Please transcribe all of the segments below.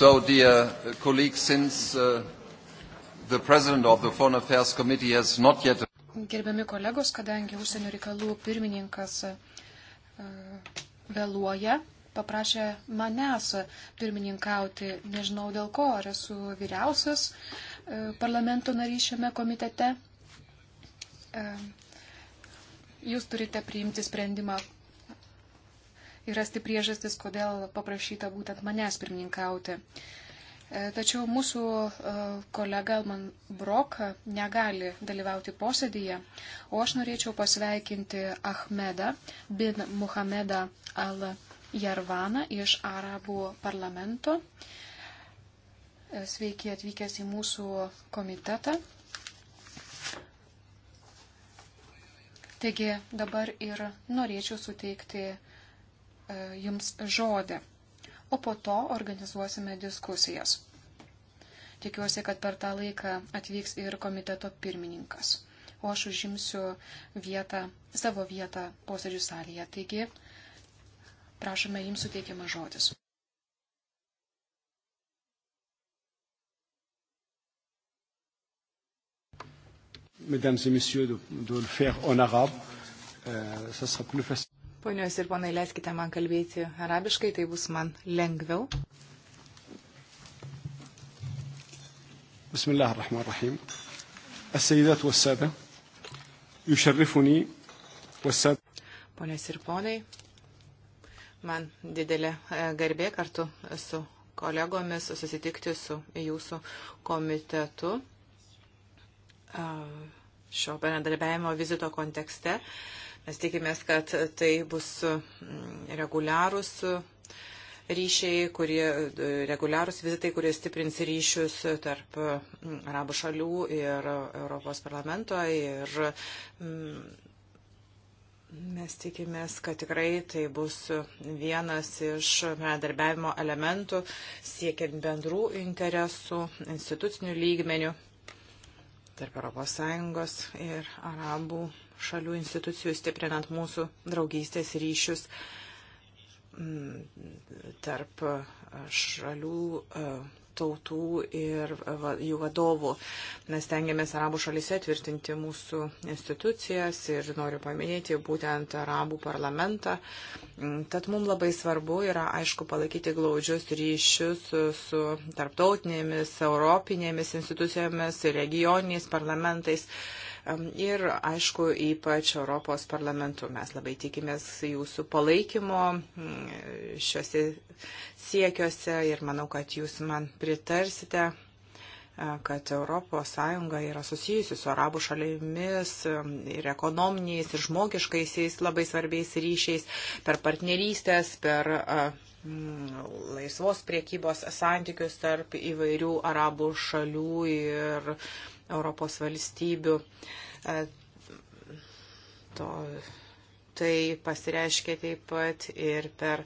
So, dear colleagues, since uh, the President of the Foreign Affairs Committee has not yet. Gerbiami kolegos, kadangi užsienio reikalų pirmininkas uh, vėluoja, paprašė manęs pirmininkauti, nežinau dėl ko, ar esu vyriausias uh, parlamento narys šiame komitete. Uh, jūs turite priimti sprendimą, ir rasti priežastis, kodėl paprašyta būtent manęs pirmininkauti. E, tačiau mūsų e, kolega Elman Brok negali dalyvauti posėdėje, o aš norėčiau pasveikinti Ahmedą bin Muhamedą Al Jarvaną iš Arabų parlamento. E, sveiki atvykęs į mūsų komitetą. Taigi dabar ir norėčiau suteikti uh, E, jums žodį, o po to organizuosime diskusijas. Tikiuosi, kad per tą laiką atvyks ir komiteto pirmininkas, o aš užimsiu vietą, savo vietą posėdžių salėje. Taigi, prašome jums suteikiamą žodis. Mesdames et messieurs, de, de le faire en arabe, euh, ça sera plus facile. Ponios ir ponai, leiskite man kalbėti arabiškai, tai bus man lengviau. Bismillah ar-Rahman ar-Rahim. As-Saidat was-Sada. Yusharrifuni was-Sada. Ponios ir ponai, man didelė e, garbė kartu su kolegomis susitikti su jūsų komitetu e, šio bendradarbiavimo vizito kontekste. Uh, Mes tikimės, kad tai bus mm, reguliarūs ryšiai, kurie, e, reguliarūs vizitai, kurie stiprins ryšius tarp mm, arabų šalių ir Europos parlamento. Ir mm, mes tikimės, kad tikrai tai bus vienas iš bendarbiavimo elementų siekiant bendrų interesų institucinių lygmenių tarp ES ir arabų šalių institucijų, stiprinant mūsų draugystės ryšius mm, tarp šalių tautų ir jų vadovų. Mes tengiamės arabų šalise tvirtinti mūsų institucijas ir noriu paminėti būtent arabų parlamentą. Mm, tad mums labai svarbu yra, aišku, palaikyti glaudžius ryšius su, su tarptautinėmis, europinėmis institucijomis ir regioniniais parlamentais. Uh, ir, aišku, ypač Europos parlamentu. Mes labai tikimės jūsų palaikymo mm, šiuose siekiuose ir manau, kad jūs man pritarsite e, kad ES yra susijusi su arabų šalimis ir ekonominiais, ir žmogiškaisiais labai svarbiais ryšiais, per partnerystės, per e, mm, laisvos priekybos santykius tarp įvairių arabų šalių ir Europos valstybių. E, to, tai pasireiškia taip pat ir per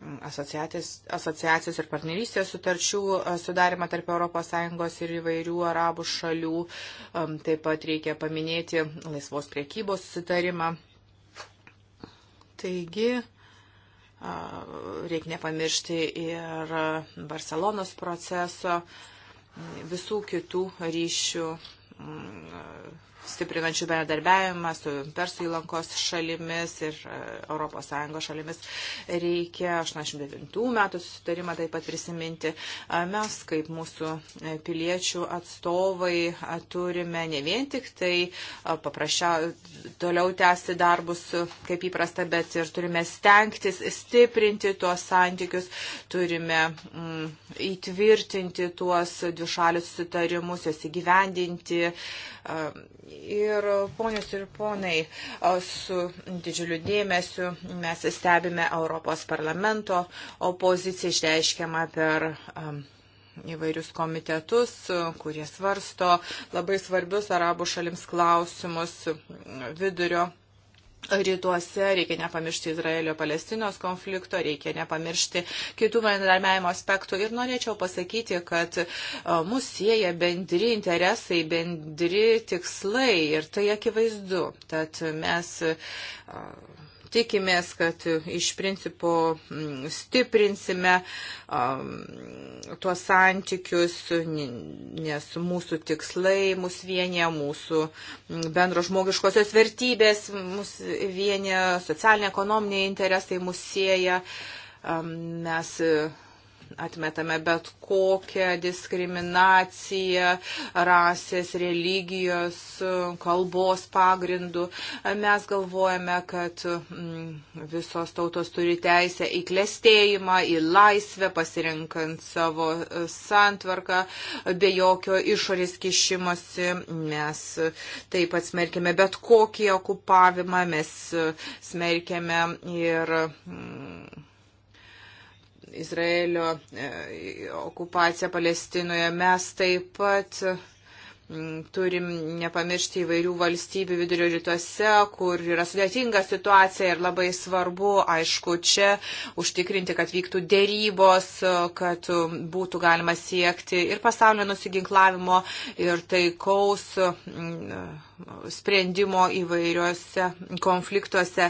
mm, asociacijos ir partnerystės sutarčių e, sudarimą tarp ES ir įvairių arabų šalių. E, taip pat reikia paminėti laisvos priekybos sutarimą. Taigi, reikia nepamiršti ir Barcelonos proceso visų kitų ryšių Mm, stiprinančių bendradarbiavimą su Persų įlankos šalimis ir ES šalimis. Reikia 89 metų susitarimą taip pat prisiminti. E, mes, kaip mūsų e, piliečių atstovai, e, turime ne vien tik tai paprasčiau toliau tęsti darbus kaip įprasta, bet ir turime stengtis stiprinti tuos santykius, turime mm, įtvirtinti tuos dvišalius susitarimus, juos įgyvendinti posėdį. Ir ponios ir ponai, su didžiuliu dėmesiu mes stebime Europos parlamento opoziciją išreiškiamą per um, įvairius komitetus, kurie svarsto labai svarbius arabų šalims klausimus vidurio rytuose, reikia nepamiršti Izraelio-Palestinos konflikto, reikia nepamiršti kitų bendradarbiavimo aspektų. Ir norėčiau pasakyti, kad e, mus sieja bendri interesai, bendri tikslai ir tai akivaizdu. Tad mes. Uh, tikimės, kad iš principo mm, stiprinsime tuos santykius, nes mūsų tikslai mus vienė, mūsų mm, bendro žmogiškosios vertybės mus vienė, socialiniai, ekonominiai interesai mus sieja. Mes atmetame bet kokią diskriminaciją rasės, religijos, kalbos pagrindų. Mes galvojame, kad mm, visos tautos turi teisę į klėstėjimą, į laisvę, pasirinkant savo e, santvarką, be jokio išorės kišimosi. Mes taip pat smerkime bet kokį okupavimą, mes e, smerkime ir. Mm, Izraelio e, okupaciją Palestinoje. Mes taip pat turim nepamiršti įvairių valstybių vidurio rytuose, kur yra sudėtinga situacija ir labai svarbu, aišku, čia užtikrinti, kad vyktų dėrybos, kad būtų galima siekti ir pasaulio nusiginklavimo, ir taikaus sprendimo įvairiuose konfliktuose.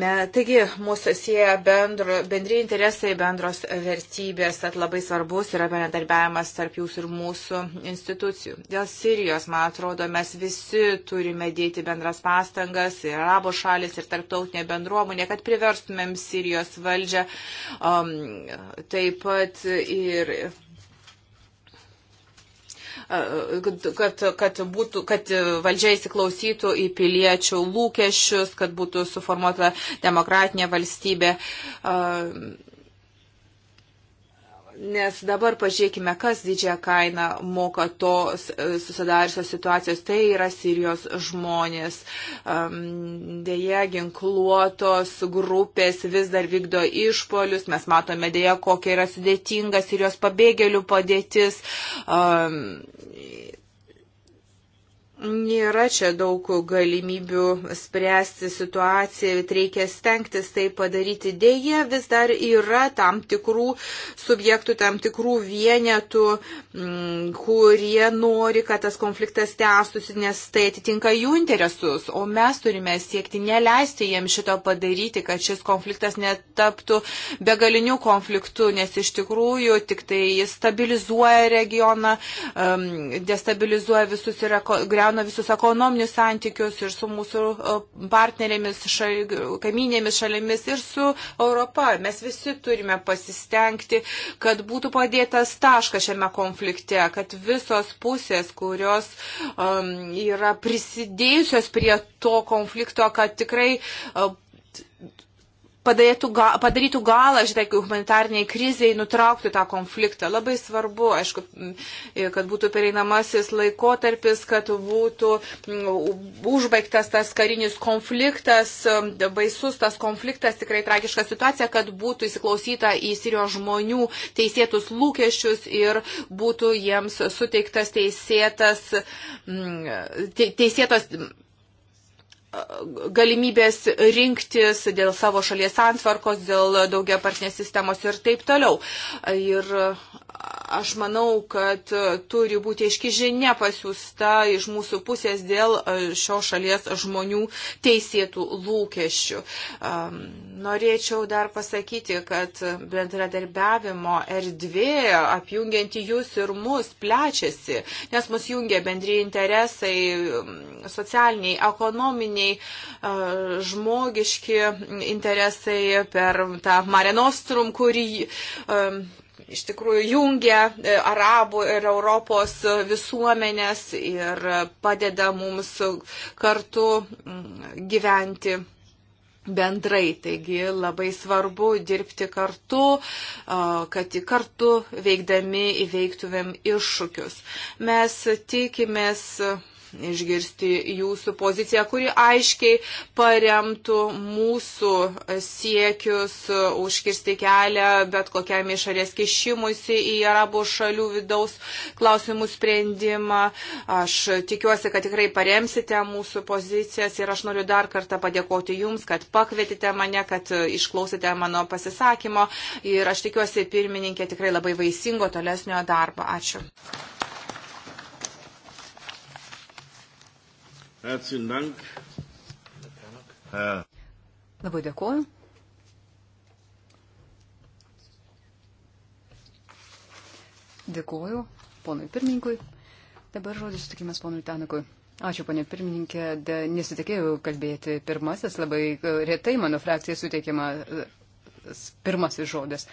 Me, taigi mūsų sieja bendro, bendri interesai, bendros vertybės, tad labai svarbus yra bendradarbiavimas tarp jūsų ir mūsų institucijų. Dėl Sirijos, man atrodo, mes visi turime dėti bendras pastangas, ir arabo šalis, ir tarptautinė bendruomenė, kad priverstumėm Sirijos valdžią, um, taip pat ir kad, kad, būtų, kad valdžia įsiklausytų į piliečių lūkesčius, kad būtų suformuota demokratinė valstybė. Uh, Nes dabar pažiūrėkime, kas didžiąją kainą moka tos e, susidariusios situacijos. Tai yra Sirijos žmonės. Deja, ginkluotos grupės vis dar vykdo išpolius. Mes matome deja, kokia yra sudėtinga Sirijos pabėgėlių padėtis. Nėra čia daug galimybių spręsti situaciją, reikia stengtis tai padaryti. Deja, vis dar yra tam tikrų subjektų, tam tikrų vienetų, mm, kurie nori, kad tas konfliktas tęstųsi, nes tai atitinka jų interesus. O mes turime siekti neleisti jiems šito padaryti, kad šis konfliktas netaptų begaliniu konfliktu, nes iš tikrųjų tik tai stabilizuoja regioną, destabilizuoja visus ir greusia išgyveno visus ekonominius santykius ir su mūsų e, partnerėmis, šal, kaiminėmis šalimis ir su Europa. Mes visi turime pasistengti, kad būtų padėtas taškas šiame konflikte, kad visos pusės, kurios um, yra prisidėjusios prie to konflikto, kad tikrai uh, padarytų, ga, padarytų galą šitai humanitarniai kriziai, nutrauktų tą konfliktą. Labai svarbu, aišku, kad būtų pereinamasis laikotarpis, kad būtų mm, užbaigtas tas karinis konfliktas, baisus tas konfliktas, tikrai tragiška situacija, kad būtų įsiklausyta į Sirijos žmonių teisėtus lūkesčius ir būtų jiems suteiktas teisėtas, mm, te, teisėtos galimybės rinktis dėl savo šalies antvarkos, dėl daugia partinės sistemos ir taip toliau. Ir aš manau, kad turi būti aiški žinia pasiūsta iš mūsų pusės dėl e, šio šalies žmonių teisėtų lūkesčių. Norėčiau dar pasakyti, kad bendradarbiavimo erdvė apjungianti jūs ir mus plečiasi, nes mus jungia bendri interesai socialiniai, ekonominiai, e, žmogiški interesai per tą Mare Nostrum, kurį iš tikrųjų jungia e, arabų ir Europos visuomenės ir padeda mums kartu mm, gyventi bendrai. Taigi labai svarbu dirbti kartu, kad kartu veikdami įveiktumėm iššūkius. Mes tikimės išgirsti jūsų poziciją, kuri aiškiai paremtų mūsų siekius užkirsti kelią bet kokiam išorės kišimusi į arabų šalių vidaus klausimų sprendimą. Aš tikiuosi, kad tikrai paremsite mūsų pozicijas ir aš noriu dar kartą padėkoti Jums, kad pakvietėte mane, kad išklausėte mano pasisakymo ir aš tikiuosi pirmininkė tikrai labai vaisingo tolesnio darbo. Ačiū. Herzlichen Dank. Labai dėkuoju. Dėkuoju ponui pirmininkui. Dabar žodis sutikimas ponui Tanakui. Ačiū, ponė pirmininkė. De, nesitikėjau kalbėti pirmasis, labai e, retai mano frakcija suteikiama e, pirmasis žodis.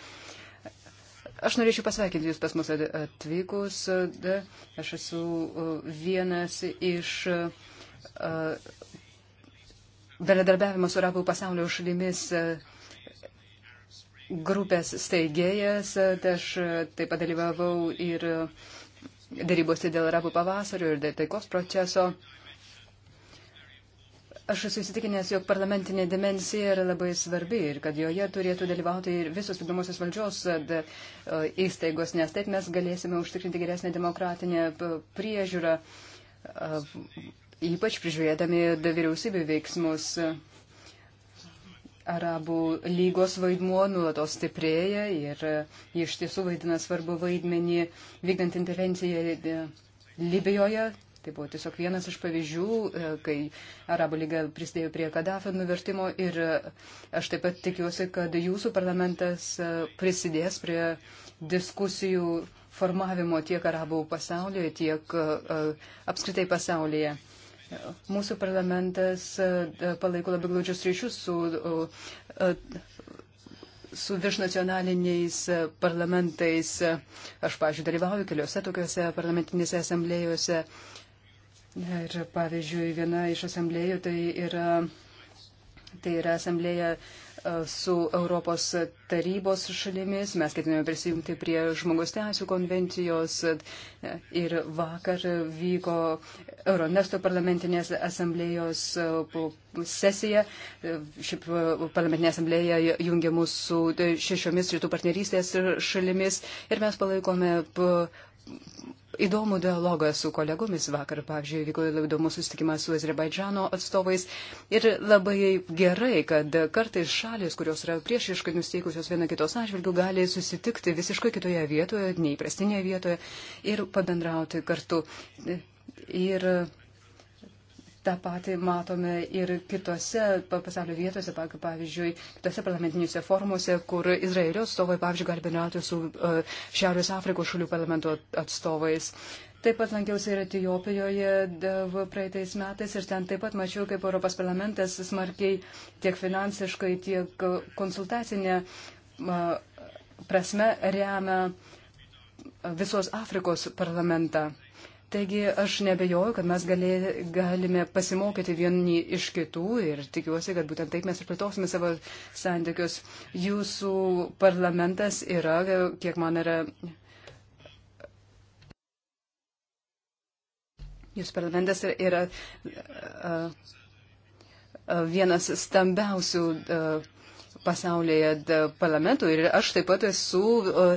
Aš norėčiau pasveikinti Jūs pas mus atvykus. E, de, aš esu vienas iš. Uh, E, bendradarbiavimo su arabų pasaulio šalimis e, grupės steigėjas. E, tai aš taip pat dalyvavau ir darybose dėl arabų pavasario ir taikos proceso. Aš esu įsitikinęs, jog parlamentinė dimensija yra labai svarbi ir kad joje turėtų dalyvauti ir visos vykdomosios valdžios įstaigos, nes taip mes galėsime užtikrinti geresnę demokratinę priežiūrą ypač prižiūrėdami vyriausybių veiksmus. Arabų lygos vaidmuo nuolatos stiprėja ir jie iš tiesų vaidina svarbu vaidmenį vykdant intervenciją Libijoje. Tai buvo tiesiog vienas iš pavyzdžių, e, kai Arabų lyga prisidėjo prie Kadafio nuvertimo ir e, aš taip pat tikiuosi, kad jūsų parlamentas e, prisidės prie diskusijų formavimo tiek Arabų pasaulyje, tiek apskritai pasaulyje. Mūsų parlamentas e, e, palaiko labai glaudžius ryšius su, e, su viršnacionaliniais parlamentais. Aš, pažiūrėjau, dalyvauju keliose tokiuose parlamentinėse asamblėjose. Ir, pavyzdžiui, viena iš asamblėjų tai yra, tai yra asamblėja su Europos tarybos šalimis, mes ketiname prisijungti prie žmogus teisų konvencijos ir vakar vyko Euronesto parlamentinės asamblėjos sesija. Ši parlamentinė asamblėja jungia mus su šešiomis rytų partnerystės šalimis ir mes palaikome įdomų dialogą su kolegomis vakar. Pavyzdžiui, vyko įdomus susitikimas su Azerbaidžano atstovais. Ir labai gerai, kad kartais šalis, kurios yra priešiškai nusteikusios viena kitos atžvilgių, gali susitikti visiškai kitoje vietoje, neįprastinėje vietoje ir pabendrauti kartu. Ir Ta pati matome ir kitose pasaulio vietose, pavyzdžiui, kitose parlamentiniuose formuose, kur Izraelio atstovai, pavyzdžiui, gali bendrauti su uh, Šiaurės Afrikos šalių parlamento atstovais. Taip pat lankiausi ir Etijopijoje praeitais metais ir ten taip pat mačiau, kaip Europos parlamentas smarkiai tiek finansiškai, tiek konsultacinė prasme remia visos Afrikos parlamentą. Taigi aš nebejoju, kad mes galė, galime pasimokyti vieni iš kitų ir tikiuosi, kad būtent taip mes ir plėtosime savo santykius. Jūsų parlamentas yra, kiek man yra. Jūsų parlamentas yra, yra vienas stambiausių pasaulyje parlamentų ir aš taip pat esu. A,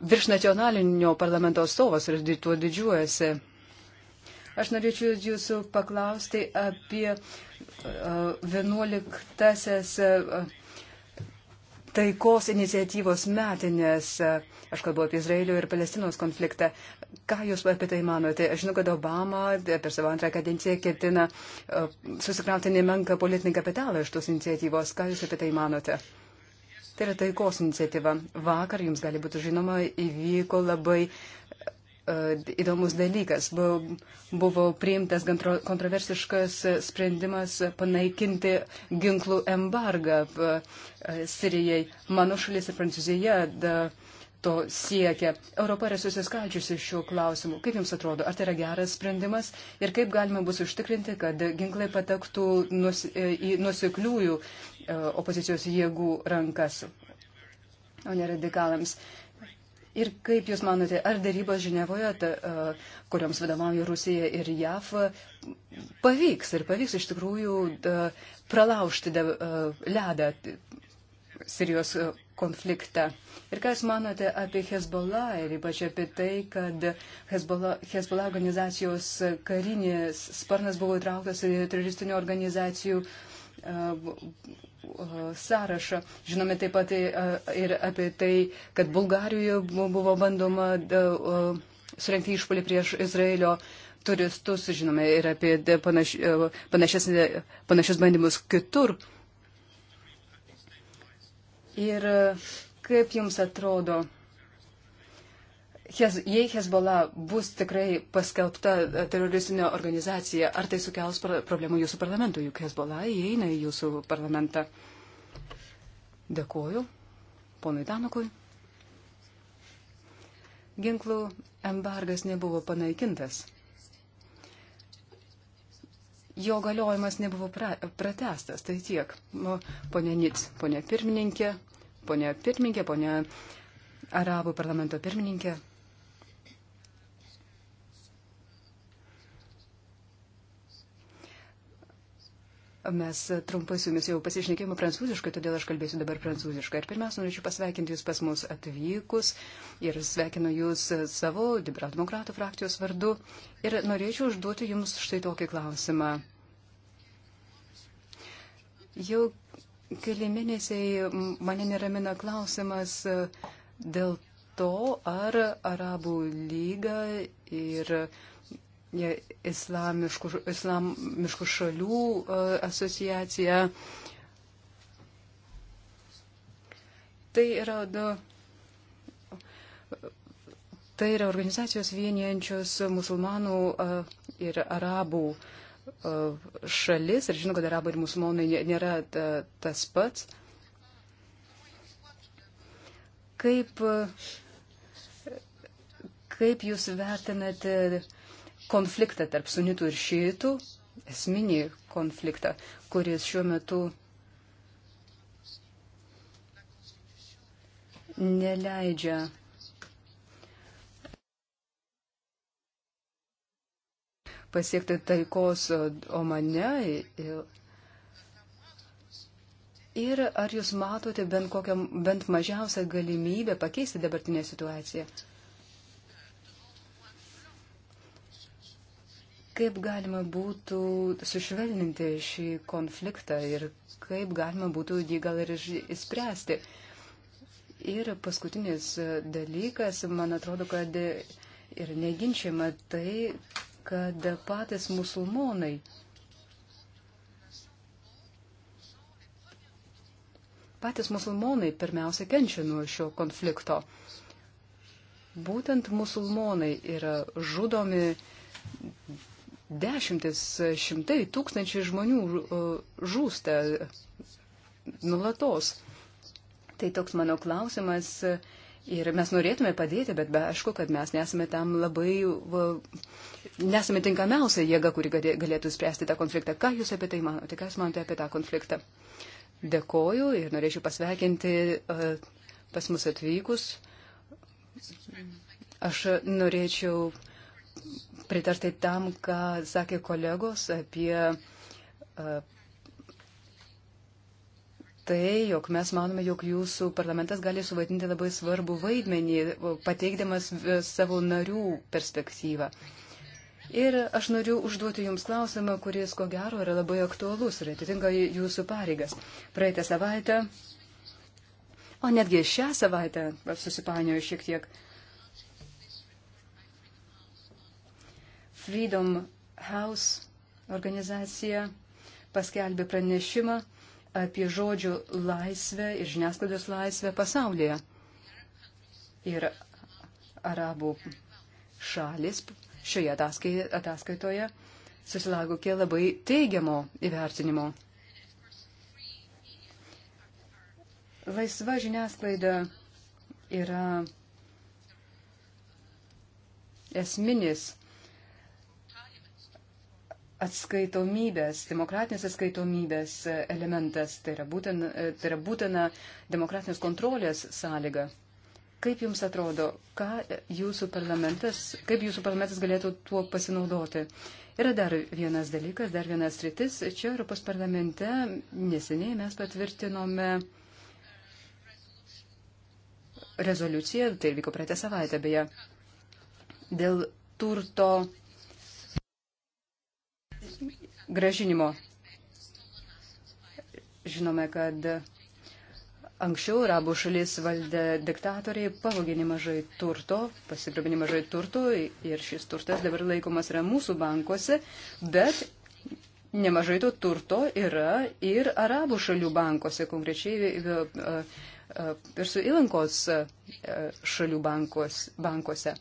virš nacionalinio parlamento atstovas ir tuo didžiuojasi. Aš norėčiau jūsų paklausti apie 11-asias taikos iniciatyvos metinės. Aš kalbu apie Izraelio ir Palestinos konfliktą. Ką Jūs apie tai manote? Aš žinau, kad Obama per savo antrą kadenciją ketina susikrauti nemenką politinį kapitalą iš tos iniciatyvos. Ką Jūs apie tai manote? Uh, Tai yra taikos iniciatyva. Vakar, jums gali būti žinoma, įvyko labai uh, įdomus dalykas. Buvo, buvo priimtas kontroversiškas sprendimas panaikinti ginklų embargą uh, Sirijai. Mano šalis ir Prancūzija. Da, to siekia. Europa yra susiskaldžiusi šiuo klausimu. Kaip Jums atrodo, ar tai yra geras sprendimas ir kaip galima bus užtikrinti, kad ginklai patektų nus, e, į nusikliųjų E, opozicijos jėgų rankas, o ne radikalams. Ir kaip Jūs manote, ar darybos Ženevoje, ta, e, kuriams vadovauja Rusija ir JAF, pavyks ir pavyks iš tikrųjų da, e, pralaužti da, ledą Sirijos konfliktą? Ir ką Jūs manote apie Hezbollah ir ypač apie tai, kad Hezbollah, Hezbollah organizacijos karinės sparnas buvo įtrauktas į teroristinių organizacijų uh, E, sąrašą. Žinome taip pat e, ir apie tai, kad Bulgarijoje buvo bandoma e, surenkti išpolį prieš Izraelio turistus, žinome ir apie panaš, panašias, panašius bandymus kitur. Ir kaip jums atrodo, jei Hezbollah bus tikrai paskelbta e, teroristinė organizacija, ar tai sukels problemų jūsų parlamentui, juk Hezbollah įeina į jūsų parlamentą. Dėkuoju ponui Danukui. Ginklų embargas nebuvo panaikintas. Jo galiojimas nebuvo pra, pratestas, tai tiek. Pone Nic, pone pirmininkė, pone pirmininkė, pone Arabų parlamento pirmininkė. Mes trumpai su jumis jau pasišnekėjome prancūziškai, todėl aš kalbėsiu dabar prancūziškai. Ir pirmiausia, norėčiau pasveikinti jūs pas mus atvykus ir sveikinu jūs savo demokratų frakcijos vardu. Ir norėčiau užduoti jums štai tokį klausimą. Jau keli mėnesiai mane neramina klausimas dėl to, ar Arabų lyga ir islamiškų, islamiškų šalių e, asociacija. Tai yra du. Tai yra organizacijos vienijančios musulmanų e, ir arabų e, šalis. Ir žinau, kad arabai ir musulmonai nėra tas pats. Kaip, kaip jūs vertinate konfliktą tarp sunitų ir šytų, esminį konfliktą, kuris šiuo metu neleidžia pasiekti taikos Omane. Ir ar jūs matote bent, kokią, bent mažiausią galimybę pakeisti dabartinę situaciją? kaip galima būtų sušvelninti šį konfliktą ir kaip galima būtų jį gal ir išspręsti. Ir paskutinis e, dalykas, man atrodo, kad ir neginčiama tai, kad patys musulmonai patys musulmonai pirmiausia kenčia nuo šio konflikto. Būtent musulmonai yra žudomi dešimtis, šimtai, tūkstančiai žmonių e, žūsta nulatos. Tai toks mano klausimas ir mes norėtume padėti, bet be aišku, kad mes nesame tam labai, va, nesame tinkamiausia jėga, kuri galėtų spręsti tą konfliktą. Ką Jūs apie tai manote, tai ką Jūs manote apie tą konfliktą? Dėkoju ir norėčiau pasveikinti e, pas mus atvykus. Aš norėčiau pritarti tam, ką sakė kolegos apie e, tai, jog mes manome, jog jūsų parlamentas gali suvaidinti labai svarbų vaidmenį, pateikdamas savo narių perspektyvą. Ir aš noriu užduoti Jums klausimą, kuris ko gero yra labai aktuolus ir atitinka Jūsų pareigas. Praeitą savaitę, o netgi šią savaitę, susipanioju šiek tiek, uh, Freedom House organizacija paskelbė pranešimą apie žodžių laisvę ir žiniasklaidos laisvę pasaulyje. Ir arabų šalis šioje ataskaitoje susilaukė labai teigiamo įvertinimo. Laisva žiniasklaida yra esminis atskaitomybės, demokratinės atskaitomybės elementas, tai yra, būtina, tai yra būtina demokratinės kontrolės sąlyga. Kaip Jums atrodo, ką jūsų parlamentas, kaip Jūsų parlamentas galėtų tuo pasinaudoti? Yra dar vienas dalykas, dar vienas rytis. Čia Europos parlamente neseniai mes patvirtinome rezoliuciją, tai vyko praeitą savaitę beje, dėl turto gražinimo. Žinome, kad anksčiau arabų šalis valdė diktatoriai, pavogė nemažai turto, pasigrabė nemažai turto ir šis turtas dabar laikomas yra mūsų bankuose, bet nemažai to turto yra ir arabų šalių bankuose, konkrečiai e, e, e, ir su įlankos šalių bankos, bankuose.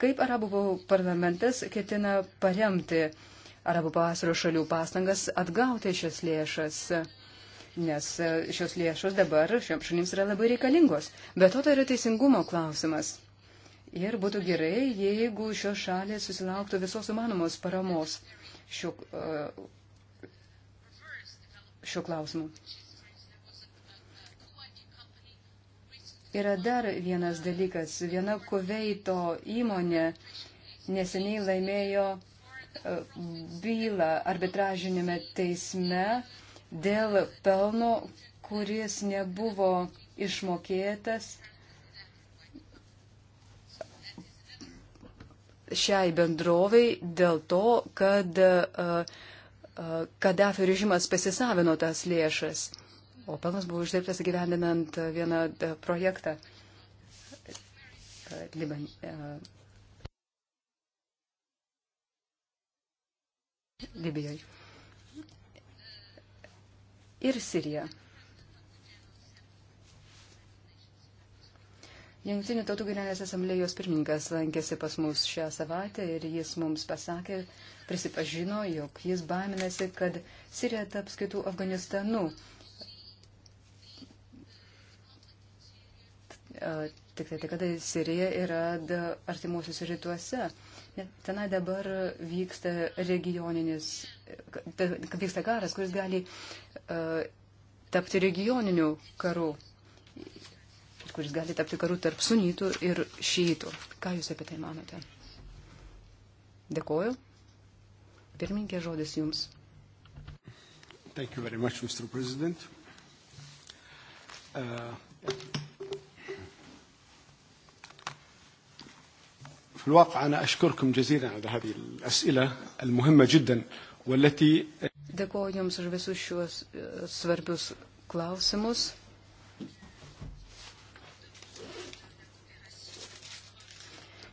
Kaip arabų parlamentas ketina paremti uh, arabų pasaulio šalių pastangas atgauti šias lėšas. Nes e, šios lėšos dabar šioms šalims yra labai reikalingos. Be to tai yra teisingumo klausimas. Ir būtų gerai, jeigu šios šalės susilauktų visos įmanomos paramos šiuo, e, šiuo klausimu. Yra dar vienas dalykas. Viena kuveito įmonė neseniai laimėjo bylą arbitražinėme teisme dėl pelno, kuris nebuvo išmokėtas šiai bendroviai dėl to, kad Kadafio režimas pasisavino tas lėšas, o pelnas buvo uždirbtas gyvendinant vieną projektą Liban, Libijoje ir Sirija. Jungtinių tautų generalinės asamblėjos pirmininkas lankėsi pas mus šią savaitę ir jis mums pasakė, prisipažino, jog jis baiminasi, kad Sirija taps kitų Afganistanu. Tik tai, kad Sirija yra artimuosiuose rytuose. Tenai dabar vyksta regioninis, vyksta karas, kuris gali uh, tapti regioniniu karu, kuris gali tapti karu tarp sunytų ir šytų. Ką Jūs apie tai manote? Dėkoju. Pirminkė žodis Jums. Thank you very much, Mr. President. Uh, في الواقع أنا أشكركم جزيلا على هذه الأسئلة المهمة جدا والتي Dėkuoju Jums už visus šiuos e, svarbius klausimus.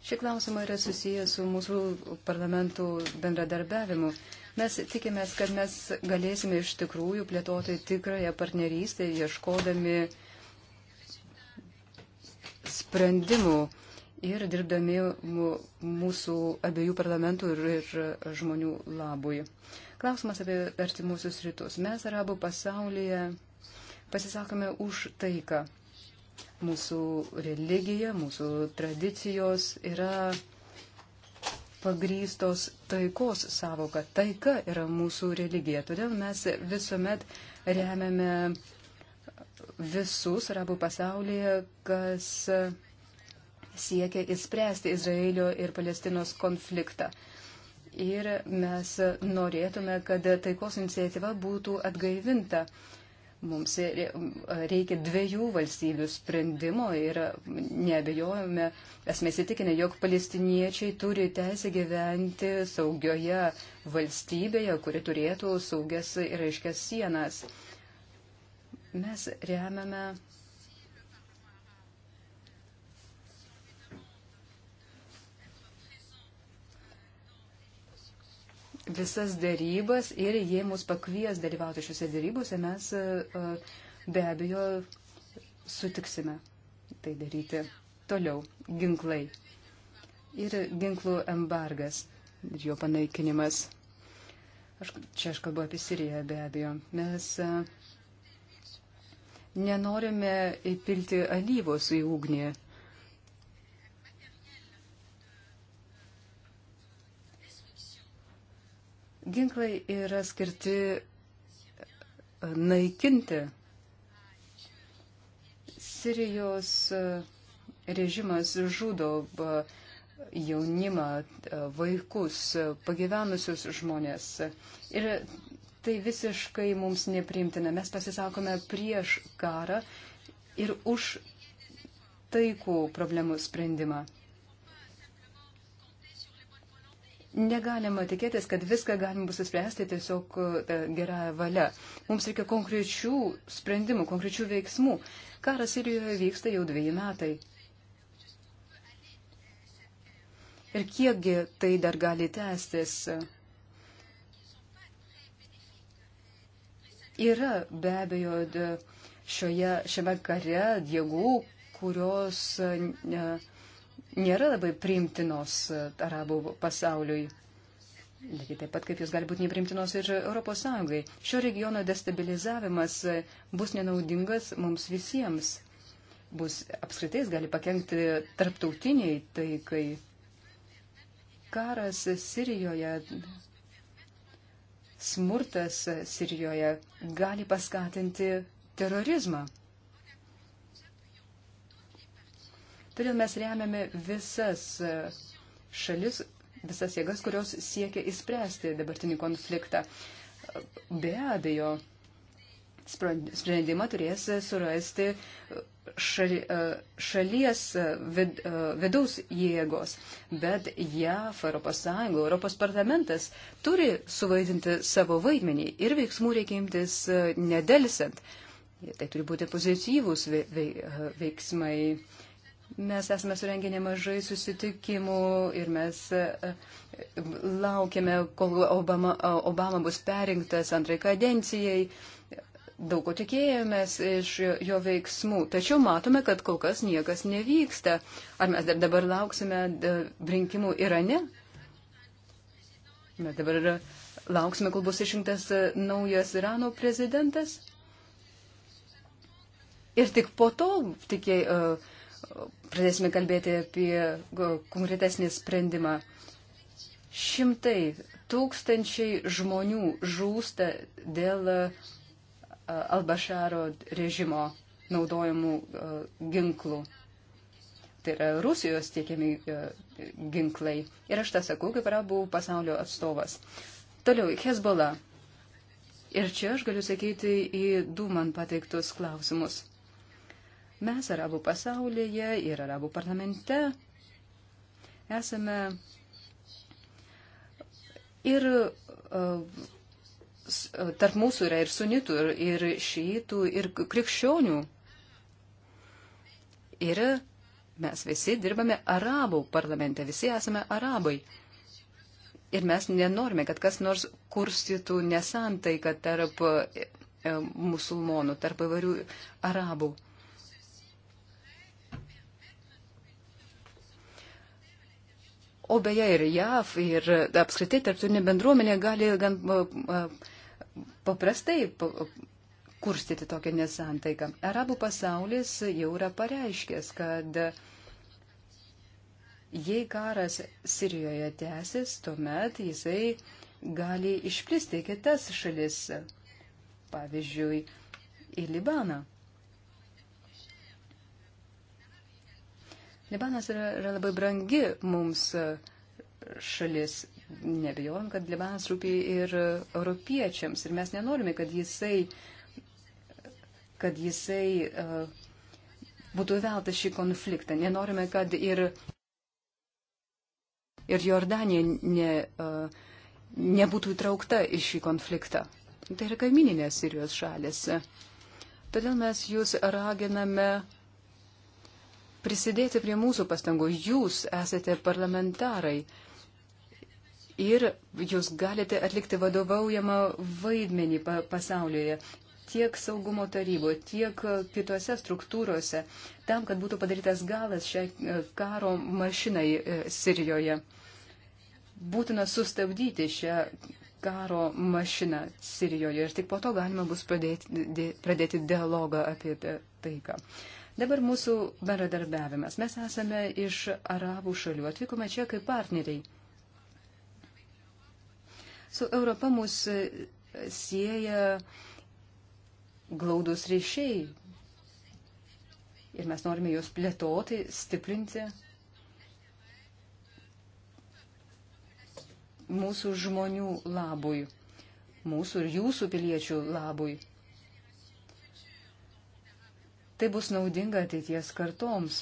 Šie klausimai yra susijęs su mūsų parlamentų bendradarbiavimu. Mes tikimės, kad mes galėsime iš tikrųjų plėtoti tikrąją partnerystę, ieškodami sprendimų ir dirbdami mūsų abiejų parlamentų ir, ir žmonių labui. Klausimas apie artimuosius rytus. Mes arabų pasaulyje pasisakome už taiką. Mūsų religija, mūsų tradicijos yra pagrystos taikos savoka. Taika yra mūsų religija. Todėl mes visuomet remiame visus arabų pasaulyje, kas siekia įspręsti Izraelio ir Palestinos konfliktą. Ir mes norėtume, kad taikos iniciatyva būtų atgaivinta. Mums reikia dviejų valstybių sprendimo ir neabejojame, esame įsitikinę, jog palestiniečiai turi teisę gyventi saugioje valstybėje, kuri turėtų saugias ir aiškias sienas. Mes remiame visas dėrybas ir jie mus pakvies dalyvauti šiuose dėrybose, mes e, e, be abejo sutiksime tai daryti. Toliau ginklai ir ginklų embargas ir jo panaikinimas. Aš, čia aš kalbu apie Siriją be abejo. Mes e, nenorime įpilti alyvos į ugnį. Ginklai yra skirti e, naikinti. Sirijos e, režimas žudo e, jaunimą, vaikus, pagyvenusius žmonės. Ir tai visiškai mums nepriimtina. Mes pasisakome prieš karą ir už taikų problemų sprendimą. Negalima tikėtis, kad viską galima bus įspręsti tiesiog e, gerąją valią. Mums reikia konkrečių sprendimų, konkrečių veiksmų. Karas Sirijoje vyksta jau dviejai metai. Ir kiekgi tai dar gali tęstis? Yra be abejo šioje, šiame kare jėgų, kurios. Ne, nėra labai priimtinos e, arabų pasauliui. Lygiai taip pat, kaip jūs gali būti neprimtinos ir Europos Sąjungai. Šio regiono destabilizavimas e, bus nenaudingas mums visiems. Bus apskritai gali pakengti tarptautiniai taikai. Karas Sirijoje, smurtas Sirijoje gali paskatinti terorizmą. Todėl mes remiame visas e, šalis, visas jėgas, kurios siekia įspręsti dabartinį konfliktą. Be abejo, sprendimą turės surasti šali, e, šalies e, vid, vidaus jėgos, bet JAF, Europos Sąjunga, Europos parlamentas turi suvaidinti savo vaidmenį ir veiksmų reikia imtis nedelsiant. Tai turi būti pozityvūs veiksmai. Ve, ve, Mes esame surengę nemažai susitikimų ir mes e, laukiame, kol Obama, Obama bus perinktas antrai kadencijai. Daug ko tikėjomės iš jo veiksmų, tačiau matome, kad kol kas niekas nevyksta. Ar mes dar dabar lauksime e, rinkimų Irane? Mes dabar e, lauksime, kol bus išrinktas naujas Irano prezidentas? Ir tik po to tikėjai. Uh, pradėsime kalbėti apie konkretesnį sprendimą. Šimtai, tūkstančiai žmonių žūsta dėl Albašaro režimo naudojamų ginklų. Tai yra Rusijos tiekiami ginklai. Ir aš tą sakau, kaip arabų pasaulio atstovas. Toliau, Hezbollah. Ir čia aš galiu sakyti į du man pateiktus klausimus. Mes arabų pasaulyje ir arabų parlamente esame ir uh, uh tarp mūsų yra ir sunitų, ir, ir šytų, ir krikščionių. Ir mes visi dirbame arabų parlamente, visi esame arabai. Ir mes nenorime, kad kas nors kurstytų nesantaiką tarp uh, e, musulmonų, tarp įvairių arabų. o beje ir JAV, ir apskritai tarptautinė bendruomenė gali gan paprastai kurstyti tokią nesantaiką. Arabų pasaulis jau yra pareiškęs, kad jei karas Sirijoje tęsis, tuomet jisai gali išplisti kitas šalis, pavyzdžiui, į Libaną. Libanas yra, yra labai brangi mums e, šalis. Nebejojom, kad Libanas rūpi ir europiečiams. Ir mes nenorime, kad jisai, kad jisai uh, būtų veltas šį konfliktą. Nenorime, kad ir, ir Jordanija ne, uh, nebūtų įtraukta į šį konfliktą. Tai yra kaimininės Sirijos šalis. Todėl mes jūs raginame uh, prisidėti prie mūsų pastangų. Jūs esate parlamentarai ir jūs galite atlikti vadovaujamą vaidmenį pasaulyje tiek saugumo taryboje, tiek kitose struktūrose, tam, kad būtų padarytas galas šiai e, karo mašinai e, Sirijoje. Būtina sustabdyti šią karo mašiną Sirijoje ir tik po to galima bus pradėti, pradėti dialogą apie taiką. Dabar mūsų bendradarbiavimas. Mes esame iš arabų šalių, atvykome čia kaip partneriai. Su Europa mus sieja glaudus ryšiai ir mes norime juos plėtoti, stiprinti. mūsų žmonių labui, mūsų ir jūsų piliečių labui. Tai bus naudinga ateities kartoms.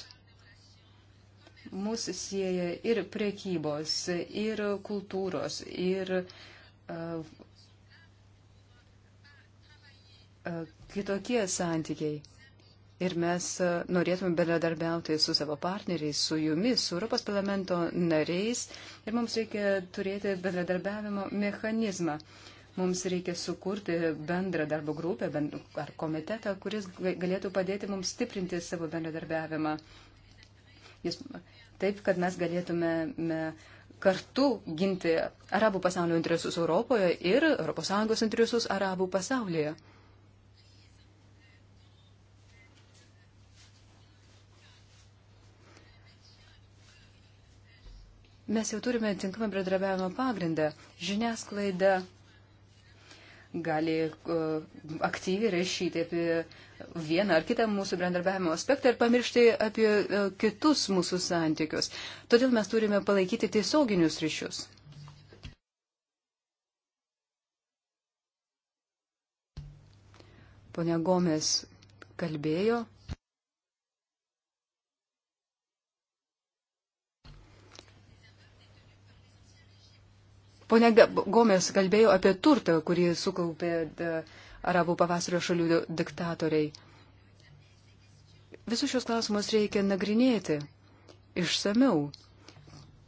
Mūsų sieja ir prekybos, ir kultūros, ir uh, uh, kitokie santykiai. Ir mes e, norėtume bendradarbiauti su savo partneriais, su jumis, su Europos parlamento nariais. Ir mums reikia turėti bendradarbiavimo mechanizmą. Uh, Mums reikia sukurti bendrą darbo grupę bend, ar komitetą, kuris galėtų padėti mums stiprinti savo bendradarbiavimą. Jis, taip, kad mes galėtume me, kartu ginti arabų pasaulio interesus Europoje ir ES interesus arabų pasaulyje. Mes jau turime tinkamą bendradarbiavimo pagrindą. Žiniasklaida gali uh, aktyviai rašyti apie vieną ar kitą mūsų bendradarbiavimo aspektą ir pamiršti apie uh, kitus mūsų santykius. Todėl mes turime palaikyti tiesioginius ryšius. Pone Gomes kalbėjo Pone Gomes kalbėjo apie turtą, kurį sukaupė arabų pavasario šalių diktatoriai. Visus šios klausimus reikia nagrinėti išsameu.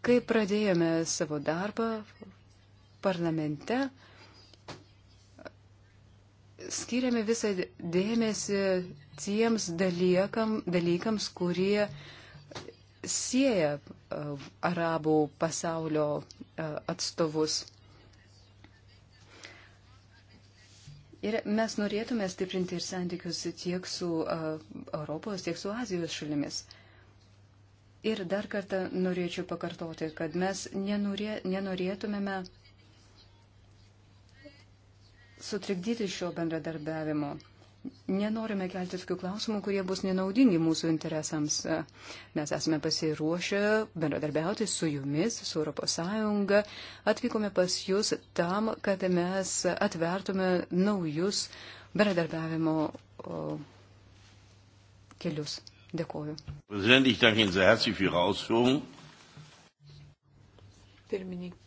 Kai pradėjome savo darbą parlamente, skiriame visą dėmesį tiems dalykam, dalykams, kurie uh, sieja e, arabų pasaulio e, atstovus. Ir mes norėtume stiprinti ir santykius tiek su e, Europos, tiek su Azijos šalimis. Ir dar kartą norėčiau pakartoti, kad mes nenorė, nenorėtumėme sutrikdyti šio bendradarbiavimo nenorime kelti tokių klausimų, kurie bus nenaudingi mūsų interesams. Mes esame pasiruošę bendradarbiauti su jumis, su ES. Atvykome pas jūs tam, kad mes atvertume naujus bendradarbiavimo kelius. Dėkuoju. Pirmininkė,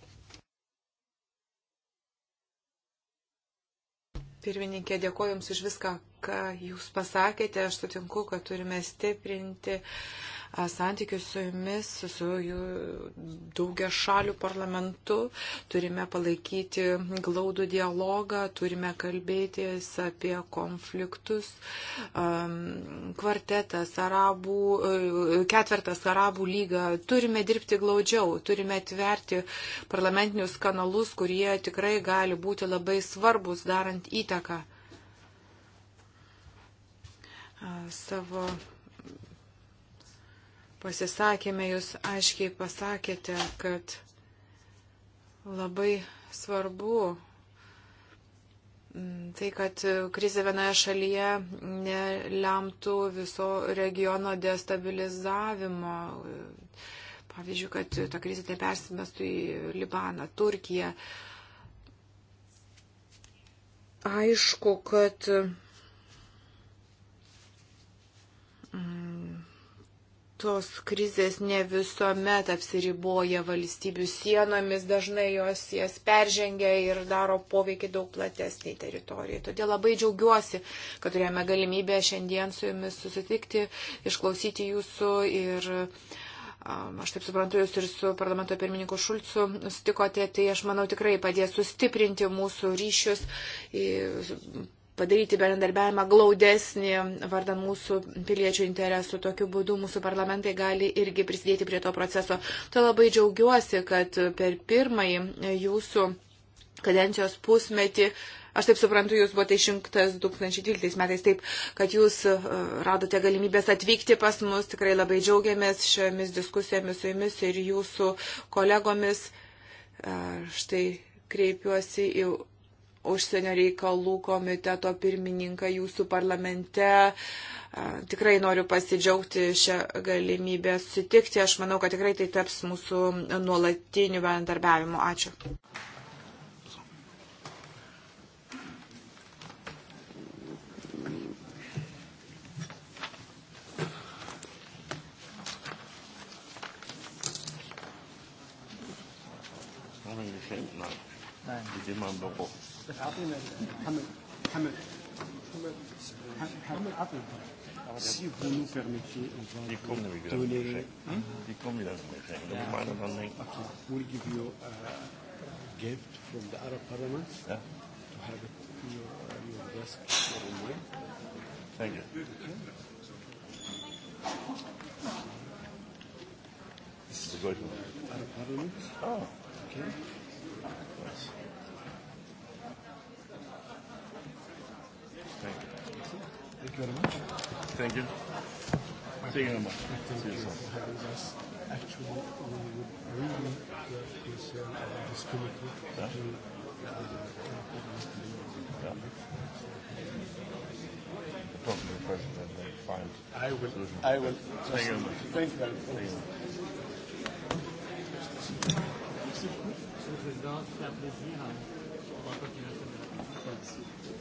Pirmininkė, dėkoju Jums už viską, ką Jūs pasakėte. Aš sutinku, kad turime stiprinti santykius su jumis, su jų daugia šalių parlamentu. Turime palaikyti glaudų dialogą, turime kalbėtis apie konfliktus. Kvartetas, arabų, e, ketvertas arabų lyga. Turime dirbti glaudžiau, turime atverti parlamentinius kanalus, kurie tikrai gali būti labai svarbus darant įtaką savo pasisakėme, jūs aiškiai pasakėte, kad labai svarbu mm, tai, kad krizė vienoje šalyje nelemtų viso regiono destabilizavimo. Pavyzdžiui, kad ta krizė nepersimestų į Libaną, Turkiją. Aišku, kad tos krizės ne visuomet apsiriboja valstybių sienomis, dažnai jos jas peržengia ir daro poveikį daug platesniai teritorijai. Todėl labai džiaugiuosi, kad turėjome galimybę šiandien su jumis susitikti, išklausyti jūsų ir um, aš taip suprantu, jūs ir su parlamento pirmininku Šulcu sutikote, tai aš manau tikrai padės sustiprinti mūsų ryšius, padaryti bendarbiavimą glaudesnį vardan mūsų piliečių interesų. Tokiu būdu mūsų parlamentai gali irgi prisidėti prie to proceso. To labai džiaugiuosi, kad per pirmąjį jūsų kadencijos pusmetį Aš taip suprantu, jūs buvote išrinktas 2012 metais, taip, kad jūs e, radote galimybės atvykti pas mus. Tikrai labai džiaugiamės šiomis diskusijomis su jumis ir jūsų kolegomis. E, štai kreipiuosi į užsienio reikalų komiteto pirmininką jūsų parlamente. Tikrai noriu pasidžiaugti šią galimybę sutikti. Aš manau, kad tikrai tai taps mūsų nuolatiniu bendarbiavimu. Ačiū. Nein. Die immer im Büro. Hamel. Hamel. Si vous nous permettez, on va die komen we weer donner... zeggen. Die komen we weer zeggen. Dat ja. ik van denk. Okay. We'll give you a gift from the Arab Parliament yeah. to have it in your, uh, your desk or in mine. Thank you. Okay. This is a good one. Arab Parliament. Oh. Okay. Thank you very much. Thank you. Thank you very much. Thank you for having us. Actually, we would really love to hear about this committee yeah. to uh, yeah. The problem is first that they find I will, solution. I will. Thank you very much. Thank you very much. Thank you. Monsieur le Président, c'est un plaisir. On va continuer à se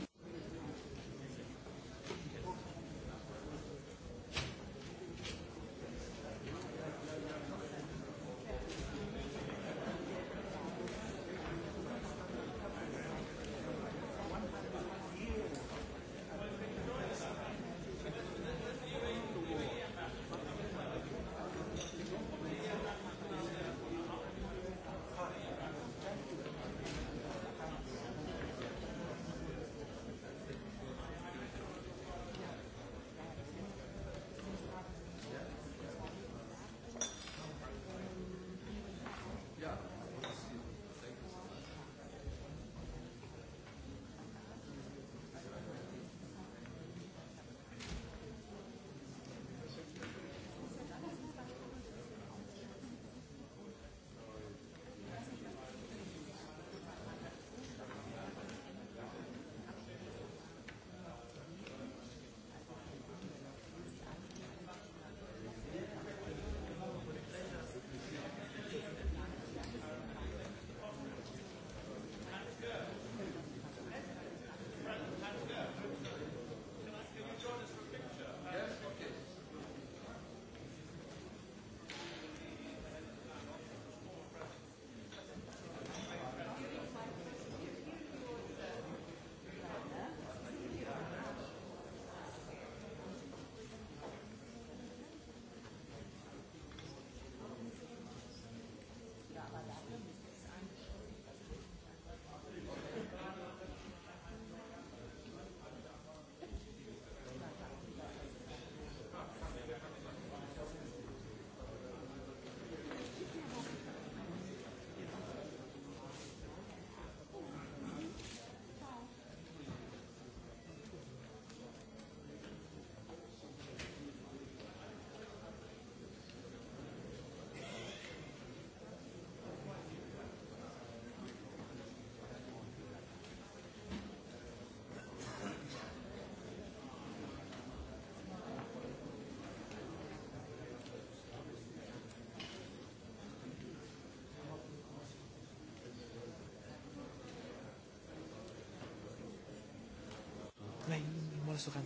moi sera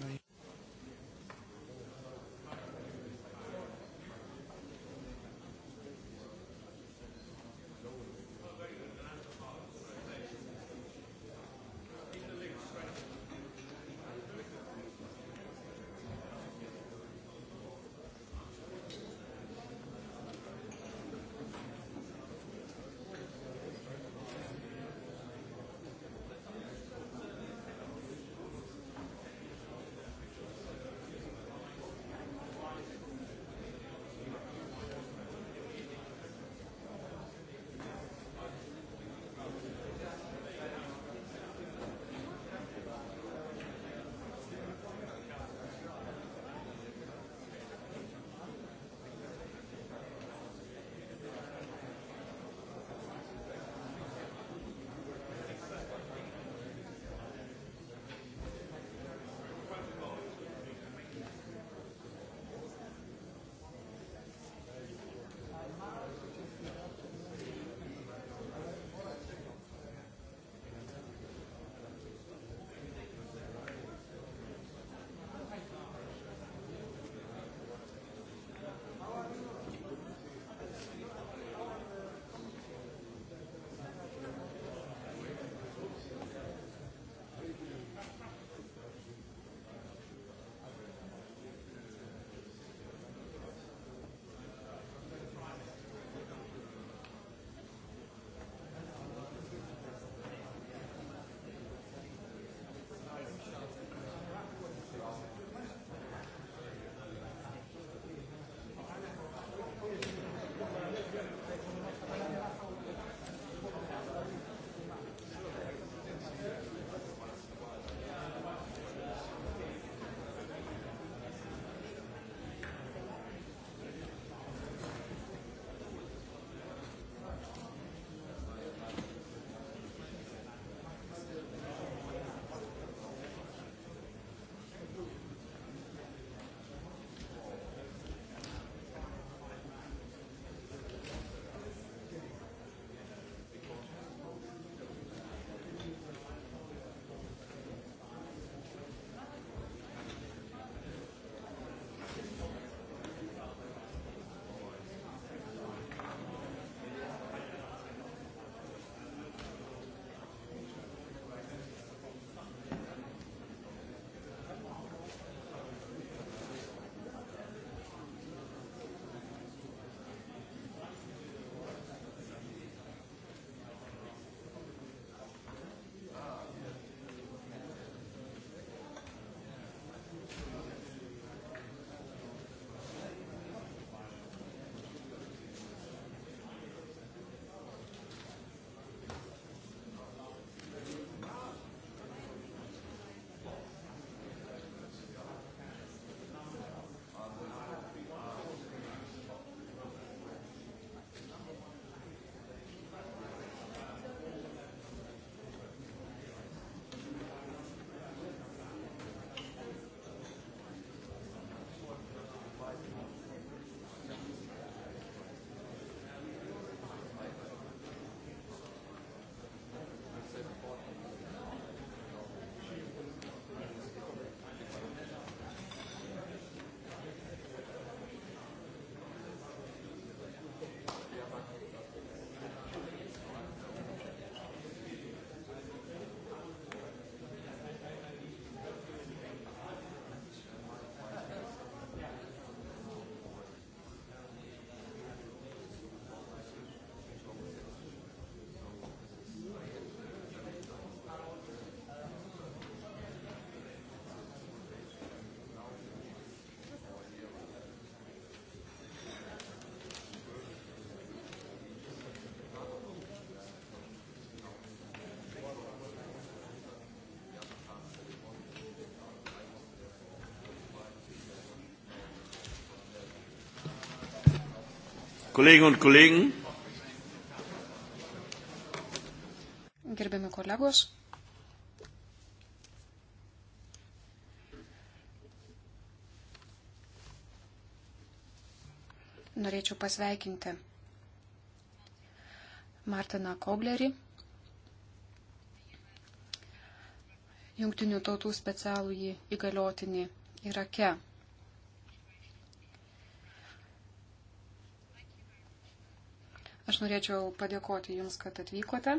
Kolleginnen und Kollegen. Gerbiami kolegos. Norėčiau pasveikinti Martiną Koblerį, Jungtinių tautų specialų įgaliotinį Irake. Aš norėčiau padėkoti Jums, kad atvykote.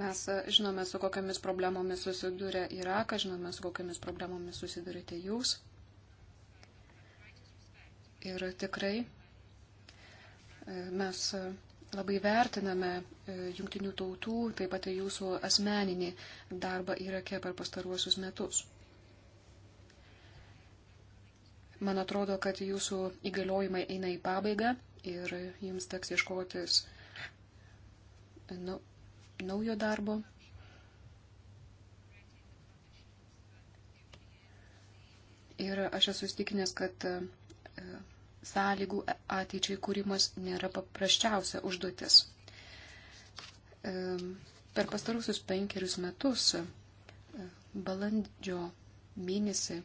Mes e, žinome, su kokiamis problemomis susidūrė Irakas, žinome, su kokiamis problemomis susidūrėte Jūs. Ir tikrai e, mes e, labai vertiname jungtinių tautų, taip pat ir jūsų asmeninį darbą Irake per pastaruosius metus. Man atrodo, kad jūsų įgaliojimai eina į pabaigą ir jums teks ieškotis nu, naujo darbo. Ir aš esu įstikinęs, kad e, sąlygų ateičiai kūrimas nėra paprasčiausia užduotis. E, per pastarusius penkerius metus e, balandžio mėnesį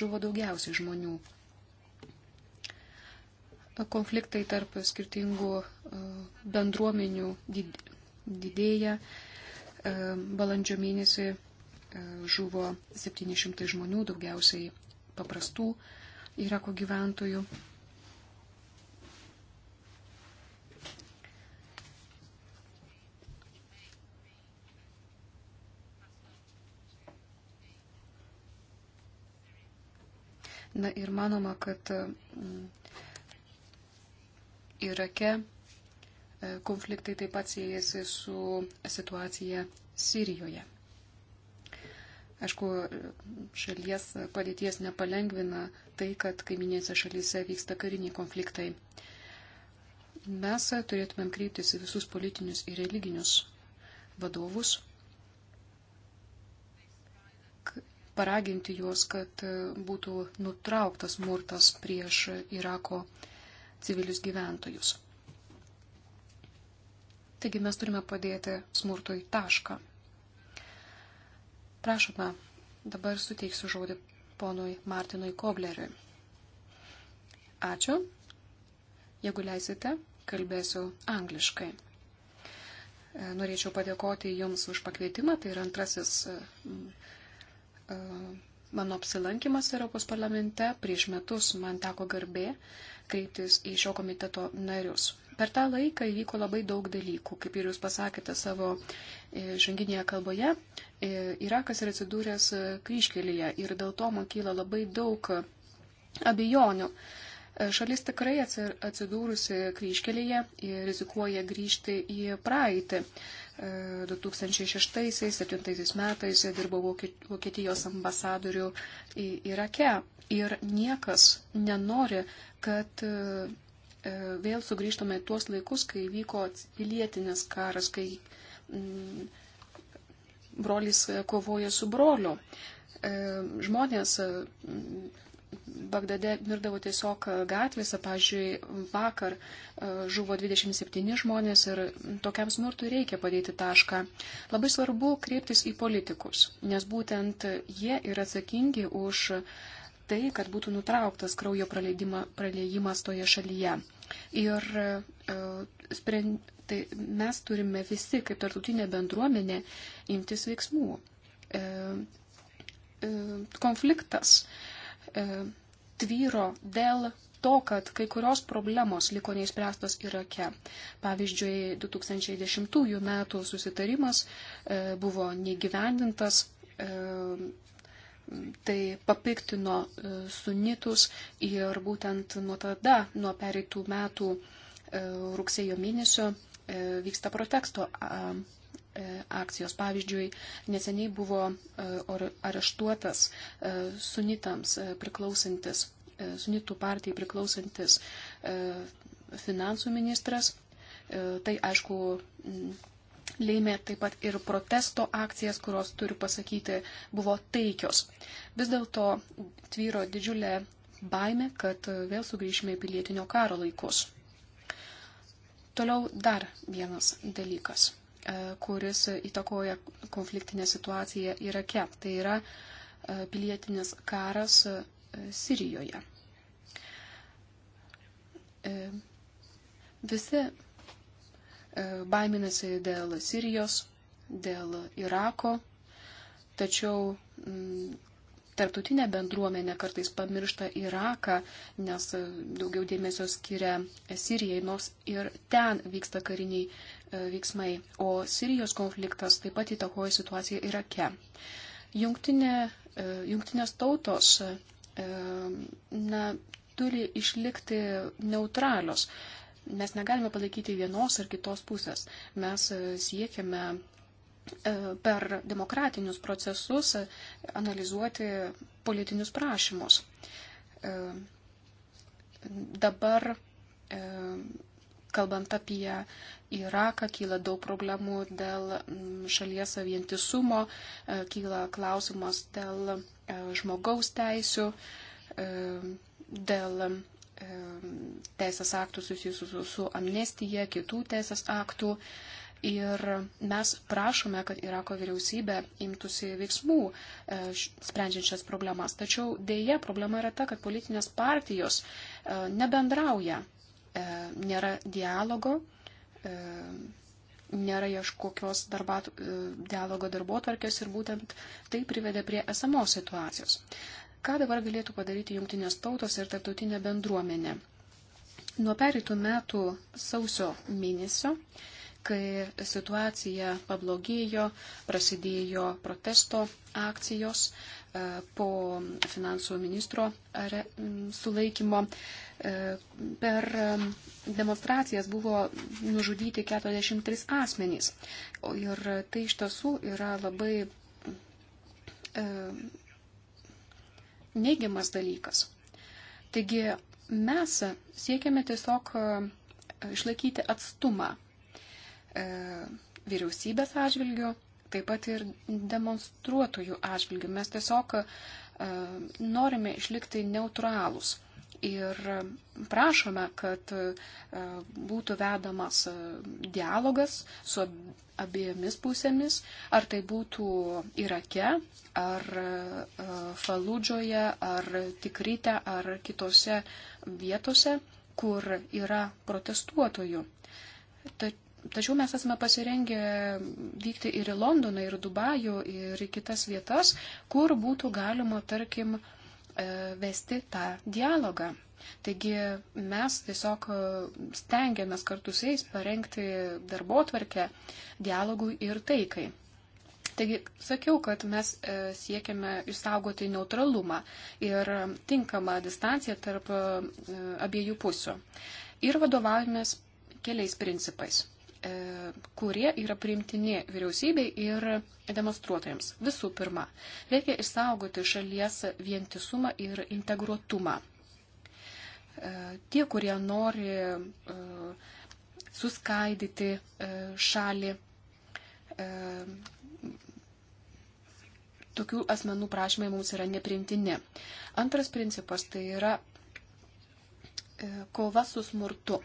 žuvo daugiausiai žmonių. Konfliktai tarp skirtingų e, bendruomenių didėja. E, balandžio mėnesį e, žuvo 700 žmonių, daugiausiai paprastų Irako gyventojų. Na ir manoma, kad mm, Irake e, konfliktai taip pat siejasi su situacija Sirijoje. Aišku, šalies padėties nepalengvina tai, kad kaiminėse šalyse vyksta kariniai konfliktai. Mes turėtumėm kreiptis į visus politinius ir religinius vadovus paraginti juos, kad e, būtų nutrauktas smurtas prieš Irako civilius gyventojus. Taigi mes turime padėti smurtui tašką. Prašome, dabar suteiksiu žodį ponui Martinui Kobleriui. Ačiū. Jeigu leisite, kalbėsiu angliškai. E, norėčiau padėkoti Jums už pakvietimą, tai yra antrasis e, mano apsilankimas Europos parlamente. Prieš metus man teko garbė kreiptis į šio komiteto narius. Per tą laiką įvyko labai daug dalykų. Kaip ir jūs pasakėte savo e, žanginėje kalboje, e, Irakas yra atsidūręs e, kryškelėje ir dėl to man kyla labai daug abejonių. Šalis tikrai atsidūrusi kryškelėje ir rizikuoja grįžti į praeitį. 2006-2007 metais dirbo Vokietijos ambasadorių Irake. Ir niekas nenori, kad e, vėl sugrįžtume į tuos laikus, kai vyko pilietinis karas, kai brolis kovoja su broliu. E, žmonės Bagdade mirdavo tiesiog gatvėse, pavyzdžiui, vakar e, žuvo 27 žmonės ir tokiam smurtui reikia padėti tašką. Labai svarbu kreiptis į politikus, nes būtent jie yra atsakingi už tai, kad būtų nutrauktas kraujo praleidimas toje šalyje. Ir e, sprend, tai mes turime visi, kaip tartutinė bendruomenė, imtis veiksmų. E, konfliktas E, tvyro dėl to, kad kai kurios problemos liko neįspręstos Irake. Pavyzdžiui, 2010 metų susitarimas e, buvo negyvendintas, e, tai papiktino sunitus ir būtent nuo tada, nuo pereitų metų rugsėjo mėnesio vyksta protesto E, akcijos. Pavyzdžiui, neseniai buvo e, areštuotas e, sunitams priklausantis, sunitų partijai priklausantis finansų ministras. Tai aišku lėmė taip pat ir protesto akcijas, kurios, turiu pasakyti, buvo taikios. Vis dėlto tvyro didžiulė baime, kad vėl sugrįšime į pilietinio karo laikus. Toliau dar vienas dalykas. E, kuris įtakoja konfliktinę situaciją Irake. Tai yra e, pilietinis karas e, Sirijoje. Visi baiminasi dėl Sirijos, dėl Irako, tačiau tarptautinė bendruomenė kartais pamiršta Iraką, nes daugiau dėmesio skiria Sirijai, nors ir ten vyksta kariniai E, veiksmai, o Sirijos konfliktas taip pat įtakoja situaciją Irake. Jungtinė, e, jungtinės tautos e, na, turi išlikti neutralios. Mes negalime palaikyti vienos ar kitos pusės. Mes siekiame per demokratinius procesus analizuoti politinius prašymus. Dabar kalbant apie Iraką, kyla daug problemų dėl mm, šalies vientisumo, e, kyla klausimas dėl e, žmogaus teisių, e, dėl teisės aktų susijusių su amnestija, kitų teisės aktų. Ir mes prašome, kad Irako vyriausybė imtųsi veiksmų sprendžiant šias problemas. Tačiau dėje problema yra ta, kad politinės partijos nebendrauja E, nėra dialogo, e, nėra ieškokios darbat, e, dialogo darbotvarkės ir būtent tai privedė prie esamos situacijos. Ką dabar galėtų padaryti jungtinės tautos ir tarptautinė bendruomenė? Nuo pereitų metų sausio mėnesio, kai situacija pablogėjo, prasidėjo protesto akcijos, E, po finansų ministro sulaikymo. E, per e, demonstracijas buvo nužudyti 43 asmenys. Ir tai iš tiesų yra labai neigiamas dalykas. Taigi mes siekiame tiesiog išlaikyti atstumą vyriausybės atžvilgių taip pat ir demonstruotojų atžvilgių. Mes tiesiog e, norime išlikti neutralūs ir prašome, kad e, būtų vedamas e, dialogas su abiejomis pusėmis, ar tai būtų Irake, ar Faludžoje, ar Tikryte, ar kitose vietose, kur yra protestuotojų. Tačiau Tačiau mes esame pasirengę vykti ir į Londoną, ir Dubajų, ir į kitas vietas, kur būtų galima, tarkim, e, vesti tą dialogą. Taigi mes tiesiog e, stengiamės kartu su jais parengti darbo tvarkę dialogui ir taikai. Taigi sakiau, kad mes e, siekiame išsaugoti neutralumą ir tinkamą distanciją tarp abiejų pusių. Ir vadovavimės keliais principais. E, kurie yra priimtini vyriausybei ir demonstruotojams. Visų pirma, reikia išsaugoti šalies vientisumą ir integruotumą. E, tie, kurie nori e, suskaidyti šalį, tokių asmenų prašymai mums yra neprimtini. Antras principas tai yra kova su smurtu.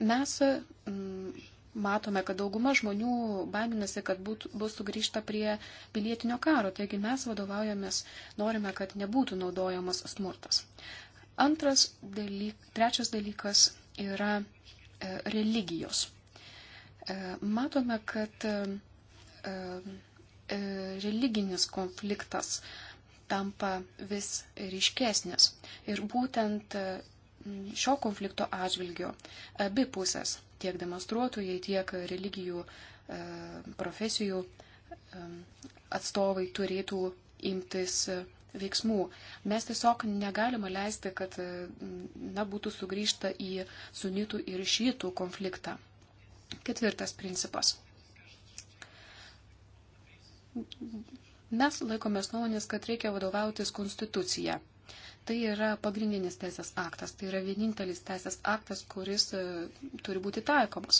Mes mm, matome, kad dauguma žmonių baiminasi, kad būt, bus sugrįžta prie pilietinio karo, taigi mes vadovaujamės, norime, kad nebūtų naudojamas smurtas. Antras dalyk, trečias dalykas yra e, religijos. E, matome, kad e, e, e religinis konfliktas tampa vis ryškesnis. Ir būtent e, šio konflikto atžvilgiu abi pusės, tiek demonstruotojai, tiek religijų e, profesijų e, atstovai turėtų imtis veiksmų. Mes tiesiog negalime leisti, kad e, na, būtų sugrįžta į sunitų ir šytų konfliktą. Ketvirtas principas. Mes laikomės nuomonės, kad reikia vadovautis konstitucija Tai yra pagrindinis teisės aktas, tai yra vienintelis teisės aktas, kuris e, turi būti taikomas.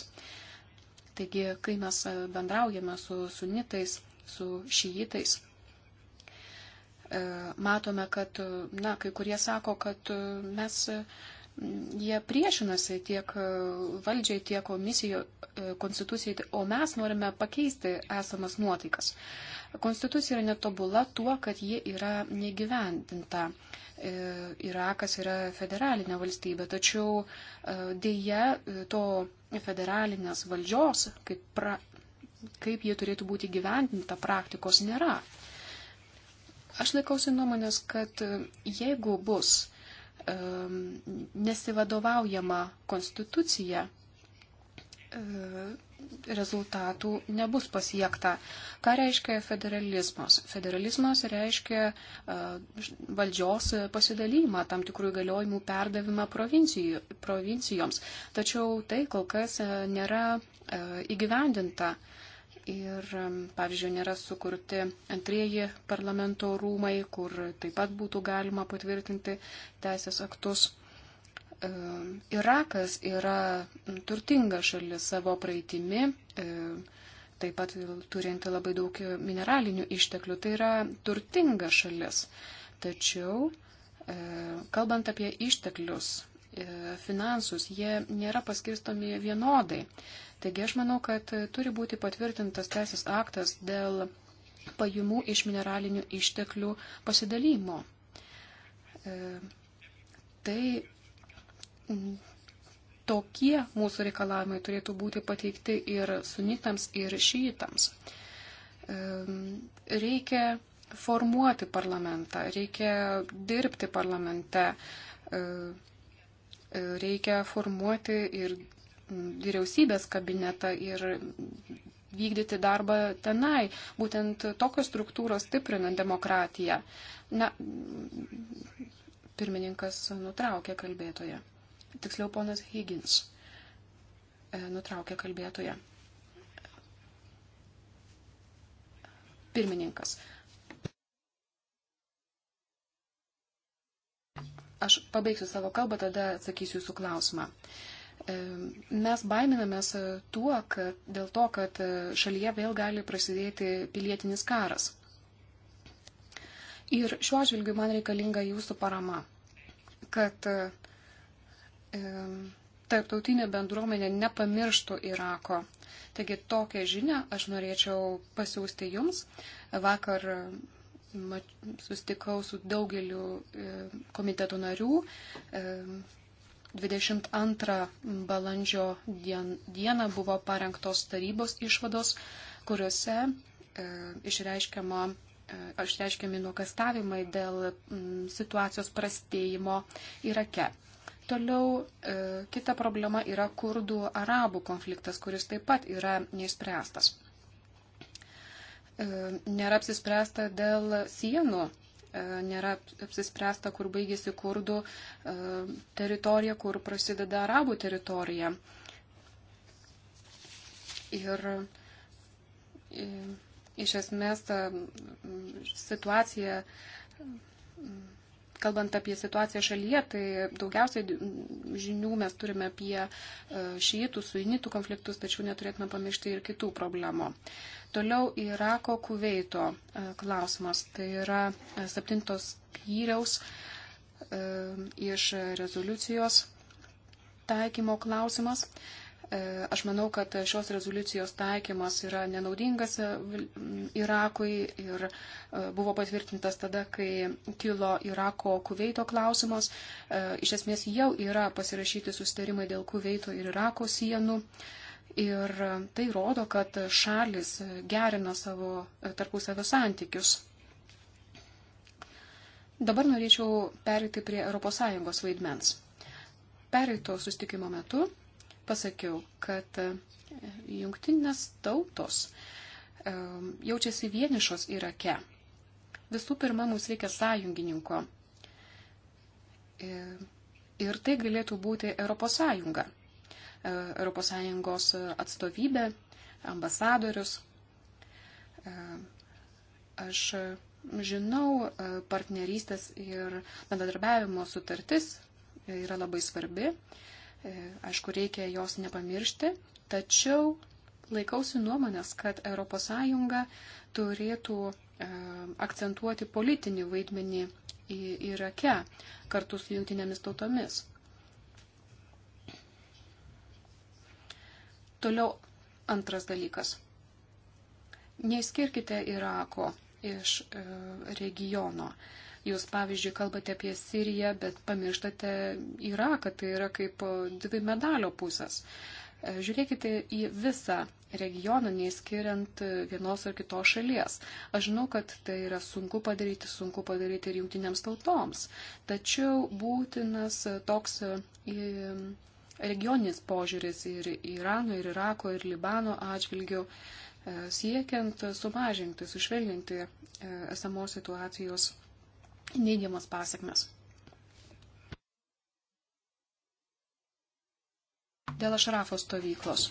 Taigi, kai mes e, bendraujame su sunitais, su šijitais, e, matome, kad, na, kai kurie sako, kad mes, jie priešinasi tiek valdžiai, tiek komisijo konstitucijai, o mes norime pakeisti esamas nuotaikas. Konstitucija yra netobula tuo, kad ji yra negyvendinta. E, Irakas yra federalinė valstybė, tačiau e, dėje to federalinės valdžios, kaip, pra, kaip jie turėtų būti gyvendinta, praktikos nėra. Aš laikausi nuomonės, kad e, jeigu bus um, nesivadovaujama konstitucija, um, rezultatų nebus pasiekta. Ką reiškia federalizmas? Federalizmas reiškia e, valdžios pasidalymą, tam tikrų įgaliojimų perdavimą provincijoms. Tačiau tai kol kas e, nėra e, įgyvendinta. Ir, pavyzdžiui, nėra sukurti antrieji parlamento rūmai, kur taip pat būtų galima patvirtinti teisės aktus. Irakas yra turtinga šalis savo praeitimi, e, taip pat turinti labai daug mineralinių išteklių. Tai yra turtinga šalis. Tačiau, e, kalbant apie išteklius, e, finansus, jie nėra paskirstomi vienodai. Taigi aš manau, kad turi būti patvirtintas teisės aktas dėl pajumų iš mineralinių išteklių pasidalymo. Tai tokie mūsų reikalavimai turėtų būti pateikti ir sunitams, ir šytams. Reikia formuoti parlamentą, reikia dirbti parlamente, e, e, reikia formuoti ir vyriausybės kabinetą ir vykdyti darbą tenai, būtent tokios struktūros stiprinant demokratiją. Na, pirmininkas nutraukė kalbėtoje tiksliau ponas Higgins e, nutraukė kalbėtoje. Pirmininkas. Aš pabaigsiu savo kalbą, tada atsakysiu jūsų klausimą. E, mes baiminamės tuo, kad dėl to, kad šalyje vėl gali prasidėti pilietinis karas. Ir šiuo atžvilgiu man reikalinga jūsų parama, kad uh, E, tarptautinė bendruomenė nepamirštų Irako. Taigi tokią žinią aš norėčiau pasiūsti jums. Vakar e, sustikau su daugeliu e, komiteto narių. 22 balandžio dieną buvo parengtos tarybos išvados, kuriuose išreiškiama išreiškiami nuokastavimai dėl situacijos prastėjimo Irake. Toliau e, kita problema yra kurdų arabų konfliktas, kuris taip pat yra neišspręstas. E, nėra apsispręsta dėl sienų e, nėra apsispręsta, kur baigėsi kurdų e, teritorija, kur prasideda arabų teritorija. Ir e, iš esmės ta situacija Kalbant apie situaciją šalyje, tai daugiausiai žinių mes turime apie e, šyitų, suinitų konfliktus, tačiau neturėtume pamiršti ir kitų problemų. Toliau Irako kuveito e, klausimas. Tai yra e, septintos kyriaus iš rezoliucijos taikymo klausimas. E, aš manau, kad šios rezoliucijos taikymas yra nenaudingas e, Irakui ir e, buvo patvirtintas tada, kai kilo Irako kuveito klausimas. Iš esmės jau yra pasirašyti sustarimai dėl kuveito ir Irako sienų. Ir tai rodo, kad šalis gerina savo tarpusavio santykius. Dabar norėčiau pereiti prie ES vaidmens. Pereito sustikimo metu pasakiau, kad e, jungtinės tautos e, jaučiasi vienišos Irake. Visų pirma, mums reikia sąjungininko. E, ir tai galėtų būti Europos Sąjunga. Europos Sąjungos atstovybė, ambasadorius. Aš žinau, partnerystės ir bendradarbiavimo sutartis yra labai svarbi. E, aišku, reikia jos nepamiršti, tačiau laikausi nuomonės, kad ES turėtų e, akcentuoti politinį vaidmenį Irake kartu su jungtinėmis tautomis. Toliau antras dalykas. Neiskirkite Irako iš e, regiono. E, Jūs, pavyzdžiui, kalbate apie Siriją, bet pamirštate Iraką, tai yra kaip dvi medalio pusės. E, žiūrėkite į visą regioną, neįskiriant vienos ar kitos šalies. Aš žinau, kad tai yra sunku padaryti, sunku padaryti ir jungtinėms tautoms. Tačiau būtinas toks e, regioninis požiūris ir Irano, ir Irako, ir Libano atžvilgių e, siekiant sumažinti, sušvelninti esamos situacijos neigiamas pasakmes. Dėl ašrafo stovyklos.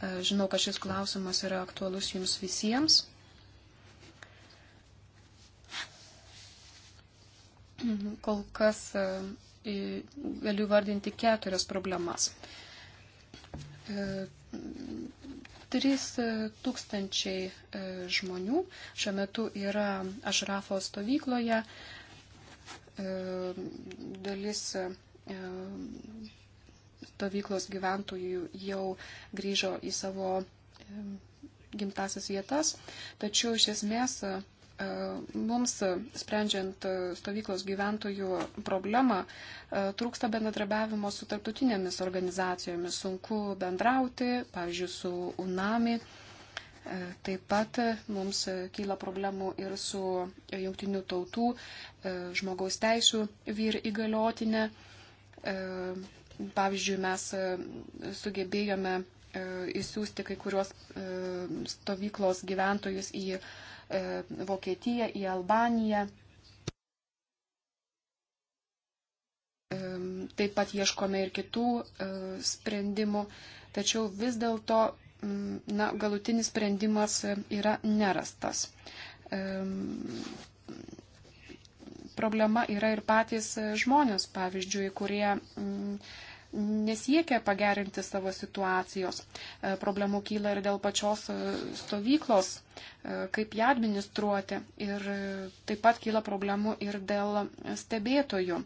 E, žinau, kad šis klausimas yra aktualus jums visiems. Kol kas e, galiu vardinti keturias problemas. 3000 e, žmonių šiuo metu yra Ašrafo stovykloje, E, dalis e, stovyklos gyventojų jau grįžo į savo e, gimtasias vietas, tačiau iš esmės mums, sprendžiant stovyklos gyventojų problemą, trūksta bendradarbiavimo su tarptautinėmis organizacijomis, sunku bendrauti, pavyzdžiui, su UNAMI Taip pat mums kyla problemų ir su jungtinių tautų e, žmogaus teisų vyr įgaliotinė. E, Pavyzdžiui, mes e, sugebėjome įsiųsti kai kurios stovyklos gyventojus į Vokietiją, į Albaniją. Taip pat ieškome ir kitų sprendimų, tačiau vis dėlto Mm, na, galutinis sprendimas e, yra nerastas. Problema yra ir patys e, žmonės, pavyzdžiui, kurie mm, nesiekia pagerinti savo situacijos. E, problemų kyla ir dėl pačios stovyklos, kaip ją administruoti. Ir taip pat kyla problemų ir dėl stebėtojų.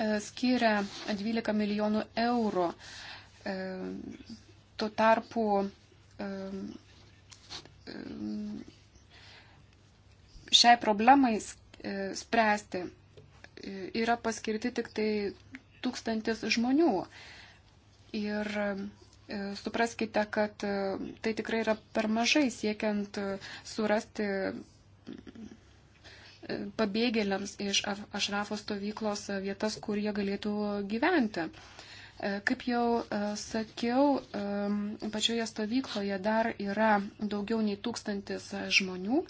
ES skiria 12 milijonų eurų E, tuo tarpu e, e, šiai problemai spręsti yra paskirti tik tai tūkstantis žmonių. Ir supraskite, kad tai tikrai yra per mažai siekiant surasti pabėgėliams iš Ašrafo stovyklos vietas, kur jie galėtų gyventi. Uh, Kaip jau e, sakiau, pačioje stovykloje dar yra daugiau nei tūkstantis e, žmonių.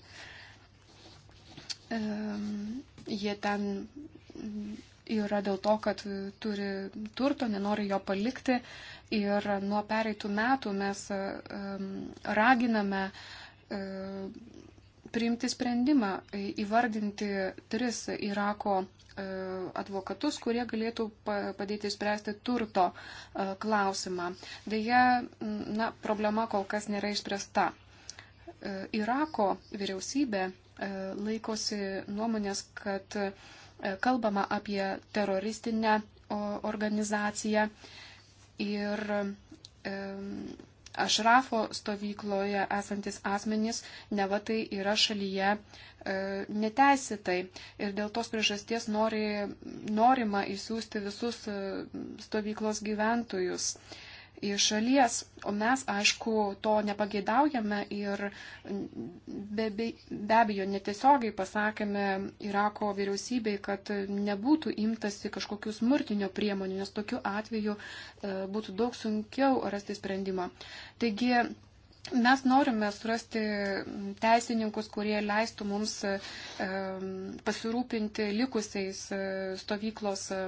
Jie ten mm, yra dėl to, kad turi turto, nenori jo palikti. Ir nuo pereitų metų mes e, raginame priimti sprendimą, e, įvardinti tris Irako e, advokatus, kurie galėtų padėti spręsti turto e, klausimą. Deja, na, problema kol kas nėra išspręsta. Irako vyriausybė laikosi nuomonės, kad kalbama apie teroristinę organizaciją ir Ašrafo stovykloje esantis asmenys nevatai yra šalyje e, neteisėtai ir dėl tos priežasties nori, norima įsiųsti visus e, stovyklos gyventojus. E, iš šalies. O mes, aišku, to nepageidaujame ir be, be, be abejo netiesiogiai pasakėme Irako vyriausybei, kad nebūtų imtasi kažkokių smurtinio priemonių, nes tokiu atveju e, būtų daug sunkiau rasti sprendimą. Taigi, Mes norime surasti teisininkus, kurie leistų mums e, pasirūpinti likusiais e, stovyklos e,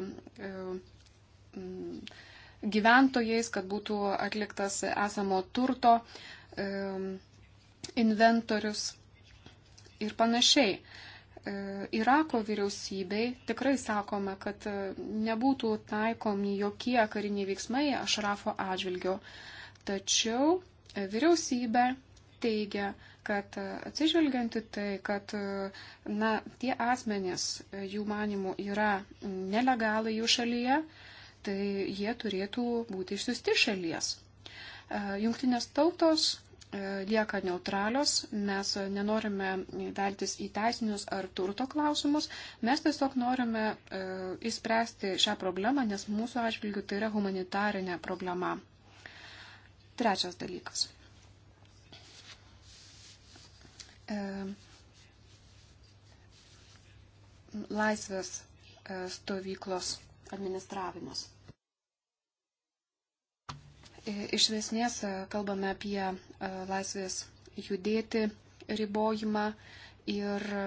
gyventojais, kad būtų atliktas esamo turto inventorius ir panašiai. E, Irako vyriausybei tikrai sakome, kad e, nebūtų taikomi jokie kariniai veiksmai Ašrafo atžvilgiu. Tačiau e, vyriausybė teigia, kad atsižvelgianti tai, kad na, tie asmenys, jų manimų, yra nelegalai jų šalyje, tai jie turėtų būti išsiusti šalies. E, jungtinės tautos e, lieka neutralios, mes nenorime veltis į teisinius ar turto klausimus, mes tiesiog norime įspręsti e, šią problemą, nes mūsų atžvilgių tai yra humanitarinė problema. Trečias dalykas. Laisvės stovyklos administravimas. Iš esmės e, kalbame apie e, laisvės judėti ribojimą ir e,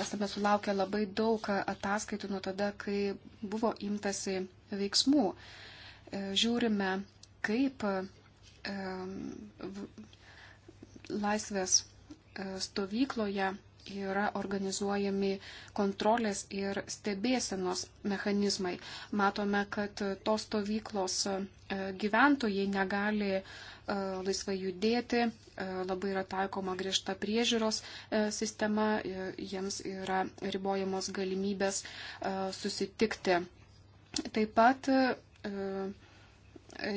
esame sulaukę labai daug ataskaitų nuo tada, kai buvo imtasi veiksmų. Žiūrime, kaip laisvės stovykloje yra organizuojami kontrolės ir stebėsenos mechanizmai. Matome, kad tos stovyklos e, gyventojai negali e, laisvai judėti, e, labai yra taikoma griežta priežiūros sistema, jiems yra ribojamos galimybės susitikti. Taip pat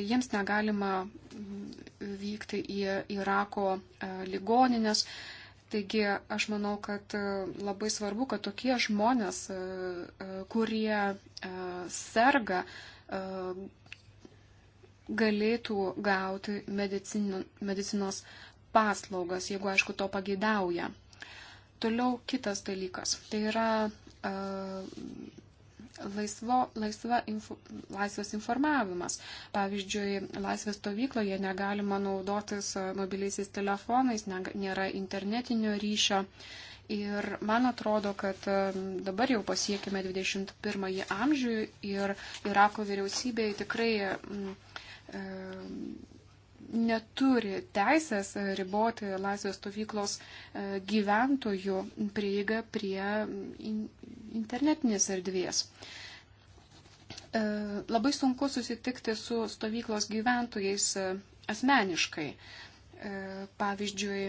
jiems negalima vykti į Irako ligoninės, Taigi aš manau, kad e, labai svarbu, kad tokie žmonės, e, e, kurie serga, galėtų gauti medicinos paslaugas, jeigu aišku to pageidauja. Toliau kitas dalykas. Tai yra laisvo, laisva info, laisvės informavimas. Pavyzdžiui, laisvės stovykloje negalima naudotis e, mobiliaisiais telefonais, nėra internetinio ryšio. Ir man atrodo, kad e, dabar jau pasiekime 21 amžių ir Irako vyriausybė tikrai. Mm, e, neturi teisės riboti laisvės stovyklos e, gyventojų prieigą prie internetinės erdvės. E, labai sunku susitikti su stovyklos gyventojais e, asmeniškai. Pavyzdžiui,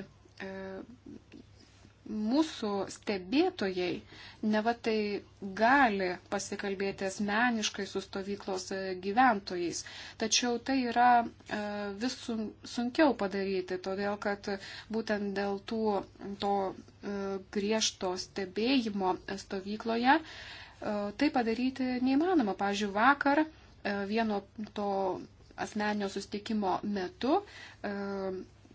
mūsų stebėtojai neva tai gali pasikalbėti asmeniškai su stovyklos e, gyventojais. Tačiau tai yra e, vis sunkiau padaryti, todėl kad būtent dėl tų, to e, griežto stebėjimo stovykloje tai padaryti neįmanoma. Pavyzdžiui, vakar vieno to asmenio sustikimo metu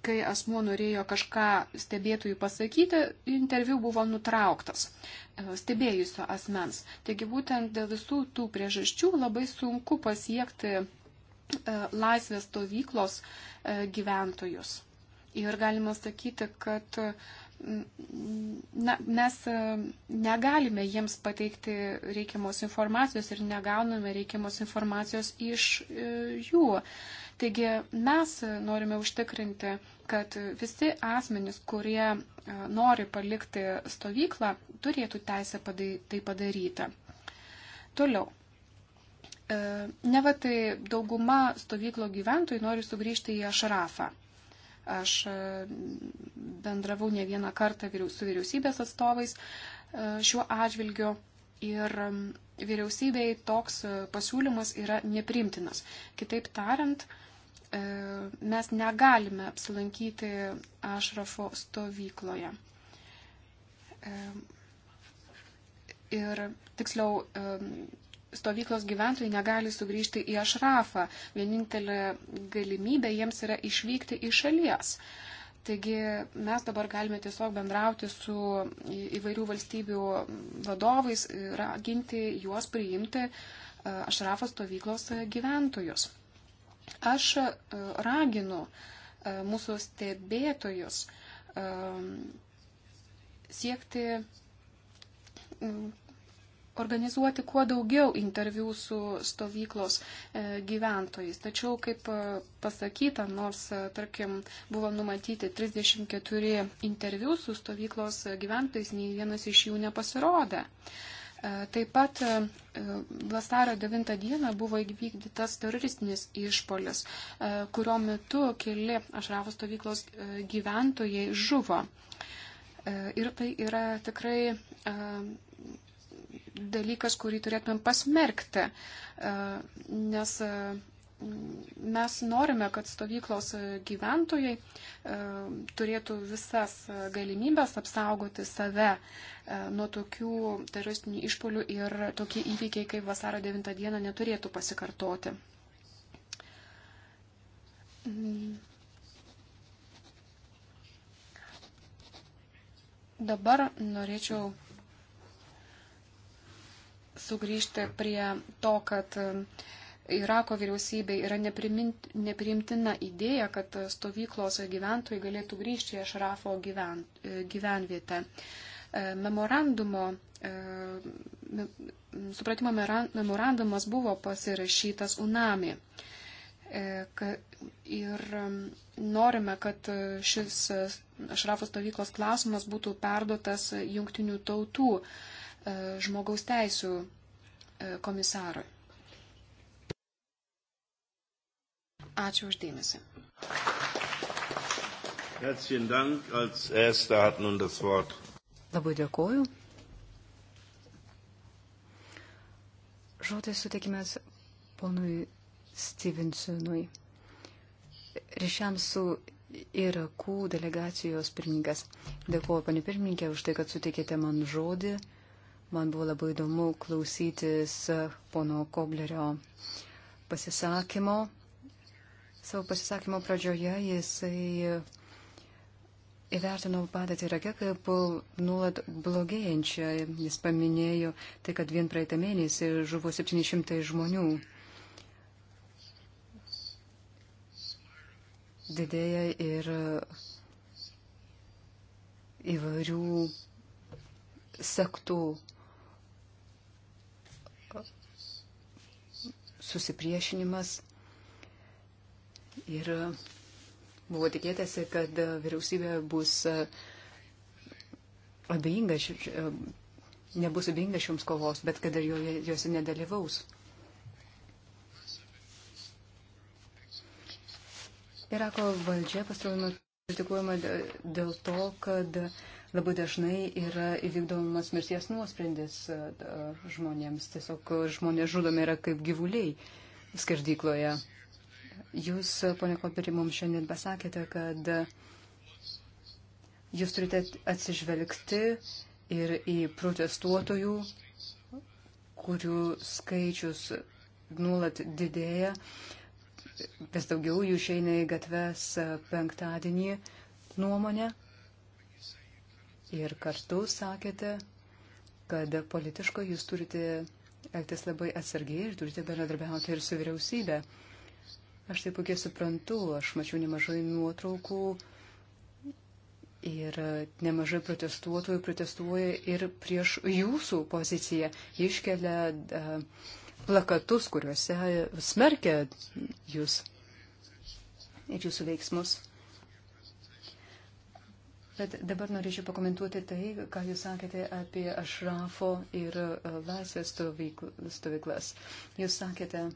kai asmuo norėjo kažką stebėtojų pasakyti, interviu buvo nutrauktas e, stebėjusio asmens. Taigi būtent dėl visų tų priežasčių labai sunku pasiekti e, laisvės stovyklos e, gyventojus. Ir galima sakyti, kad na, mes negalime jiems pateikti reikiamos informacijos ir negauname reikiamos informacijos iš jų. Taigi mes norime užtikrinti kad visi asmenys, kurie e, nori palikti stovyklą, turėtų teisę tai padaryti. Toliau. E, ne va tai dauguma stovyklo gyventojų nori sugrįžti į Ašrafą. Aš e, bendravau ne vieną kartą su vyriausybės atstovais šiuo atžvilgiu ir mm, vyriausybei toks pasiūlymas yra neprimtinas. Kitaip tariant, E, mes negalime apsilankyti Ašrafo stovykloje. E, ir tiksliau, e, stovyklos gyventojai negali sugrįžti į Ašrafą. Vienintelė galimybė jiems yra išvykti iš šalies. Taigi mes dabar galime tiesiog bendrauti su įvairių valstybių vadovais ir ginti juos priimti Ašrafo stovyklos gyventojus. Aš e, raginu e, mūsų stebėtojus e, siekti organizuoti kuo daugiau interviu su stovyklos gyventojais. Tačiau, kaip pasakyta, nors, tarkim, buvo numatyti 34 interviu su stovyklos gyventojais, nei vienas iš jų nepasirodė. E, taip pat e, e, vasario 9 dieną buvo įvykdytas teroristinis išpolis, kurio metu keli Ašravo stovyklos gyventojai žuvo. Ir tai yra tikrai dalykas, kurį turėtumėm pasmerkti, nes mes norime, kad stovyklos gyventojai e, turėtų visas galimybės apsaugoti save e, nuo tokių teroristinių išpolių ir tokie įvykiai kaip vasaro 9 dieną neturėtų pasikartoti. Dabar norėčiau sugrįžti prie to, kad uh, Irako vyriausybei yra nepriimtina idėja, kad stovyklos gyventojai galėtų grįžti į Ašrafo gyven, e, gyvenvietę. E, memorandumo, e, supratimo memorandumas buvo pasirašytas UNAMI. Ir norime, kad šis Ašrafo stovyklos klausimas būtų perduotas jungtinių tautų žmogaus teisų komisarui. Ačiū uždėmesi. Labai dėkoju. Žodis sutikimės ponui Stevensonui, ryšiams su Irakų delegacijos pirmininkas. Dėkuoju, panė pirmininkė, už tai, kad sutikėte man žodį. Man buvo labai įdomu klausytis pono Koblerio pasisakymo. Savo pasisakymo pradžioje jisai įvertino padėtį Irake kaip nuolat blogėjančią. Jis paminėjo tai, kad vien praeitą mėnesį žuvo 700 žmonių. Didėja ir įvairių sektų susipriešinimas. Ir e, buvo tikėtasi, kad e, vyriausybė bus e, abejinga, nebus abejinga šioms kovos, bet kad ir joje, jose nedalyvaus. Irako valdžia pastarojame kritikuojama dėl to, kad labai dažnai yra įvykdomas mirties nuosprendis žmonėms. Tiesiog žmonės žudomi yra kaip gyvuliai skerdykloje. Jūs, ponė Kopiri, mums šiandien pasakėte, kad jūs turite atsižvelgti ir į protestuotojų, kurių skaičius nuolat didėja. Vis daugiau jų išeina į gatves penktadienį nuomonę. Ir kartu sakėte, kad politiškai jūs turite elgtis labai atsargiai ir turite bendradarbiauti ir su vyriausybė. Aš tai puikiai suprantu, aš mačiau nemažai nuotraukų ir e, nemažai protestuotojų protestuoja ir prieš jūsų poziciją. Jie iškelia uh, plakatus, kuriuose smerkia jūs ir jūsų veiksmus. Bet dabar norėčiau pakomentuoti tai, ką jūs sakėte apie Ašrafo ir e, laisvės stovyklas. Jūs sakėte,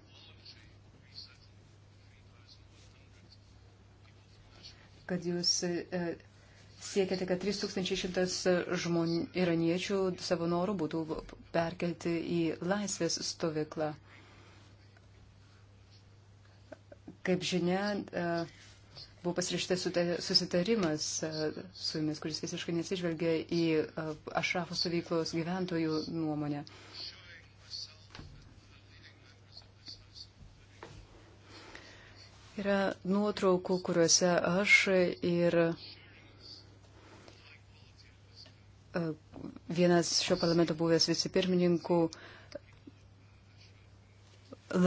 kad jūs e, siekiate, kad 3100 žmonių iraniečių savo norų būtų perkelti į laisvės stovyklą. Kaip žinia, e, buvo pasirašytas susitarimas e, su jumis, kuris visiškai nesižvelgia į Ašrafo stovyklos gyventojų nuomonę. Yra nuotraukų, kuriuose aš ir e, vienas šio parlamento buvęs vicepirmininkų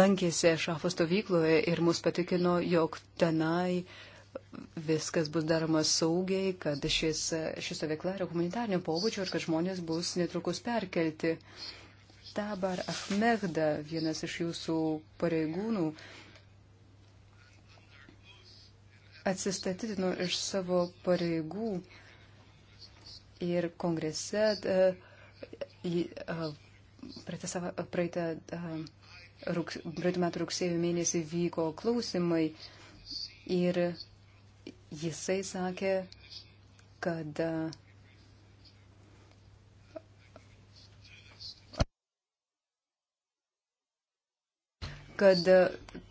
lankėsi šafo stovykloje ir mus patikino, jog tenai viskas bus daroma saugiai, kad šis, šis stovykla yra humanitarnio pobūdžio ir kad žmonės bus netrukus perkelti. Tabar Ahmehda, vienas iš jūsų pareigūnų, atsistatydino iš savo pareigų ir kongrese e, e, praeitą e, metų rugsėjo mėnesį vyko klausimai ir jisai sakė, kad kad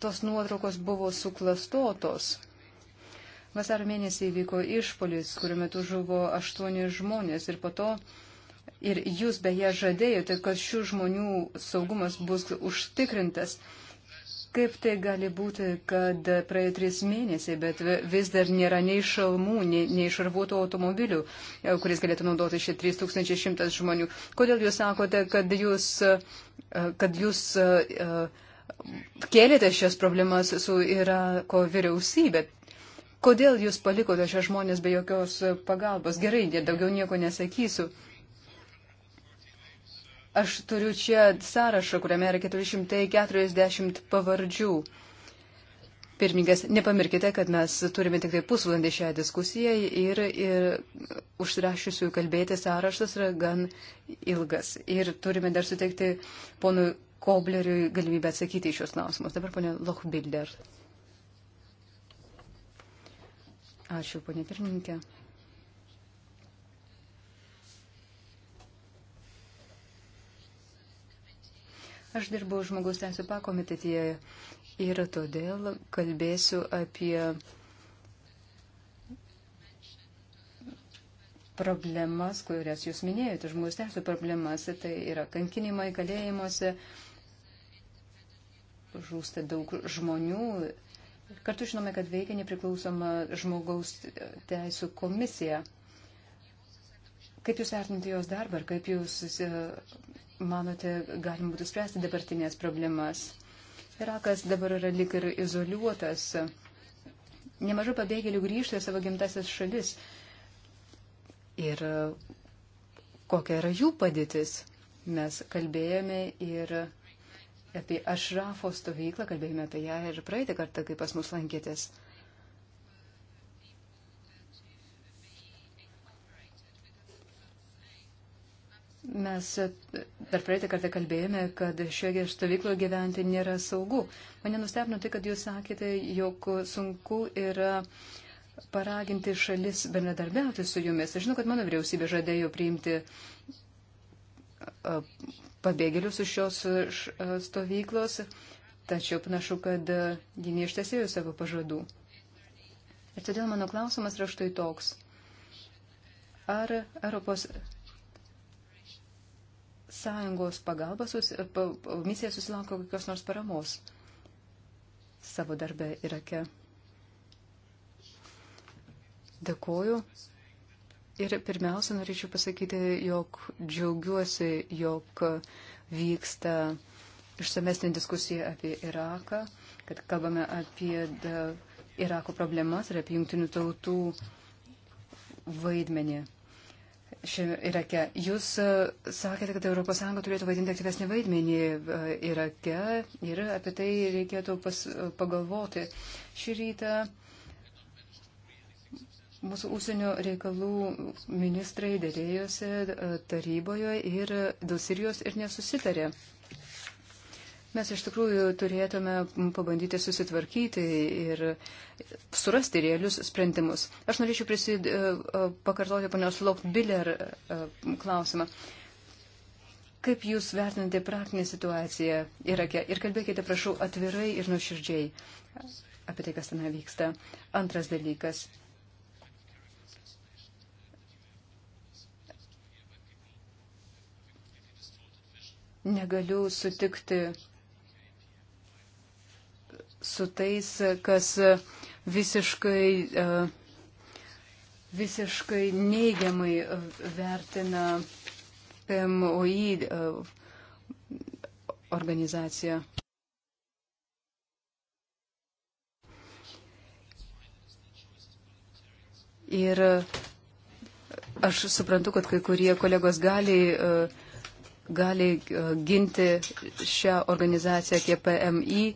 tos nuotraukos buvo suklastotos. Vasaro mėnesį įvyko išpolis, kuriuo metu žuvo aštuoni žmonės ir po to. Ir jūs beje žadėjote, kad šių žmonių saugumas bus užtikrintas. Kaip tai gali būti, kad praėjo trys mėnesiai, bet vis dar nėra nei šalmų, nei, nei šarvuotų automobilių, e, kuris galėtų naudoti šie 3100 žmonių? Kodėl jūs sakote, kad jūs, e, kad jūs e, kėlėte šias problemas su Irako vyriausybė? Kodėl jūs palikote šią žmonės be jokios pagalbos? Gerai, daugiau nieko nesakysiu. Aš turiu čia sąrašą, kuriame yra 440 pavardžių. Pirmingas, nepamirkite, kad mes turime tik tai pusvalandį šią diskusiją ir, ir užsirašysiu kalbėti sąrašas yra gan ilgas. Ir turime dar suteikti ponui Kobleriui galimybę atsakyti į šios klausimus. Dabar ponė Lochbilder. Ačiū, ponė pirmininkė. Aš dirbu žmogus teisų pakomitetėje ir todėl kalbėsiu apie problemas, kurias jūs minėjote, žmogus teisų problemas. Tai yra kankinimai kalėjimuose, žūsta daug žmonių Kartu žinome, kad veikia nepriklausoma žmogaus teisų komisija. Kaip Jūs vertinate jos darbą ir kaip Jūs e, manote, galim būtų spręsti dabartinės problemas? Irakas dabar yra lik ir izoliuotas. Nemažai pabėgėlių grįžta į savo gimtasias šalis. Ir e, kokia yra jų padėtis? Mes kalbėjome ir apie Ašrafo stovyklą, kalbėjome apie ją ir praeitą kartą, kai pas mus lankėtės. Mes dar praeitą kartą kalbėjome, kad šioje stovykloje gyventi nėra saugu. Mane nustebino tai, kad jūs sakėte, jog sunku yra paraginti šalis bendradarbiauti su jumis. Aš žinau, kad mano vyriausybė žadėjo priimti pabėgėlius iš šios e, stovyklos, tačiau panašu, kad ji neištesėjo savo pažadų. Ir todėl mano klausimas yra štai toks. Ar Europos Sąjungos pagalba sus, e, pa, misija susilaukia kokios nors paramos savo darbę Irake? Dėkoju. Ir pirmiausia, norėčiau pasakyti, jog džiaugiuosi, jog vyksta išsamesnė diskusija apie Iraką, kad kalbame apie Irako problemas ir apie jungtinių tautų vaidmenį. Šiame Irake. Jūs e, sakėte, kad ES turėtų vaidinti aktyvesnį vaidmenį e, Irake ir apie tai reikėtų pas, e, pagalvoti. Šį rytą Mūsų užsienio reikalų ministrai dėrėjosi e, taryboje ir dėl Sirijos ir nesusitarė. Mes iš tikrųjų turėtume pabandyti susitvarkyti ir surasti realius sprendimus. Aš norėčiau prisid, e, e, pakartoti panios Lokbiller klausimą. Kaip Jūs vertinate praktinę situaciją Irake? Ir kalbėkite, prašau, atvirai ir nuoširdžiai apie tai, kas ten vyksta. Antras dalykas. negaliu sutikti su tais, kas visiškai, e, visiškai neigiamai vertina PMOI e, organizaciją. Ir aš suprantu, kad kai kurie kolegos gali uh, gali e, ginti šią organizaciją kaip PMI,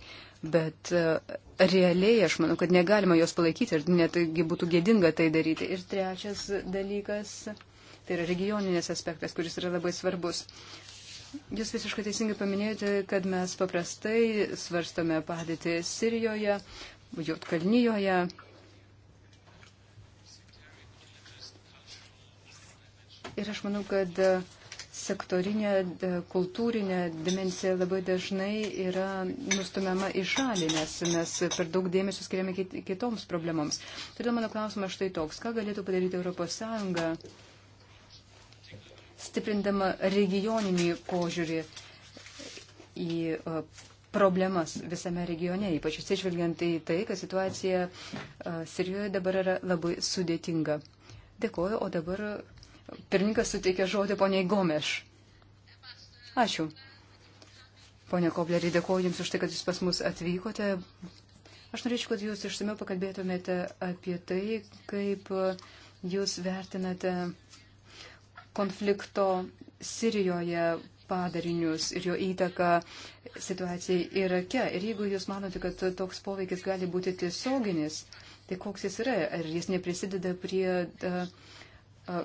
bet e, realiai aš manau, kad negalima jos palaikyti ir netgi būtų gėdinga tai daryti. Ir trečias dalykas, tai yra regioninės aspektas, kuris yra labai svarbus. Jūs visiškai teisingai paminėjote, kad mes paprastai svarstome padėtį Sirijoje, Jotkalnyjoje. Ir aš manau, kad sektorinė kultūrinė dimensija labai dažnai yra nustumiama į šalį, nes mes per daug dėmesio skiriame kitoms problemoms. Todėl mano klausimas štai toks, ką galėtų padaryti ES, stiprindama regioninį požiūrį į problemas visame regione, ypač atsižvelgiant į tai, kad situacija Sirijoje dabar yra labai sudėtinga. Dėkuoju, o dabar Pirmininkas suteikė žodį poniai Gomeš. Ačiū. Pone Koblerį, dėkuoju Jums už tai, kad Jūs pas mus atvykote. Aš norėčiau, kad Jūs išsamiau pakalbėtumėte apie tai, kaip Jūs vertinate konflikto Sirijoje padarinius ir jo įtaką situacijai Irake. Ir jeigu jūs manote, kad toks poveikis gali būti tiesioginis, tai koks jis yra? Ar jis neprisideda prie. Uh, uh,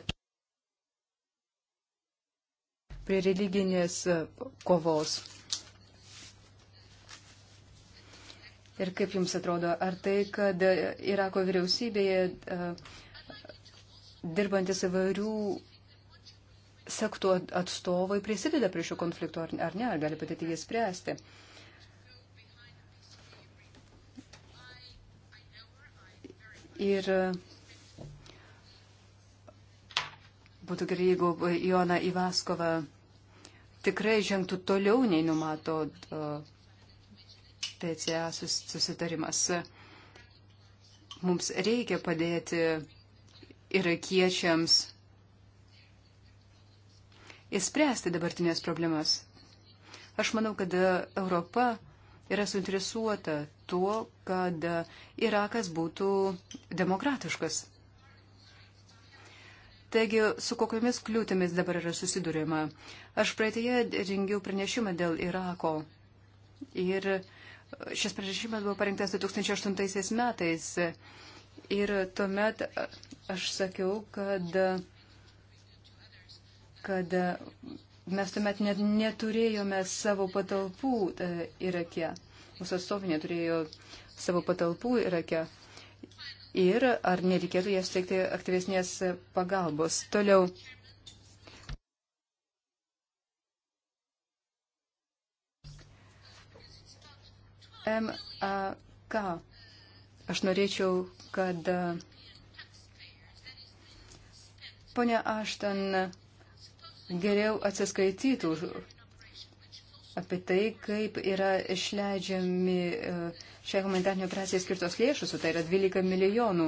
prie religinės kovos. Ir kaip jums atrodo, ar tai, kad Irako vyriausybėje e, dirbantis įvairių sektų atstovai prisideda prie šio konflikto, ar ne, ar gali patyti jį spręsti? Ir uh, būtų gerai, jeigu Jona Ivaskova tikrai žengtų toliau nei numato PCA susitarimas. Mums reikia padėti irakiečiams įspręsti dabartinės problemas. Aš manau, kad e, Europa yra suinteresuota tuo, kad e, Irakas būtų demokratiškas. Taigi, su kokiamis kliūtimis dabar yra susidurima? Aš praeitėje rengiau pranešimą dėl Irako. Ir šis pranešimas buvo parinktas 2008 metais. Ir tuomet aš sakiau, kad, kad mes tuomet net neturėjome savo patalpų e, Irake. Mūsų atstovai neturėjo savo patalpų Irake ir ar nereikėtų jiems teikti aktyvesnės pagalbos. Toliau. MAK. Aš norėčiau, kad ponia Aštan geriau atsiskaitytų apie tai, kaip yra išleidžiami uh, šiai humanitarniai operacijai skirtos lėšus, o tai yra 12 milijonų.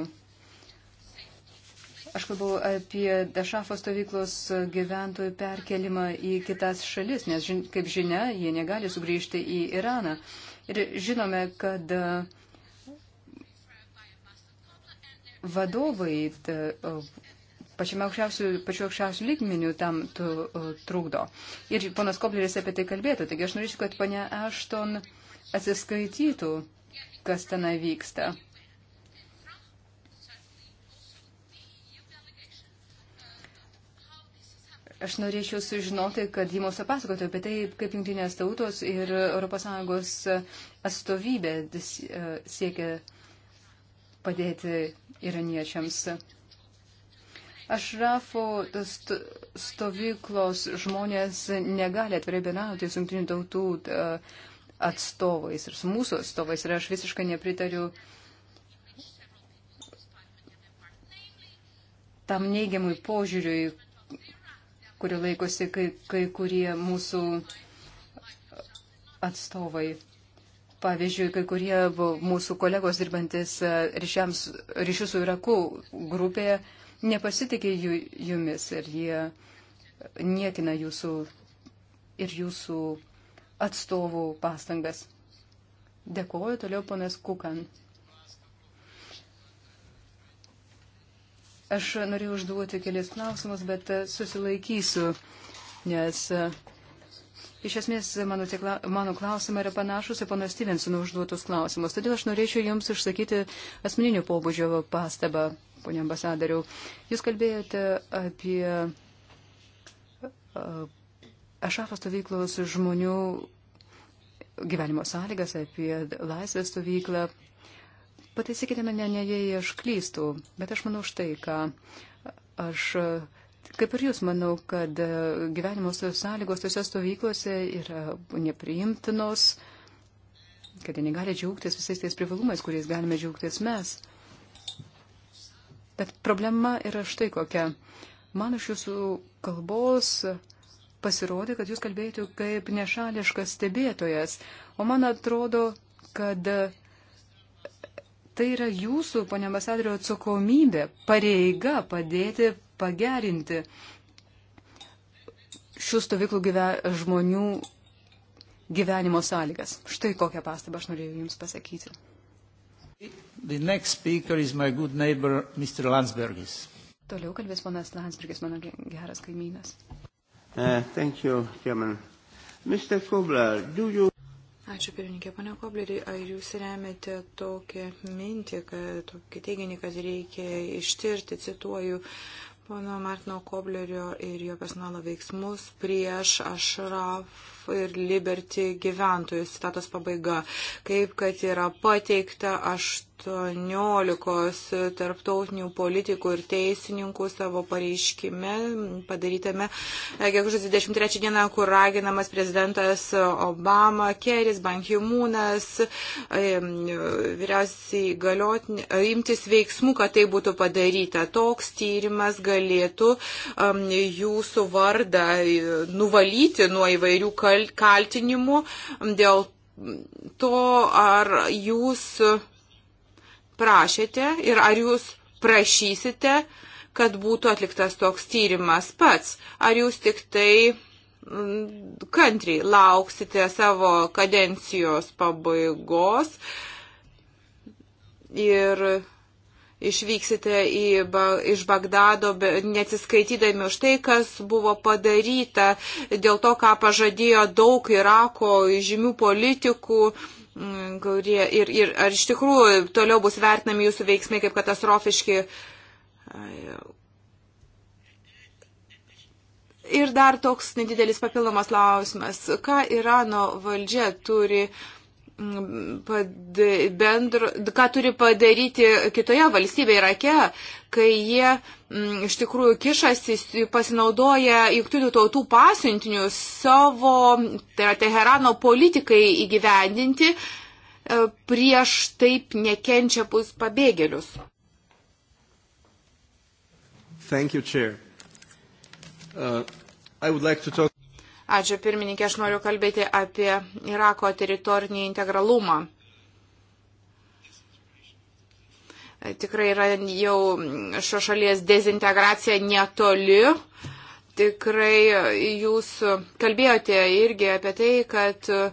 Aš kalbu apie Dašafo stovyklos gyventojų perkelimą į kitas šalis, nes, kaip žinia, jie negali sugrįžti į Iraną. Ir žinome, kad uh, vadovai uh, pačiame aukščiausių, pačiu aukščiausių lygmenių tam tu, uh, trukdo. Ir ponas Kobleris apie tai kalbėtų. Taigi aš norėčiau, kad ponia Ašton atsiskaitytų kas tenai vyksta. Aš norėčiau sužinoti, kad jį mums papasakotų apie tai, kaip jungtinės tautos ir ES atstovybė e, siekia padėti iraniečiams. Ašrafo stovyklos žmonės negali atvirai benauti su jungtinių tautų e, atstovais ir su mūsų atstovais. Ir aš visiškai nepritariu tam neigiamui požiūriui, kuriuo laikosi kai, kai kurie mūsų atstovai. Pavyzdžiui, kai kurie mūsų kolegos dirbantis e, ryšiams, ryšių su Iraku grupėje nepasitikė ju, jumis ir jie niekina jūsų ir jūsų atstovų pastangas. Dėkuoju toliau ponas Kukan. Aš norėjau užduoti kelias klausimus, bet susilaikysiu, nes e, iš esmės mano, tie, mano klausimai yra panašus į pono Stevensono užduotus klausimus. Todėl aš norėčiau Jums išsakyti asmeninio pobūdžio pastabą, ponė ambasadoriau. Jūs kalbėjote apie e, Ašafo stovyklos žmonių gyvenimo sąlygas, apie laisvės stovyklą. Pataisykite mane, ne jei aš klystu, bet aš manau štai ką. Aš, kaip ir jūs, manau, kad gyvenimo sąlygos tose stovyklose yra nepriimtinos, kad jie negali džiaugtis visais tais privalumais, kuriais galime džiaugtis mes. Bet problema yra štai kokia. Man iš jūsų kalbos pasirodė, kad jūs kalbėjote kaip nešališkas stebėtojas. O man atrodo, kad tai yra jūsų, ponė ambasadorio, atsakomybė, pareiga padėti pagerinti šių stovyklų gyve, žmonių gyvenimo sąlygas. Štai kokią pastabą aš norėjau Jums pasakyti. Neighbor, Toliau kalbės ponas Landsbergis, mano geras kaimynas. Uh, thank you, Chairman. Mr. Kobler, do you... Ačiū pirmininkė, pane Koblerį, ar jūs remiate tokią mintį, kad tokį teiginį, kad reikia ištirti, cituoju, pono Martino Koblerio ir jo personalo veiksmus prieš Ašraf ir Liberty gyventojus, citatos pabaiga, kaip kad yra pateikta 18 tarptautinių politikų ir teisininkų savo pareiškime padarytame e, gegužės 23 dieną, kur raginamas prezidentas Obama, Keris, Bankiumūnas e, vyriausiai galiotinė, e, imtis veiksmų, kad tai būtų padaryta. Toks tyrimas galėtų um, jūsų vardą nuvalyti nuo įvairių kalbų kaltinimų dėl to, ar jūs prašėte ir ar jūs prašysite, kad būtų atliktas toks tyrimas pats, ar jūs tik tai mm, kantriai lauksite savo kadencijos pabaigos ir išvyksite į, iš Bagdado, neatsiskaitydami už tai, kas buvo padaryta, dėl to, ką pažadėjo daug Irako žymių politikų mm, kurie ir, ir ar iš tikrųjų toliau bus vertinami jūsų veiksmai kaip katastrofiški. Ir dar toks nedidelis papildomas klausimas. Ką Irano valdžia turi uh, bendro, ką turi padaryti kitoje valstybėje Irake, kai jie m, mm, iš tikrųjų kišasi, pasinaudoja jungtinių tautų pasiuntinius savo, tai yra Teherano politikai įgyvendinti e, prieš taip nekenčiapus pabėgėlius. Thank you, Chair. Uh, I would like to talk Ačiū pirmininkė, aš noriu kalbėti apie Irako teritorinį integralumą. Tikrai yra jau šio šalies dezintegracija netoli. Tikrai jūs kalbėjote irgi apie tai, kad uh,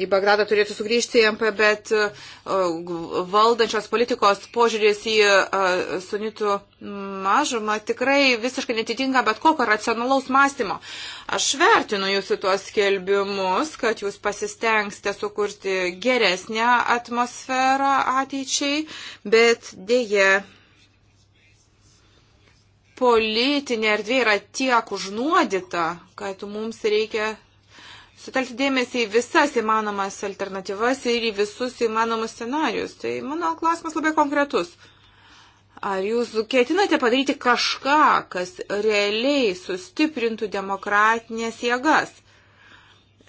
į Bagdadą turėtų sugrįžti MP, bet e, valdančios politikos požiūrės į e, sunitų mažumą tikrai visiškai netitinka bet kokio racionalaus mąstymo. Aš vertinu jūsų tuos skelbimus, kad jūs pasistengsite sukurti geresnę atmosferą ateičiai, bet dėje politinė erdvė yra tiek užnuodita, kad mums reikia sutelkti dėmesį į visas įmanomas alternatyvas ir į visus įmanomus scenarius. Tai mano klausimas labai konkretus. Ar jūs ketinate padaryti kažką, kas realiai sustiprintų demokratinės jėgas?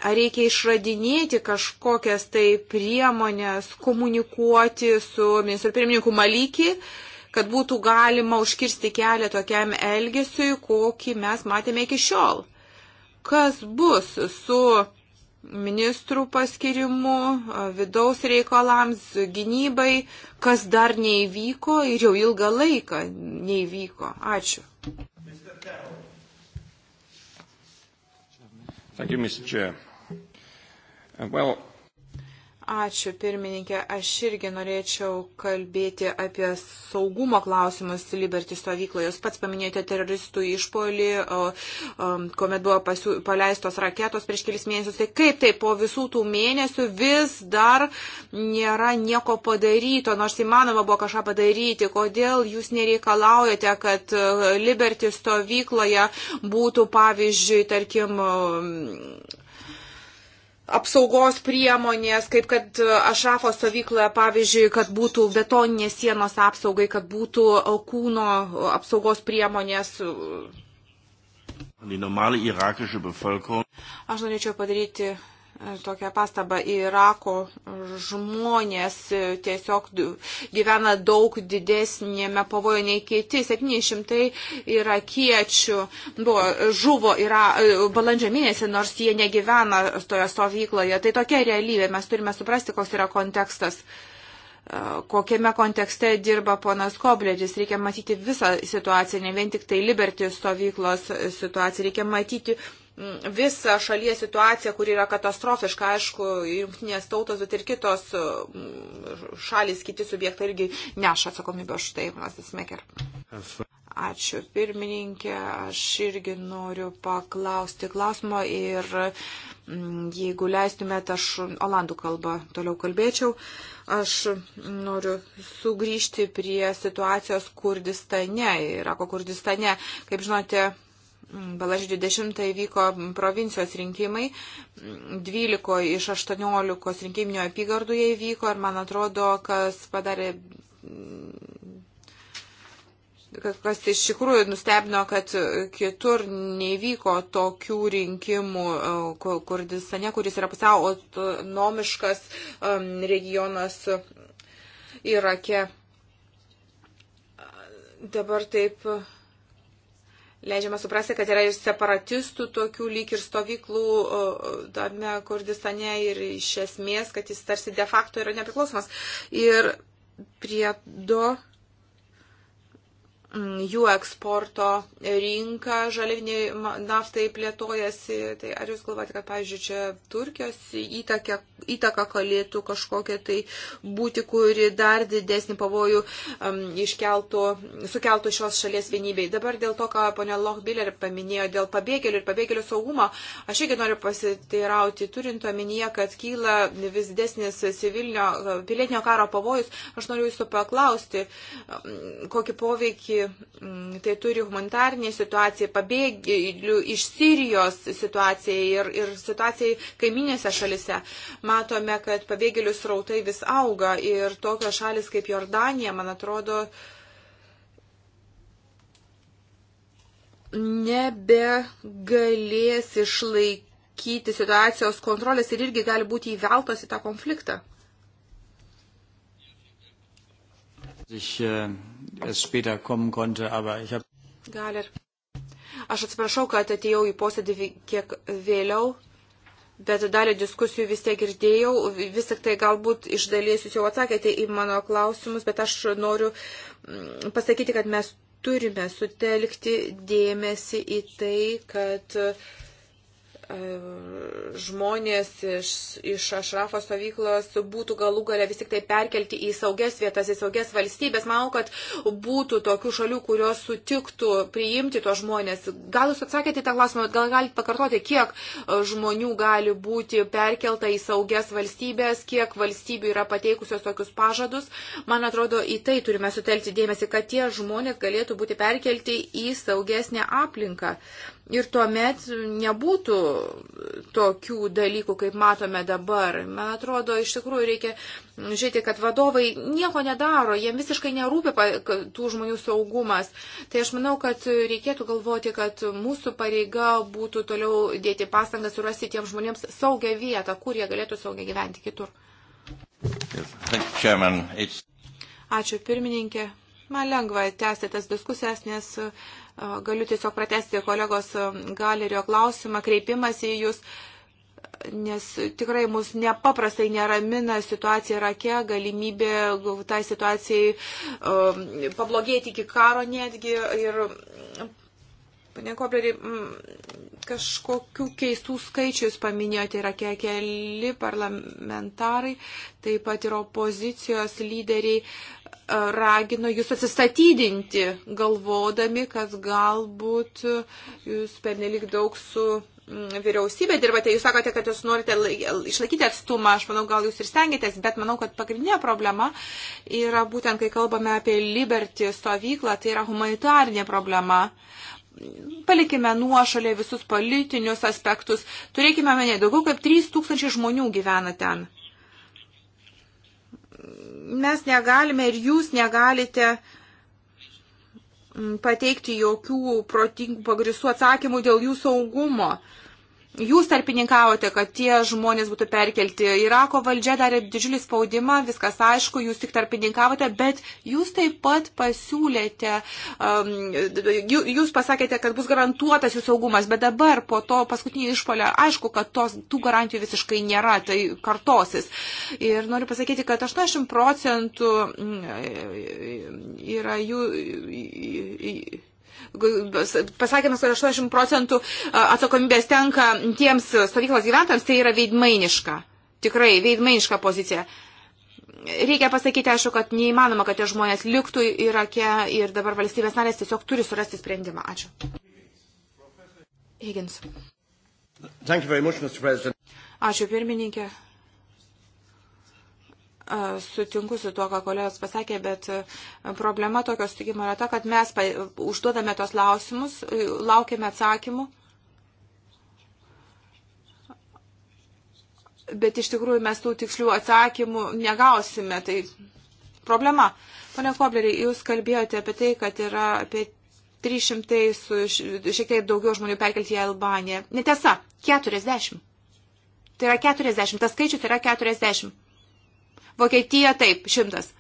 Ar reikia išradinėti kažkokias tai priemonės, komunikuoti su ministru pirmininku Malykį, kad būtų galima užkirsti kelią tokiam elgesiui, kokį mes matėme iki šiol? kas bus su ministrų paskirimu, vidaus reikalams, gynybai, kas dar neįvyko ir jau ilgą laiką neįvyko. Ačiū. Thank you, Mr. Chair. Uh, well, Ačiū, pirmininkė. Aš irgi norėčiau kalbėti apie saugumo klausimus Liberty stovykloje. Jūs pats paminėjote teroristų išpolį, um, kuomet buvo pasiū, paleistos raketos prieš kelis mėnesius. Tai kaip tai po visų tų mėnesių vis dar nėra nieko padaryto, nors įmanoma buvo kažką padaryti. Kodėl jūs nereikalaujate, kad uh, Liberty stovykloje būtų, pavyzdžiui, tarkim, um, apsaugos priemonės, kaip kad e, Ašrafo stovykloje, pavyzdžiui, kad būtų betoninės sienos apsaugai, kad būtų e, kūno e, apsaugos priemonės. Aš norėčiau padaryti tokią pastabą. Irako žmonės tiesiog gyvena daug didesnėme pavojo nei kiti. 700 irakiečių buvo, žuvo yra, balandžio mėnesį, nors jie negyvena toje stovykloje. Tai tokia realybė. Mes turime suprasti, koks yra kontekstas e, kokiame kontekste dirba ponas Kobleris. Reikia matyti visą situaciją, ne vien tik tai Liberty stovyklos situaciją. Reikia matyti visą šalies situaciją, kuri yra katastrofiška, aišku, jungtinės tautos, bet ir kitos mm, šalis, kiti subjektai irgi neša atsakomybę už tai, Masas Meker. Ačiū pirmininkė, aš irgi noriu paklausti klausimo ir mm, jeigu leistumėte, aš olandų kalbą toliau kalbėčiau. Aš noriu sugrįžti prie situacijos Kurdistane, Irako Kurdistane. Kaip žinote, Balandžio 20 vyko provincijos rinkimai, 12 iš 18 rinkiminio apygardų jie vyko ir man atrodo, kas padarė kas iš tikrųjų nustebino, kad kitur nevyko tokių rinkimų e, Kurdistane, kuris yra pusiau autonomiškas e, regionas Irake. Dabar taip Leidžiama suprasti, kad yra ir separatistų tokių lyg ir stovyklų tame Kurdistane ir iš esmės, kad jis tarsi de facto yra nepriklausomas. Ir priedo Mm, jų eksporto rinka žaliviniai naftai plėtojasi. Tai ar jūs galvojate, kad, pavyzdžiui, čia Turkijos įtaka, įtaka galėtų kažkokia tai būti, kuri dar didesnį pavojų um, iškeltų, sukeltų šios šalies vienybei. Dabar dėl to, ką ponia Lochbiller paminėjo, dėl pabėgėlių ir pabėgėlių saugumo, aš irgi noriu pasiteirauti, turint omenyje, kad kyla vis didesnis civilinio, pilietinio karo pavojus, aš noriu jūsų paklausti, mm, kokį poveikį poveikį mm, tai turi humanitarniai situacijai, pabėgėlių iš Sirijos situacijai ir, ir situacijai kaiminėse šalise. Matome, kad pabėgėlių srautai vis auga ir tokios šalis kaip Jordanija, man atrodo, nebegalės išlaikyti situacijos kontrolės ir irgi gali būti įveltos į tą konfliktą. Ich, äh es später kommen konnte, aber ich habe. Gal ir. Aš atsiprašau, kad atėjau į posėdį kiek vėliau, bet dalį diskusijų vis tiek girdėjau. Vis tik tai galbūt iš dalies jūs jau atsakėte į mano klausimus, bet aš noriu mm, pasakyti, kad mes turime sutelkti dėmesį į tai, kad uh, E, žmonės iš, iš Ašrafo stovyklos būtų galų galę vis tik tai perkelti į saugias vietas, į saugias valstybės. Manau, kad būtų tokių šalių, kurios sutiktų priimti tos žmonės. Gal jūs atsakėte tą klausimą, gal galite pakartoti, kiek e, žmonių gali būti perkelta į saugias valstybės, kiek valstybių yra pateikusios tokius pažadus. Man atrodo, į tai turime sutelkti dėmesį, kad tie žmonės galėtų būti perkelti į saugesnę aplinką. Ir tuomet nebūtų tokių dalykų, kaip matome dabar. Man atrodo, iš tikrųjų reikia žiūrėti, kad vadovai nieko nedaro, jiem visiškai nerūpi tų žmonių saugumas. Tai aš manau, kad reikėtų galvoti, kad mūsų pareiga būtų toliau dėti pastangas surasti tiem žmonėms saugią vietą, kur jie galėtų saugiai gyventi kitur. Ačiū pirmininkė. Man lengva tęsti tas diskusijas, nes Galiu tiesiog pratesti kolegos e, galerio klausimą, kreipimas į jūs, nes tikrai mus nepaprastai neramina situacija Irake, galimybė tai situacijai e, pablogėti iki karo netgi. Ir, Pane Koblerį, kažkokių keistų skaičių jūs paminėjote, yra keli parlamentarai, taip pat ir opozicijos lyderiai ragino jūs atsistatydinti, galvodami, kad galbūt jūs pernelik daug su mm, vyriausybė dirbate. Jūs sakote, kad jūs norite išlaikyti atstumą, aš manau, gal jūs ir stengiatės, bet manau, kad pagrindinė problema yra būtent, kai kalbame apie Liberty stovyklą, tai yra humanitarinė problema palikime nuošalė visus politinius aspektus. Turėkime menė, daugiau kaip 3000 žmonių gyvena ten mes negalime ir jūs negalite mm, pateikti jokių protingų pagristų atsakymų dėl jų saugumo. Uh, jūs tarpininkavote, kad tie žmonės būtų perkelti. Irako valdžia darė didžiulį spaudimą, viskas aišku, jūs tik tarpininkavote, bet jūs taip pat pasiūlėte, um, jūs pasakėte, kad bus garantuotas jų saugumas, bet dabar po to paskutinį išpolę, aišku, kad tos, tų garantijų visiškai nėra, tai kartosis. Ir noriu pasakyti, kad 80 procentų mm, yra jų pasakėme, kad 80 procentų atsakomybės tenka tiems stovyklos gyventams, tai yra veidmainiška. Tikrai veidmainiška pozicija. Reikia pasakyti, aišku, kad neįmanoma, kad tie žmonės liktų Irake ir dabar valstybės narės tiesiog turi surasti sprendimą. Ačiū. Higgins. Ačiū pirmininkė. Sutinku su tuo, ką kolegos pasakė, bet problema tokio sutikimo yra ta, kad mes užduodame tos klausimus, laukiame atsakymų. Bet iš tikrųjų mes tų tikslių atsakymų negausime. Tai problema. Pone Kobleriai, jūs kalbėjote apie tai, kad yra apie 300 su šiek tiek daugiau žmonių perkelti į Albaniją. Netiesa, 40. Tai yra 40, tas skaičius yra 40. Vokietija taip, šimtas.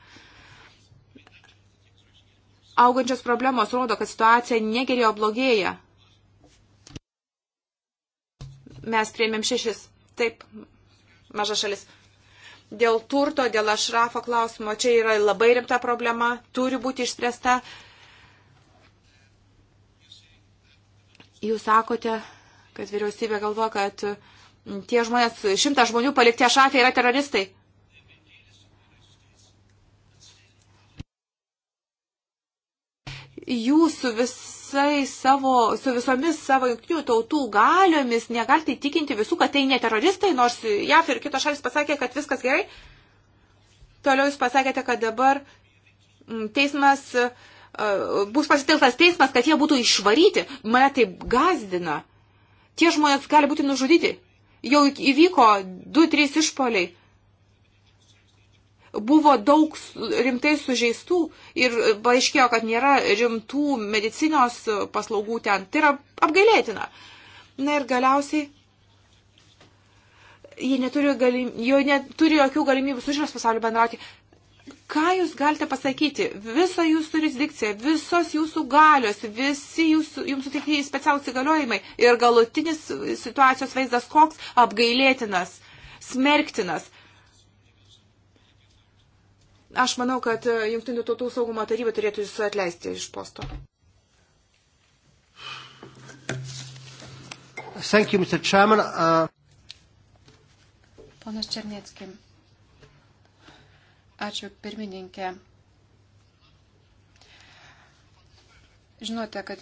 Augančios problemos rodo, kad situacija negerėjo blogėja. Mes prieimėm šešis. Taip, maža šalis. Dėl turto, dėl ašrafo klausimo, čia yra labai rimta problema, turi būti išspręsta. Jūs sakote, kad vyriausybė galvoja, kad tie žmonės, šimtas žmonių palikti ašafė yra teroristai. jūs su visais savo, su visomis savo jungtinių tautų galiomis negalite įtikinti visų, kad tai ne teroristai, nors JAF ir kitos šalis pasakė, kad viskas gerai. Toliau jūs pasakėte, kad dabar mm, teismas e, bus pasitelktas teismas, kad jie būtų išvaryti. Mane tai gazdina. Tie žmonės gali būti nužudyti. Jau įvyko du, trys išpoliai. Buvo daug rimtai sužeistų ir paaiškėjo, kad nėra rimtų medicinos paslaugų ten. Tai yra apgailėtina. Na ir galiausiai jie neturi, galim, jo neturi jokių galimybių su šios pasaulio bendrauti. Ką jūs galite pasakyti? Visa jūsų jurisdikcija, visos jūsų galios, visi jūsų, jums suteikti specialūs įgaliojimai ir galutinis situacijos vaizdas koks apgailėtinas, smerktinas. Aš manau, kad e, Junktinių tautų saugumo taryba turėtų jūs atleisti iš posto. Thank you, Mr. Chairman. Uh... Ponas Černieckim. Ačiū, pirmininkė. Žinote, kad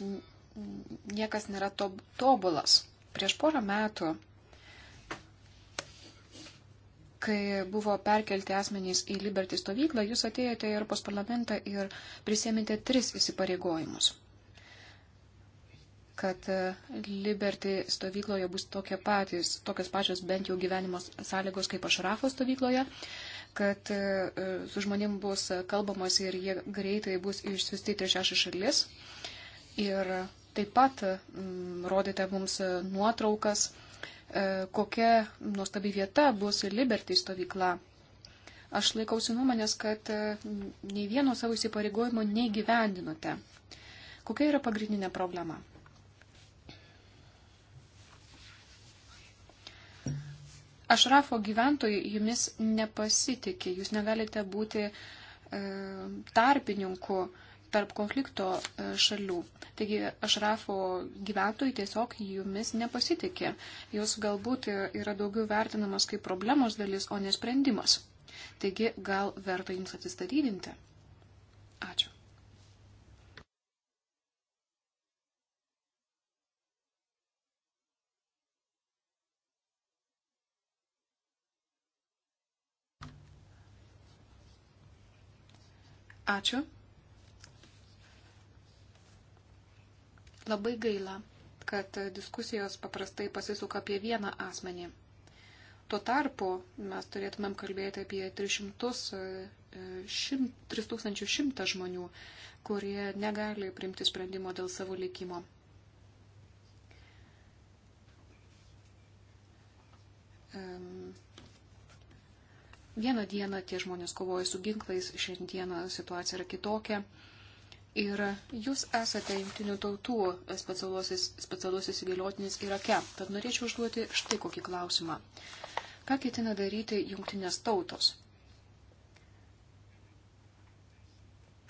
niekas nėra tobulas. Prieš porą metų kai buvo perkelti asmenys į Liberty stovyklą, jūs atėjote į Europos parlamentą ir prisėmėte tris įsipareigojimus. Kad e, Liberty stovykloje bus tokie patys, tokios pačios bent jau gyvenimo sąlygos kaip Ašrafo stovykloje, kad e, e, su žmonėm bus kalbamas ir jie greitai bus išsiusti į trečiąją šalis. Ir taip pat m, rodėte mums nuotraukas E, kokia nuostabi vieta bus Liberty stovykla. Aš laikausi nuomonės, kad e, nei vieno savo įsipareigojimo neįgyvendinote. Kokia yra pagrindinė problema? Ašrafo gyventojai jumis nepasitikė, jūs negalite būti e, tarpininku e, tarp konflikto e, šalių. Taigi Ašrafo gyventojai tiesiog jumis nepasitikė. Jūs galbūt yra daugiau vertinamas kaip problemos dalis, o nesprendimas. Taigi gal verta jums atsistatydinti. Ačiū. Ačiū. Labai gaila, kad diskusijos paprastai pasisuka apie vieną asmenį. Tuo tarpu mes turėtumėm kalbėti apie 300, 3100 e, žmonių, kurie negali priimti sprendimo dėl savo likimo. Vieną dieną tie žmonės kovoja su ginklais, šiandieną situacija yra kitokia. Ir jūs esate jungtinių tautų specialusis įgaliotinis Irake, tad norėčiau užduoti štai kokį klausimą. Ką ketina daryti jungtinės tautos,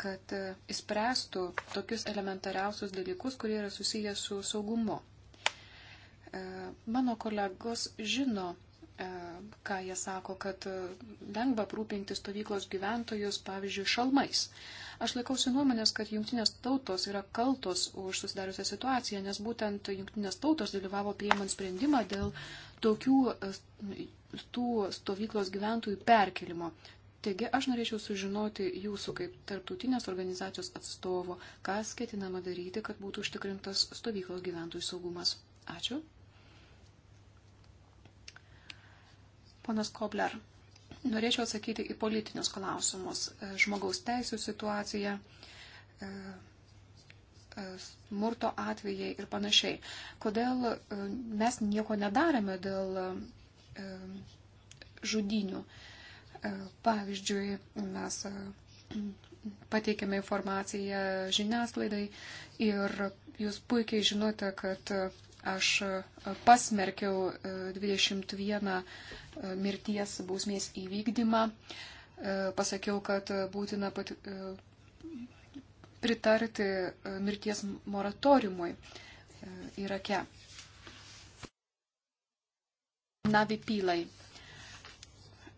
kad įspręstų e, tokius elementariausius dalykus, kurie yra susiję su saugumu? E, mano kolegos žino, e, ką jie sako, kad lengva aprūpinti stovyklos gyventojus, pavyzdžiui, šalmais. Aš laikausi nuomonės, kad jungtinės tautos yra kaltos už susidariusią situaciją, nes būtent jungtinės tautos dalyvavo prieimant sprendimą dėl tokių e, tų stovyklos gyventojų perkelimo. Taigi aš norėčiau sužinoti jūsų kaip tarptautinės organizacijos atstovo, kas ketinama daryti, kad būtų užtikrintas stovyklos gyventojų saugumas. Ačiū. Ponas Kobler. Norėčiau atsakyti į politinius klausimus. E, žmogaus teisų situacija, e, e, smurto atvejai ir panašiai. Kodėl mes nieko nedarėme dėl žudinių? Pavyzdžiui, mes pateikėme informaciją žiniasklaidai ir jūs puikiai žinote, kad Aš e, pasmerkiau 21 e, e, mirties bausmės įvykdymą. Pasakiau, kad būtina pat, pritarti mirties moratoriumui Irake. Navi Pylai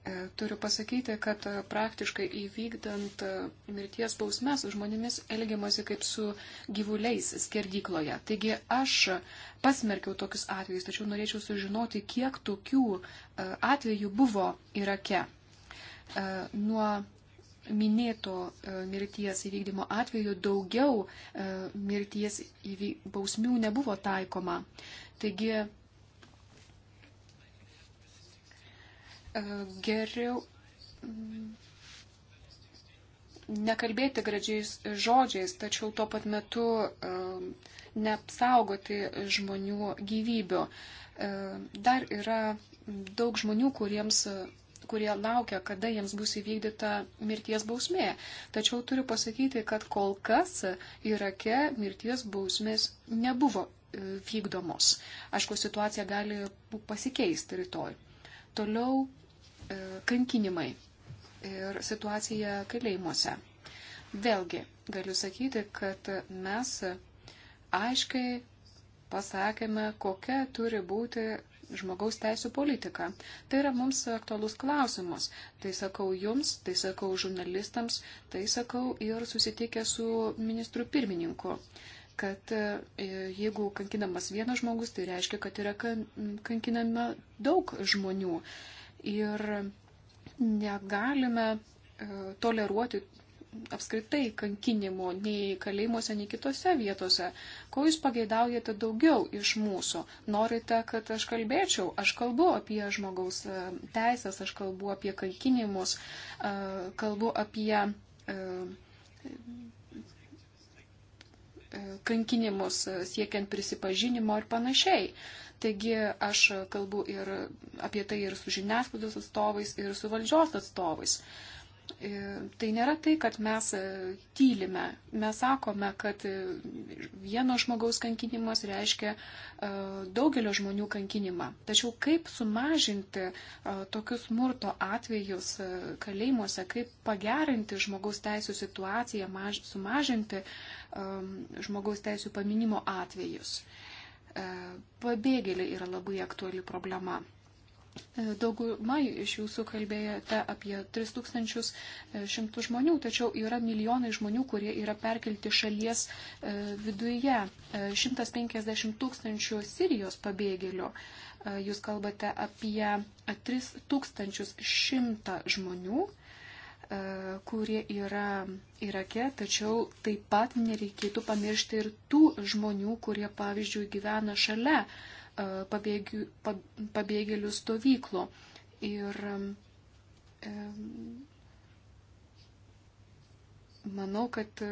E, turiu pasakyti, kad e, praktiškai įvykdant e, mirties bausmes žmonėmis elgiamasi kaip su gyvuliais skerdykloje. Taigi aš pasmerkiau tokius atvejus, tačiau norėčiau sužinoti, kiek tokių atvejų buvo Irake. Nuo minėto mirties įvykdymo atveju daugiau mirties įvyk... bausmių nebuvo taikoma. Taigi geriau mm, nekalbėti gražiais žodžiais, tačiau tuo pat metu mm, neapsaugoti žmonių gyvybių. E, dar yra daug žmonių, kuriems kurie laukia, kada jiems bus įvykdyta mirties bausmė. Tačiau turiu pasakyti, kad kol kas Irake mirties bausmės nebuvo e, vykdomos. Aišku, situacija gali pasikeisti rytoj. Toliau E, kankinimai ir situacija kalėjimuose. Vėlgi, galiu sakyti, kad mes aiškiai pasakėme, kokia turi būti žmogaus teisų politika. Tai yra mums aktualus klausimus. Tai sakau jums, tai sakau žurnalistams, tai sakau ir susitikę su ministru pirmininku kad e, jeigu kankinamas vienas žmogus, tai reiškia, kad yra kankinama daug žmonių ir negalime e, toleruoti apskritai kankinimo nei kalėjimuose, nei kitose vietose. Ko jūs pageidaujate daugiau iš mūsų? Norite, kad aš kalbėčiau? Aš kalbu apie žmogaus e, teisės, aš kalbu apie kankinimus, e, kalbu apie kankinimus siekiant prisipažinimo ir panašiai. Taigi aš kalbu ir apie tai ir su žiniasklaidos atstovais, ir su valdžios atstovais. E, tai nėra tai, kad mes e, tylime. Mes sakome, kad e, vieno žmogaus kankinimas reiškia daugelio žmonių kankinimą. Tačiau kaip sumažinti tokius smurto atvejus kalėjimuose, kaip pagerinti žmogaus teisų situaciją, sumažinti žmogaus teisų paminimo atvejus. E, pabėgėliai yra labai aktuali problema. E, dauguma iš jūsų kalbėjote apie 3100 e, žmonių, tačiau yra milijonai žmonių, kurie yra perkelti šalies viduje. 150 tūkstančių Sirijos pabėgėlių. Jūs kalbate apie 3100 žmonių E, kurie yra Irake, tačiau taip pat nereikėtų pamiršti ir tų žmonių, kurie, pavyzdžiui, gyvena šalia e, pabėgių, pabėgėlių stovyklų. Ir e, manau, kad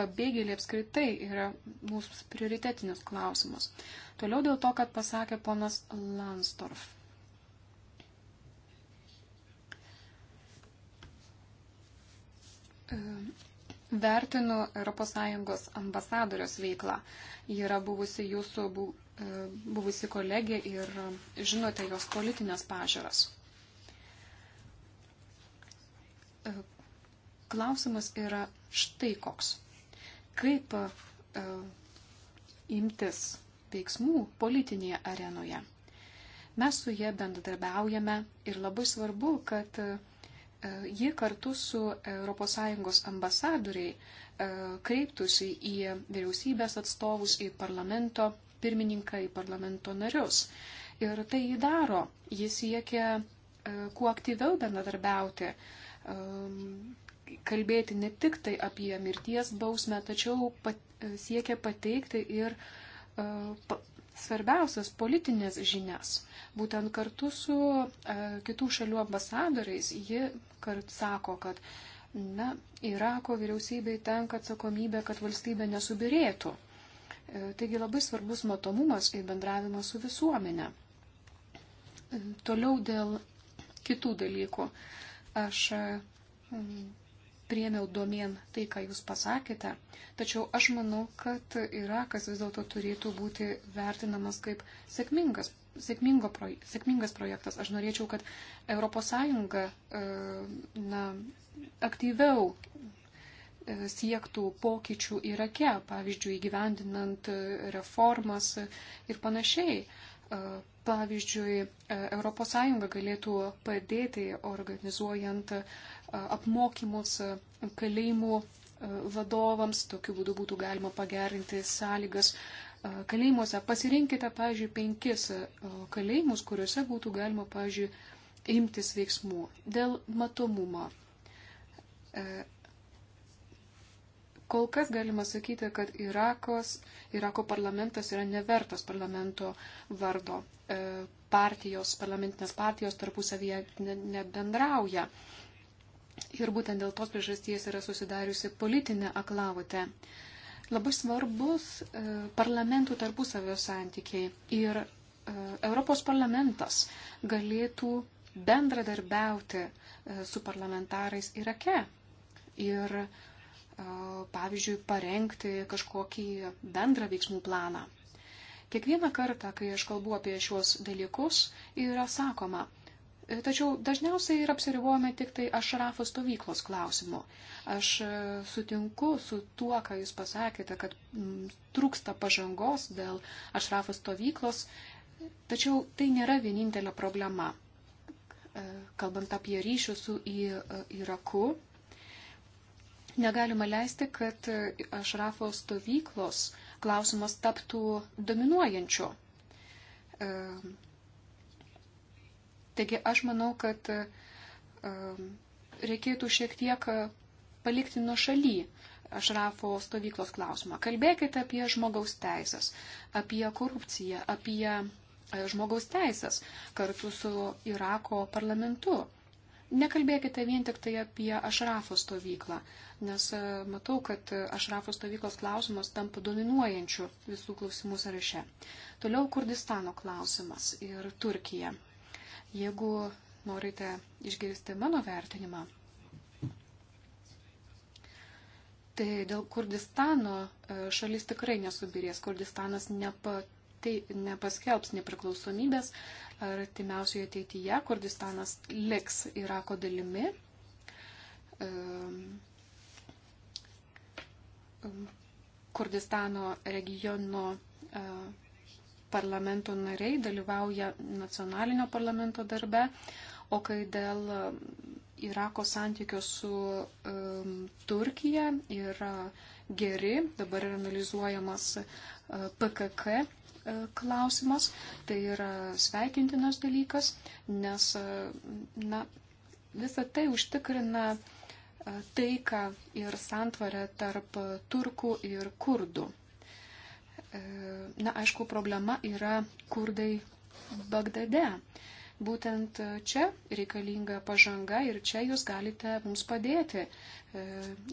pabėgėliai apskritai yra mūsų prioritetinis klausimas. Toliau dėl to, kad pasakė ponas Lansdorf vertinu ES ambasadorios veiklą. Ji yra buvusi jūsų e, buvusi kolegė ir žinote jos politinės pažiūras. E, klausimas yra štai koks. Kaip e, imtis veiksmų politinėje arenoje? Mes su jie bendradarbiaujame ir labai svarbu, kad ji kartu su ES ambasadoriai e, kreiptųsi į vyriausybės atstovus, į parlamento pirmininką, į parlamento narius. Ir tai jį daro. Jis siekia e, kuo aktyviau bendradarbiauti, e, kalbėti ne tik tai apie mirties bausmę, tačiau pat, siekia pateikti ir svarbiausias politinės žinias. Būtent kartu su e, kitų šalių ambasadoriais ji kart sako, kad na, Irako vyriausybei tenka atsakomybė, kad valstybė nesubirėtų. E, taigi labai svarbus matomumas ir bendravimas su visuomenė. E, toliau dėl kitų dalykų. Aš. E, priemiau domien tai, ką jūs pasakėte, tačiau aš manau, kad Irakas vis dėlto turėtų būti vertinamas kaip sėkmingas, proje, sėkmingas projektas. Aš norėčiau, kad ES e, na, aktyviau e, siektų pokyčių Irake, pavyzdžiui, įgyvendinant e, reformas ir panašiai. Pavyzdžiui, ES galėtų padėti organizuojant apmokymus kalėjimų vadovams, tokiu būdu būtų galima pagerinti sąlygas kalėjimuose. Pasirinkite, pavyzdžiui, penkis kalėjimus, kuriuose būtų galima, pavyzdžiui, imtis veiksmų dėl matomumo. Kol kas galima sakyti, kad Irakos, Irako parlamentas yra nevertas parlamento vardo. E, partijos, parlamentinės partijos tarpusavyje nebendrauja. Ir būtent dėl tos priežasties yra susidariusi politinė aklavotė. Labai svarbus e, parlamentų tarpusavio santykiai. Ir e, Europos parlamentas galėtų bendradarbiauti su parlamentarais Irake. Ir pavyzdžiui, parengti kažkokį bendrą veiksmų planą. Kiekvieną kartą, kai aš kalbu apie šiuos dalykus, yra sakoma, e, tačiau dažniausiai ir apsiribuojame tik tai ašrafo stovyklos klausimu. Aš e, sutinku su tuo, ką Jūs pasakėte, kad trūksta pažangos dėl ašrafo stovyklos, tačiau tai nėra vienintelė problema. E, kalbant apie ryšius su Iraku, Negalima leisti, kad Ašrafo stovyklos klausimas taptų dominuojančiu. E, taigi aš manau, kad e, reikėtų šiek tiek palikti nuo šaly Ašrafo stovyklos klausimą. Kalbėkite apie žmogaus teisės, apie korupciją, apie e, žmogaus teisės kartu su Irako parlamentu. Nekalbėkite vien tik tai apie Ašrafo stovyklą, nes e, matau, kad Ašrafo stovyklos klausimas tampa dominuojančiu visų klausimų sąraše. Toliau Kurdistano klausimas ir Turkija. Jeigu norite išgirsti mano vertinimą, tai dėl Kurdistano e, šalis tikrai nesubirės. Kurdistanas nepa, tai nepaskelbs nepriklausomybės, artimiausioje ateityje Kurdistanas liks Irako dalimi. Kurdistano regiono e, parlamento nariai dalyvauja nacionalinio parlamento darbe, o kai dėl Irako santykios su um, Turkija yra geri, dabar yra analizuojamas uh, e, PKK uh, e, klausimas, tai yra sveikintinas dalykas, nes uh, na, visa tai užtikrina uh, taiką ir santvarę tarp turkų ir kurdų. Uh, na, aišku, problema yra kurdai Bagdade. Uh, Būtent čia reikalinga pažanga ir čia jūs galite mums padėti. E,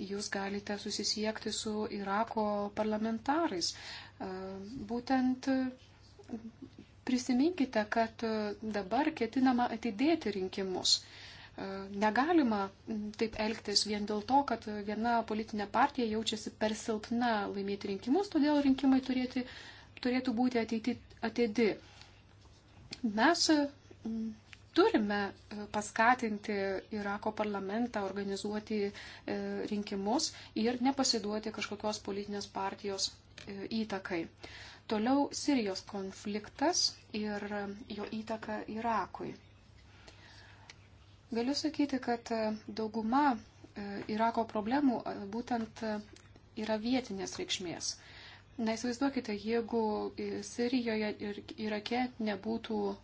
jūs galite susisiekti su Irako parlamentarais. E, būtent prisiminkite, kad dabar ketinama atidėti rinkimus. E, negalima taip elgtis vien dėl to, kad viena politinė partija jaučiasi per silpna laimėti rinkimus, todėl rinkimai turėti, turėtų būti ateiti, ateidi. Mes turime e, paskatinti Irako parlamentą organizuoti e, rinkimus ir nepasiduoti kažkokios politinės partijos e, įtakai. Toliau Sirijos konfliktas ir jo įtaka Irakui. Galiu sakyti, kad dauguma Irako problemų būtent yra vietinės reikšmės. Na, įsivaizduokite, jeigu Sirijoje ir Irake nebūtų e,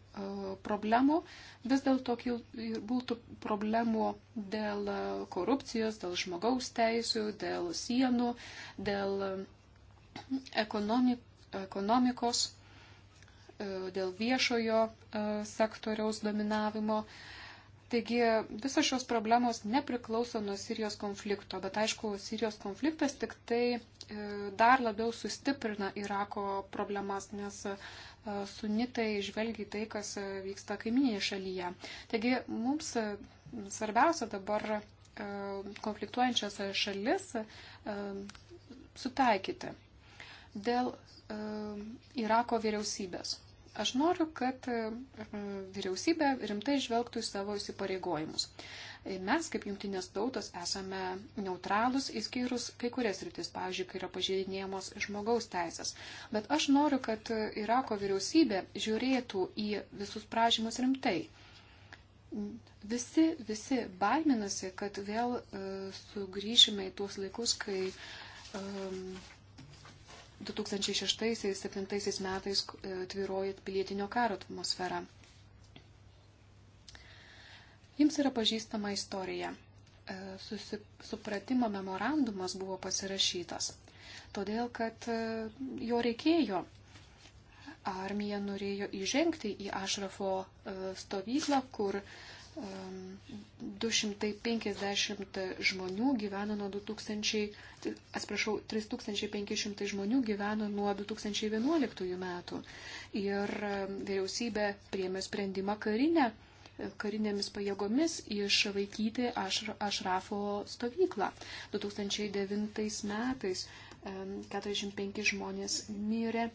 problemų, vis dėlto būtų problemų dėl e, korupcijos, dėl žmogaus teisų, dėl sienų, dėl e, ekonomi, ekonomikos, dėl viešojo sektoriaus dominavimo. Taigi visos šios problemos nepriklauso nuo Sirijos konflikto, bet aišku, Sirijos konfliktas tik tai e, dar labiau sustiprina Irako problemas, nes e, sunitai žvelgia į tai, kas e, vyksta kaiminėje šalyje. Taigi mums svarbiausia dabar konfliktuojančias šalis sutaikyti dėl Irako vyriausybės. Aš noriu, kad e, vyriausybė rimtai žvelgtų į savo įsipareigojimus. E, mes, kaip jungtinės tautos, esame neutralus įskyrus kai kurias rytis, pavyzdžiui, kai yra pažeidinėjamos žmogaus teisės. Bet aš noriu, kad Irako vyriausybė žiūrėtų į visus prašymus rimtai. Visi, visi baiminasi, kad vėl uh, sugrįšime į tuos laikus, kai um, 2006-2007 metais e, tviroja pilietinio karo atmosfera. Jums yra pažįstama istorija. E, supratimo memorandumas buvo pasirašytas, todėl kad e, jo reikėjo. Armija norėjo įžengti į Ašrafo stovyklą, kur uh, 250 ehm, žmonių gyveno nuo 2000, atsiprašau, 3500 žmonių gyveno nuo 2011 metų. Ir ehm, vyriausybė priemė sprendimą karinę, e, karinėmis pajėgomis išvaikyti Ašrafo stovyklą. 2009 metais 45 ehm, žmonės mirė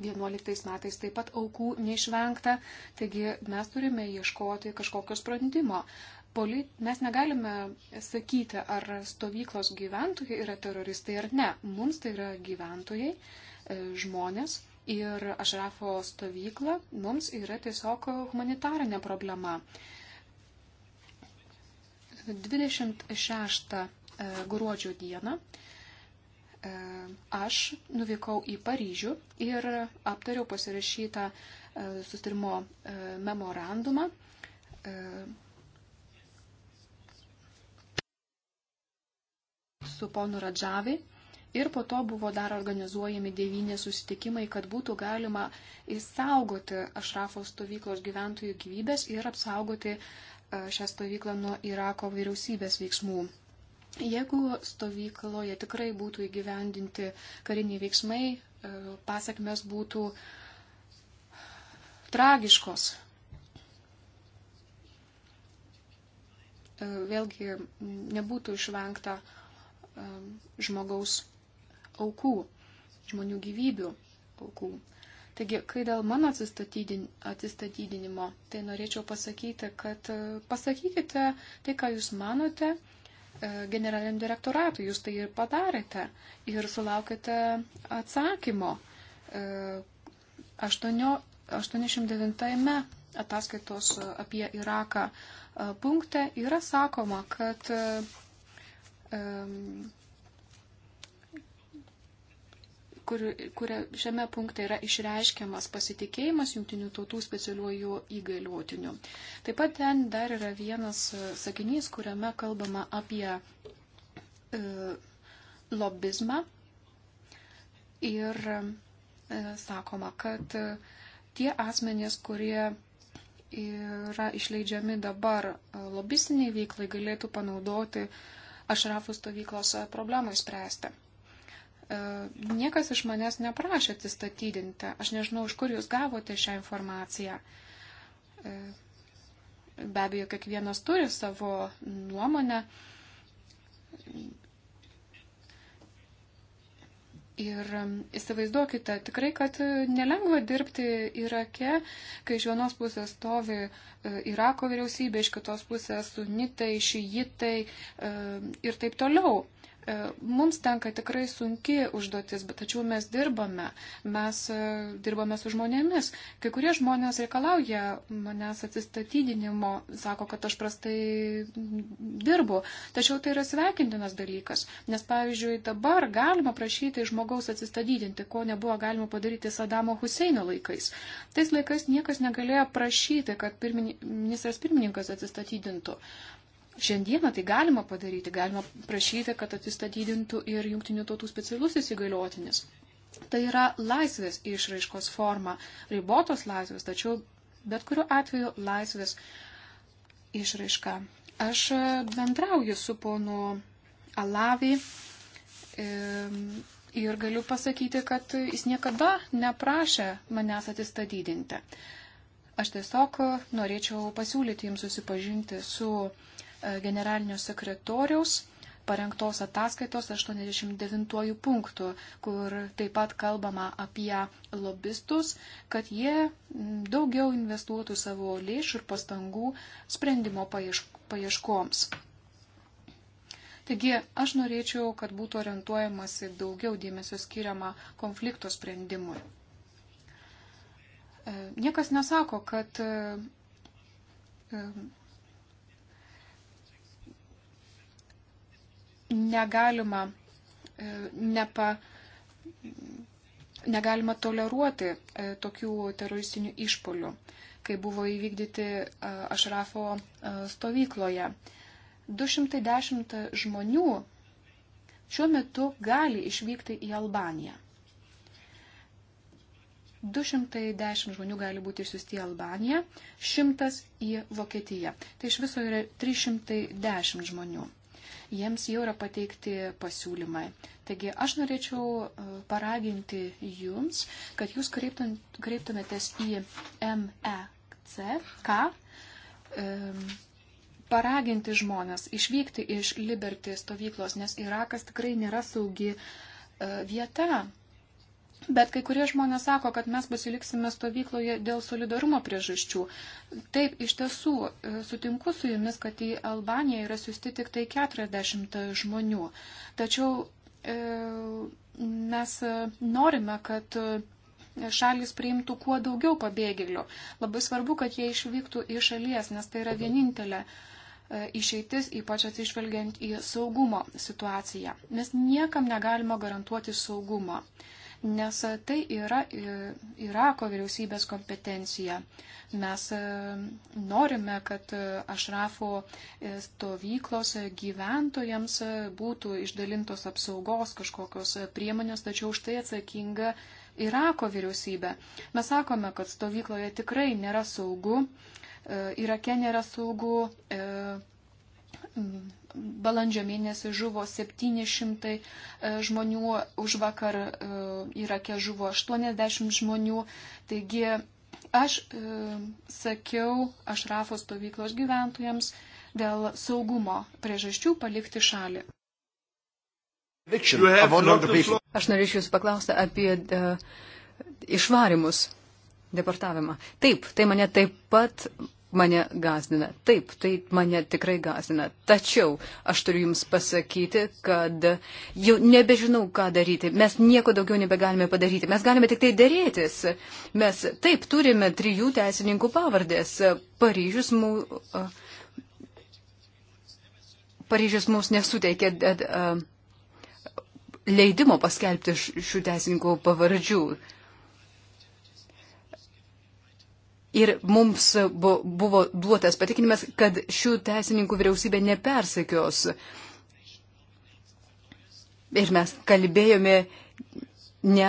2011 metais taip pat aukų neišvengta, taigi mes turime ieškoti kažkokio sprendimo. Poli... Mes negalime sakyti, ar stovyklos gyventojai yra teroristai ar ne. Mums tai yra gyventojai, e, žmonės ir Ašrafo stovykla mums yra tiesiog humanitarinė problema. 26 e, gruodžio dieną E, aš nuvykau į Paryžių ir aptariau pasirašytą e, sustarimo e, memorandumą. su ponu Radžavi ir po to buvo dar organizuojami devyni susitikimai, kad būtų galima įsaugoti Ašrafo stovyklos gyventojų gyvybės ir apsaugoti šią stovyklą nuo Irako vyriausybės veiksmų. Jeigu stovykloje tikrai būtų įgyvendinti kariniai veiksmai, e, pasiekmes būtų tragiškos. E, vėlgi nebūtų išvengta e, žmogaus aukų, žmonių gyvybių aukų. Taigi, kai dėl mano atsistatydin, atsistatydinimo, tai norėčiau pasakyti, kad pasakykite tai, ką jūs manote generaliniam direktoratui, jūs tai ir padarėte ir sulaukite atsakymo 89 e, ataskaitos apie Iraką e, punkte yra sakoma, kad e, kur, kur šiame punkte yra išreiškiamas pasitikėjimas jungtinių tautų specialiuoju įgaliotiniu. Taip pat ten dar yra vienas e, sakinys, kuriame kalbama apie e, lobizmą ir e, sakoma, kad e, tie asmenys, kurie yra išleidžiami dabar e, lobistiniai veiklai, galėtų panaudoti ašrafų stovyklos problemai spręsti. E, niekas iš manęs neprašė atsistatydinti. Aš nežinau, iš kur jūs gavote šią informaciją. E, be abejo, kiekvienas turi savo nuomonę. Ir įsivaizduokite, tikrai, kad nelengva dirbti Irake, kai iš vienos pusės stovi e, Irako vyriausybė, iš kitos pusės sunitai, šijitai ir taip toliau. E, mums tenka tikrai sunki užduotis, bet tačiau mes dirbame, mes e, dirbame su žmonėmis. Kai kurie žmonės reikalauja manęs atsistatydinimo, sako, kad aš prastai dirbu. Tačiau tai yra sveikintinas dalykas, nes pavyzdžiui dabar galima prašyti žmogaus atsistatydinti, ko nebuvo galima padaryti Sadamo Huseino laikais. Tais laikais niekas negalėjo prašyti, kad pirmin... ministras pirmininkas atsistatydintų. Šiandieną tai galima padaryti, galima prašyti, kad atsistatydintų ir jungtinių tautų specialusis įgaliotinis. Tai yra laisvės išraiškos forma, ribotos laisvės, tačiau bet kuriu atveju laisvės išraiška. Aš e, bendrauju su ponu Alavi e, ir galiu pasakyti, kad jis niekada neprašė manęs atsistatydinti. Aš tiesiog norėčiau pasiūlyti jums susipažinti su uh, E, generalinio sekretoriaus parengtos ataskaitos 89 punktų, kur taip pat kalbama apie lobistus, kad jie daugiau investuotų savo lėšų ir pastangų sprendimo paieškoms. Taigi aš norėčiau, kad būtų orientuojamasi daugiau dėmesio skiriama konflikto sprendimui. E, niekas nesako, kad e, negalima, e, nepa, negalima toleruoti e, tokių teroristinių išpolių, kai buvo įvykdyti e, Ašrafo stovykloje. 210 žmonių šiuo metu gali išvykti į Albaniją. 210 žmonių gali būti išsiusti į Albaniją, 100 į Vokietiją. Tai iš viso yra 310 žmonių jiems jau yra pateikti pasiūlymai. Taigi aš norėčiau e, paraginti jums, kad jūs kreiptumėtės į MECK, e, paraginti žmonės išvykti iš Liberty stovyklos, nes Irakas tikrai nėra saugi e, vieta Bet kai kurie žmonės sako, kad mes pasiliksime stovykloje dėl solidarumo priežasčių. Taip, iš tiesų, e, sutinku su jumis, kad į Albaniją yra siūsti tik tai 40 žmonių. Tačiau e, mes e, norime, kad e, šalis priimtų kuo daugiau pabėgėlių. Labai svarbu, kad jie išvyktų iš šalies, nes tai yra vienintelė išeitis, ypač atsižvelgiant į saugumo situaciją. Mes niekam negalime garantuoti saugumo. E, nes tai yra Irako vyriausybės kompetencija. Mes e, norime, kad e, Ašrafo e, stovyklos gyventojams būtų išdalintos apsaugos kažkokios priemonės, tačiau už tai atsakinga Irako vyriausybė. Mes sakome, kad stovykloje tikrai nėra saugu, Irake nėra saugu, Balandžio mėnesį žuvo 700 e, žmonių, už vakar e, Irake žuvo 80 žmonių. Taigi aš e, sakiau Ašrafo stovyklos gyventojams dėl saugumo priežasčių palikti šalį. Aš norėčiau Jūs paklausti apie uh, išvarimus, deportavimą. Taip, tai mane taip pat mane gazdina. Taip, tai mane tikrai gazdina. Tačiau aš turiu Jums pasakyti, kad jau nebežinau, ką daryti. Mes nieko daugiau nebegalime padaryti. Mes galime tik tai dėrėtis. Mes taip turime trijų teisininkų pavardės. Paryžius mūsų. Paryžius mums nesuteikė leidimo paskelbti šių teisininkų pavardžių. Ir mums buvo duotas patikinimas, kad šių teisininkų vyriausybė nepersekios. Ir mes kalbėjome ne,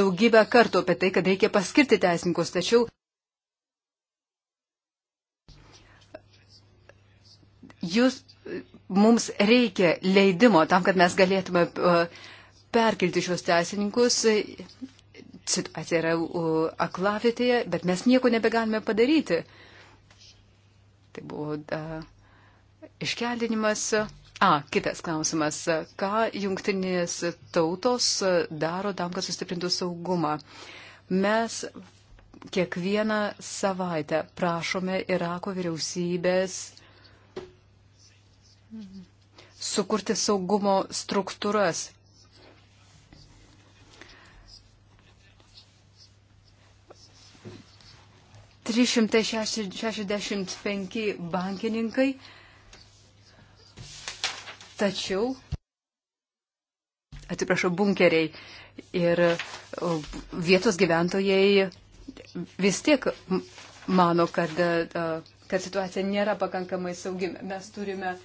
daugybę kartų apie tai, kad reikia paskirti teisininkus, tačiau jūs, mums reikia leidimo tam, kad mes galėtume uh, perkelti šios teisininkus situacija yra aklavitėje, bet mes nieko nebegalime padaryti. Tai buvo a, iškeldinimas. A, kitas klausimas. Ką jungtinės tautos daro tam, kad sustiprintų saugumą? Mes kiekvieną savaitę prašome Irako vyriausybės sukurti saugumo struktūras 365 bankininkai. Tačiau, atsiprašau, bunkeriai ir vietos gyventojai vis tiek mano, kad, kad situacija nėra pakankamai saugi. Mes turime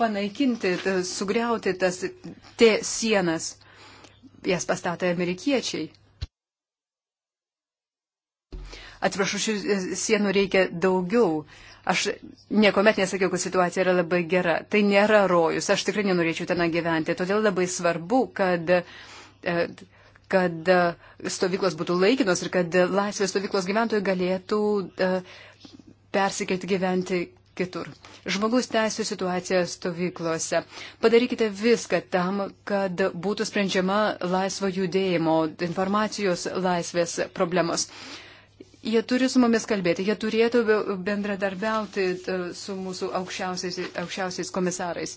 panaikinti, sugriauti tas T sienas. Jas pastatė amerikiečiai. Atsiprašau, šių e, sienų reikia daugiau. Aš niekuomet nesakiau, kad situacija yra labai gera. Tai nėra rojus. Aš tikrai nenorėčiau ten gyventi. Todėl labai svarbu, kad, e, kad e, stovyklos būtų laikinos ir kad laisvės stovyklos gyventojai galėtų persikelti gyventi kitur. Žmogus teisų situacija stovyklose. Padarykite viską tam, kad būtų sprendžiama laisvo judėjimo, informacijos laisvės problemos. Jie turi su mumis kalbėti, jie turėtų bendradarbiauti e, su mūsų aukščiausiais, aukščiausiais komisarais.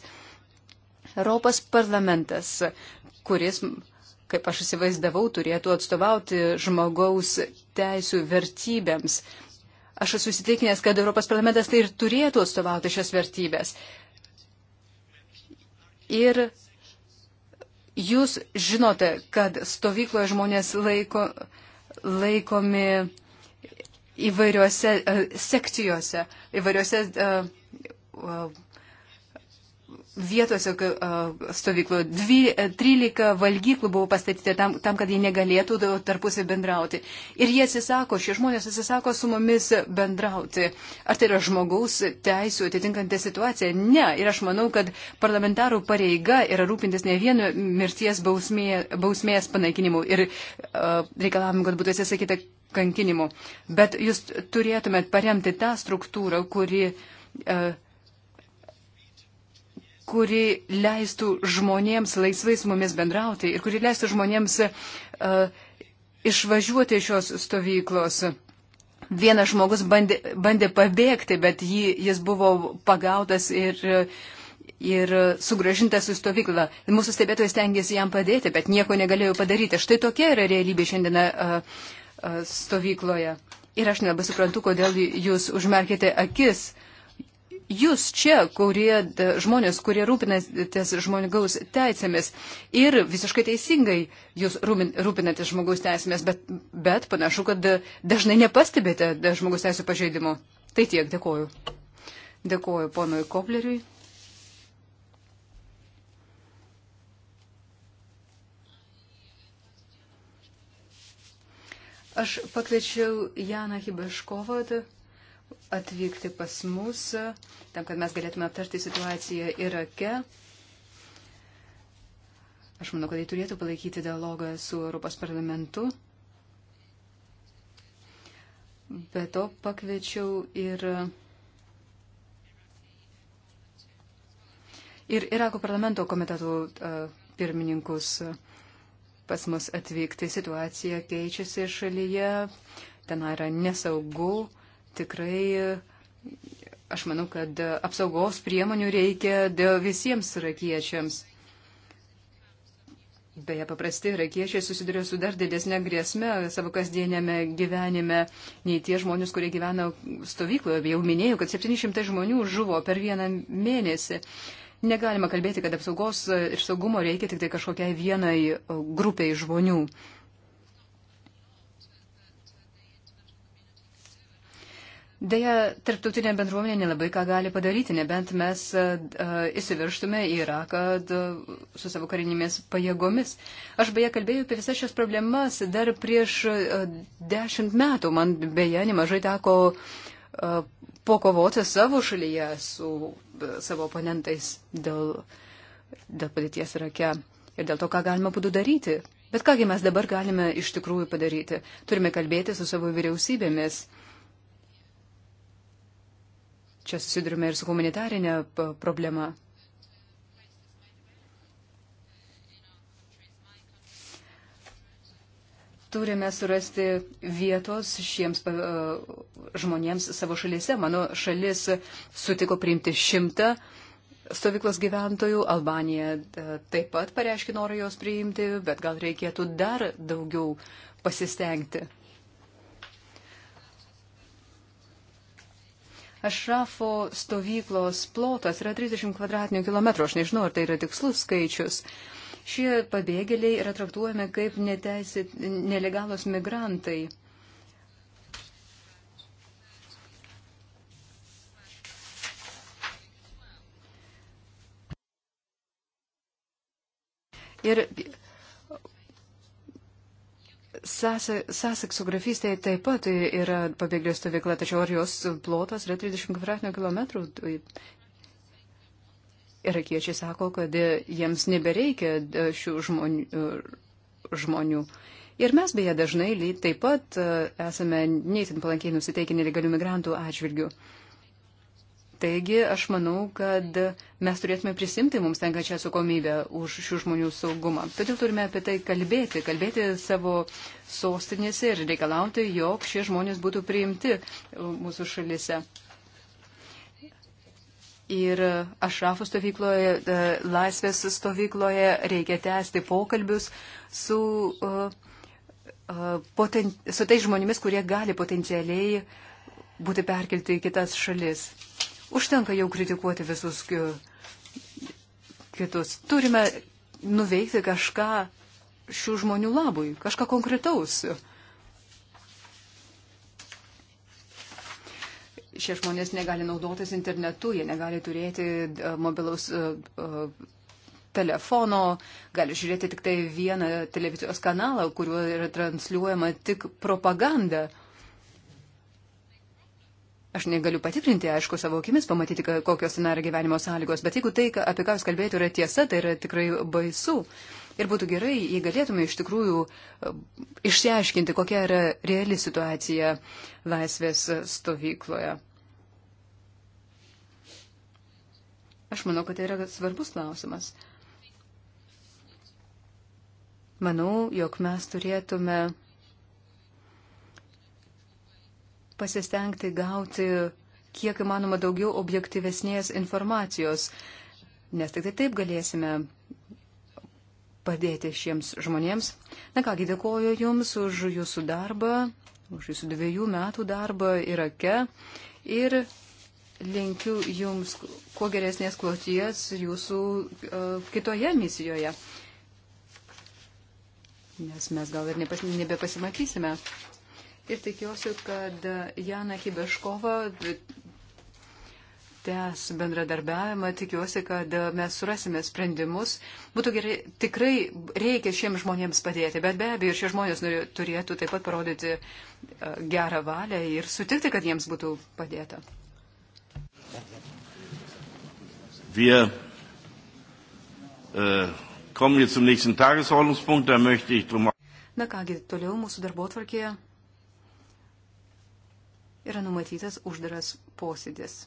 Europos parlamentas, kuris, kaip aš įsivaizdavau, turėtų atstovauti žmogaus teisų vertybėms. Aš esu įsitikinęs, kad Europos parlamentas tai ir turėtų atstovauti šias vertybės. Ir jūs žinote, kad stovykloje žmonės laiko, laikomi įvairiuose e, sekcijose, įvairiuose e, e, vietose stovyklo. 13 valgyklų buvo pastatyta tam, tam, kad jie negalėtų tarpusai bendrauti. Ir jie atsisako, šie žmonės atsisako su mumis bendrauti. Ar tai yra žmogaus teisų atitinkantė situacija? Ne. Ir aš manau, kad parlamentarų pareiga yra rūpintis ne vienu mirties bausmė, bausmės panaikinimu ir uh, reikalavimu, kad būtų atsisakyta kankinimu. Bet jūs turėtumėt paremti tą struktūrą, kuri, e, kuri leistų žmonėms laisvai su mumis bendrauti ir kuri leistų žmonėms e, išvažiuoti iš šios stovyklos. Vienas žmogus bandė, bandė pabėgti, bet jį, jis buvo pagautas ir uh, ir sugražintas į stovyklą. Mūsų stebėtojas tengiasi jam padėti, bet nieko negalėjo padaryti. Štai tokia yra realybė šiandieną uh, E, stovykloje. Ir aš nelabai suprantu, kodėl jūs užmerkite akis. Jūs čia, kurie e, žmonės, kurie rūpinatės žmogaus teisėmis ir visiškai teisingai jūs rūpinatės žmogaus teisėmis, bet, bet panašu, kad e, dažnai nepastebėte žmogaus teisų pažeidimų. Tai tiek, dėkoju. Dėkoju ponui Kopleriui. Aš pakviečiau Janą Hibeškovą atvykti pas mus, tam, kad mes galėtume aptarti situaciją Irake. Aš manau, kad jie turėtų palaikyti dialogą su Europos parlamentu. Be to pakviečiau ir, ir Irako parlamento komitetų pirmininkus. Uh, pas mus atvykti. Situacija keičiasi šalyje, ten yra nesaugu, tikrai. Aš manau, kad apsaugos priemonių reikia visiems rakiečiams. Beje, paprasti irakiečiai susiduria su dar didesnė grėsme savo kasdienėme gyvenime nei tie žmonės, kurie gyvena stovykloje. Jau minėjau, kad 700 žmonių žuvo per vieną mėnesį. Uh, Negalima kalbėti, kad apsaugos e, ir saugumo reikia tik tai kažkokiai vienai e, grupiai žmonių. Deja, tarptautinė bendruomenė nelabai ką gali padaryti, nebent mes uh, e, įsivirštume į Iraką uh, su savo karinėmis pajėgomis. Aš beje kalbėjau apie visas šias problemas dar prieš uh, dešimt metų. Man beje nemažai teko uh, pokovoti savo šalyje su e, savo oponentais dėl, dėl padėties rake ir dėl to, ką galima būtų daryti. Bet kągi mes dabar galime iš tikrųjų padaryti? Turime kalbėti su savo vyriausybėmis. Čia susidurime ir su humanitarinė problema. turime surasti vietos šiems e, žmonėms savo šalyse. Mano šalis sutiko priimti šimtą stovyklos gyventojų, Albanija e, taip pat pareiškė norą jos priimti, bet gal reikėtų dar daugiau pasistengti. Ašrafo stovyklos plotas yra 30 kvadratinių kilometrų, aš nežinau, ar tai yra tikslus skaičius. Uh, šie pabėgėliai yra traktuojami kaip neteisit, nelegalos migrantai. Ir Sasekso grafystėje taip pat yra pabėgėlių stovykla, tačiau ar jos plotas yra 30 kvadratinių kilometrų, Irakiečiai sako, kad jiems nebereikia e, šių žmonių. E, žmonių. Ir mes beje dažnai taip pat e, esame neįtin palankiai nusiteikę nelegalių migrantų atžvilgių. Taigi aš manau, kad mes turėtume prisimti mums tenkačią atsakomybę už šių žmonių saugumą. Todėl turime apie tai kalbėti, kalbėti savo sostinėse ir reikalauti, jog šie žmonės būtų priimti mūsų šalise ir Ašrafų stovykloje, e, laisvės stovykloje reikia tęsti pokalbius su, e, e, poten, su tais žmonėmis, kurie gali potencialiai būti perkelti į kitas šalis. Užtenka jau kritikuoti visus kitus. Turime nuveikti kažką šių žmonių labui, kažką konkretaus. Uh, šie žmonės negali naudotis internetu, jie negali turėti e, mobilaus e, e, telefono, gali žiūrėti tik tai vieną televizijos kanalą, kuriuo yra transliuojama tik propaganda. Aš negaliu patikrinti, aišku, savo akimis pamatyti, kokios ten yra gyvenimo sąlygos, bet jeigu tai, apie ką jūs kalbėjote, yra tiesa, tai yra tikrai baisu. Uh, Ir būtų gerai, jei galėtume iš tikrųjų e, išsiaiškinti, kokia yra reali situacija laisvės stovykloje. Aš manau, kad tai yra svarbus klausimas. Manau, jog mes turėtume pasistengti gauti kiek įmanoma daugiau objektyvesnės informacijos, nes tik tai taip galėsime padėti šiems žmonėms. Na kągi, dėkoju Jums už Jūsų darbą, už Jūsų dviejų metų darbą Irake ir linkiu Jums kuo geresnės kloties Jūsų uh, kitoje misijoje. Nes mes gal ir nepas, nebepasimatysime. Ir tikiuosi, kad Jana Hibeškova tęs bendradarbiavimą, tikiuosi, kad mes surasime sprendimus. Būtų gerai, tikrai reikia šiems žmonėms padėti, bet be abejo, šie žmonės turėtų taip pat parodyti e, gerą valią ir sutikti, kad jiems būtų padėta. Wir äh, kommen jetzt zum nächsten Tagesordnungspunkt. Da möchte ich drum. Na kągi, toliau mūsų darbo tvarkėje yra numatytas uždaras posėdis.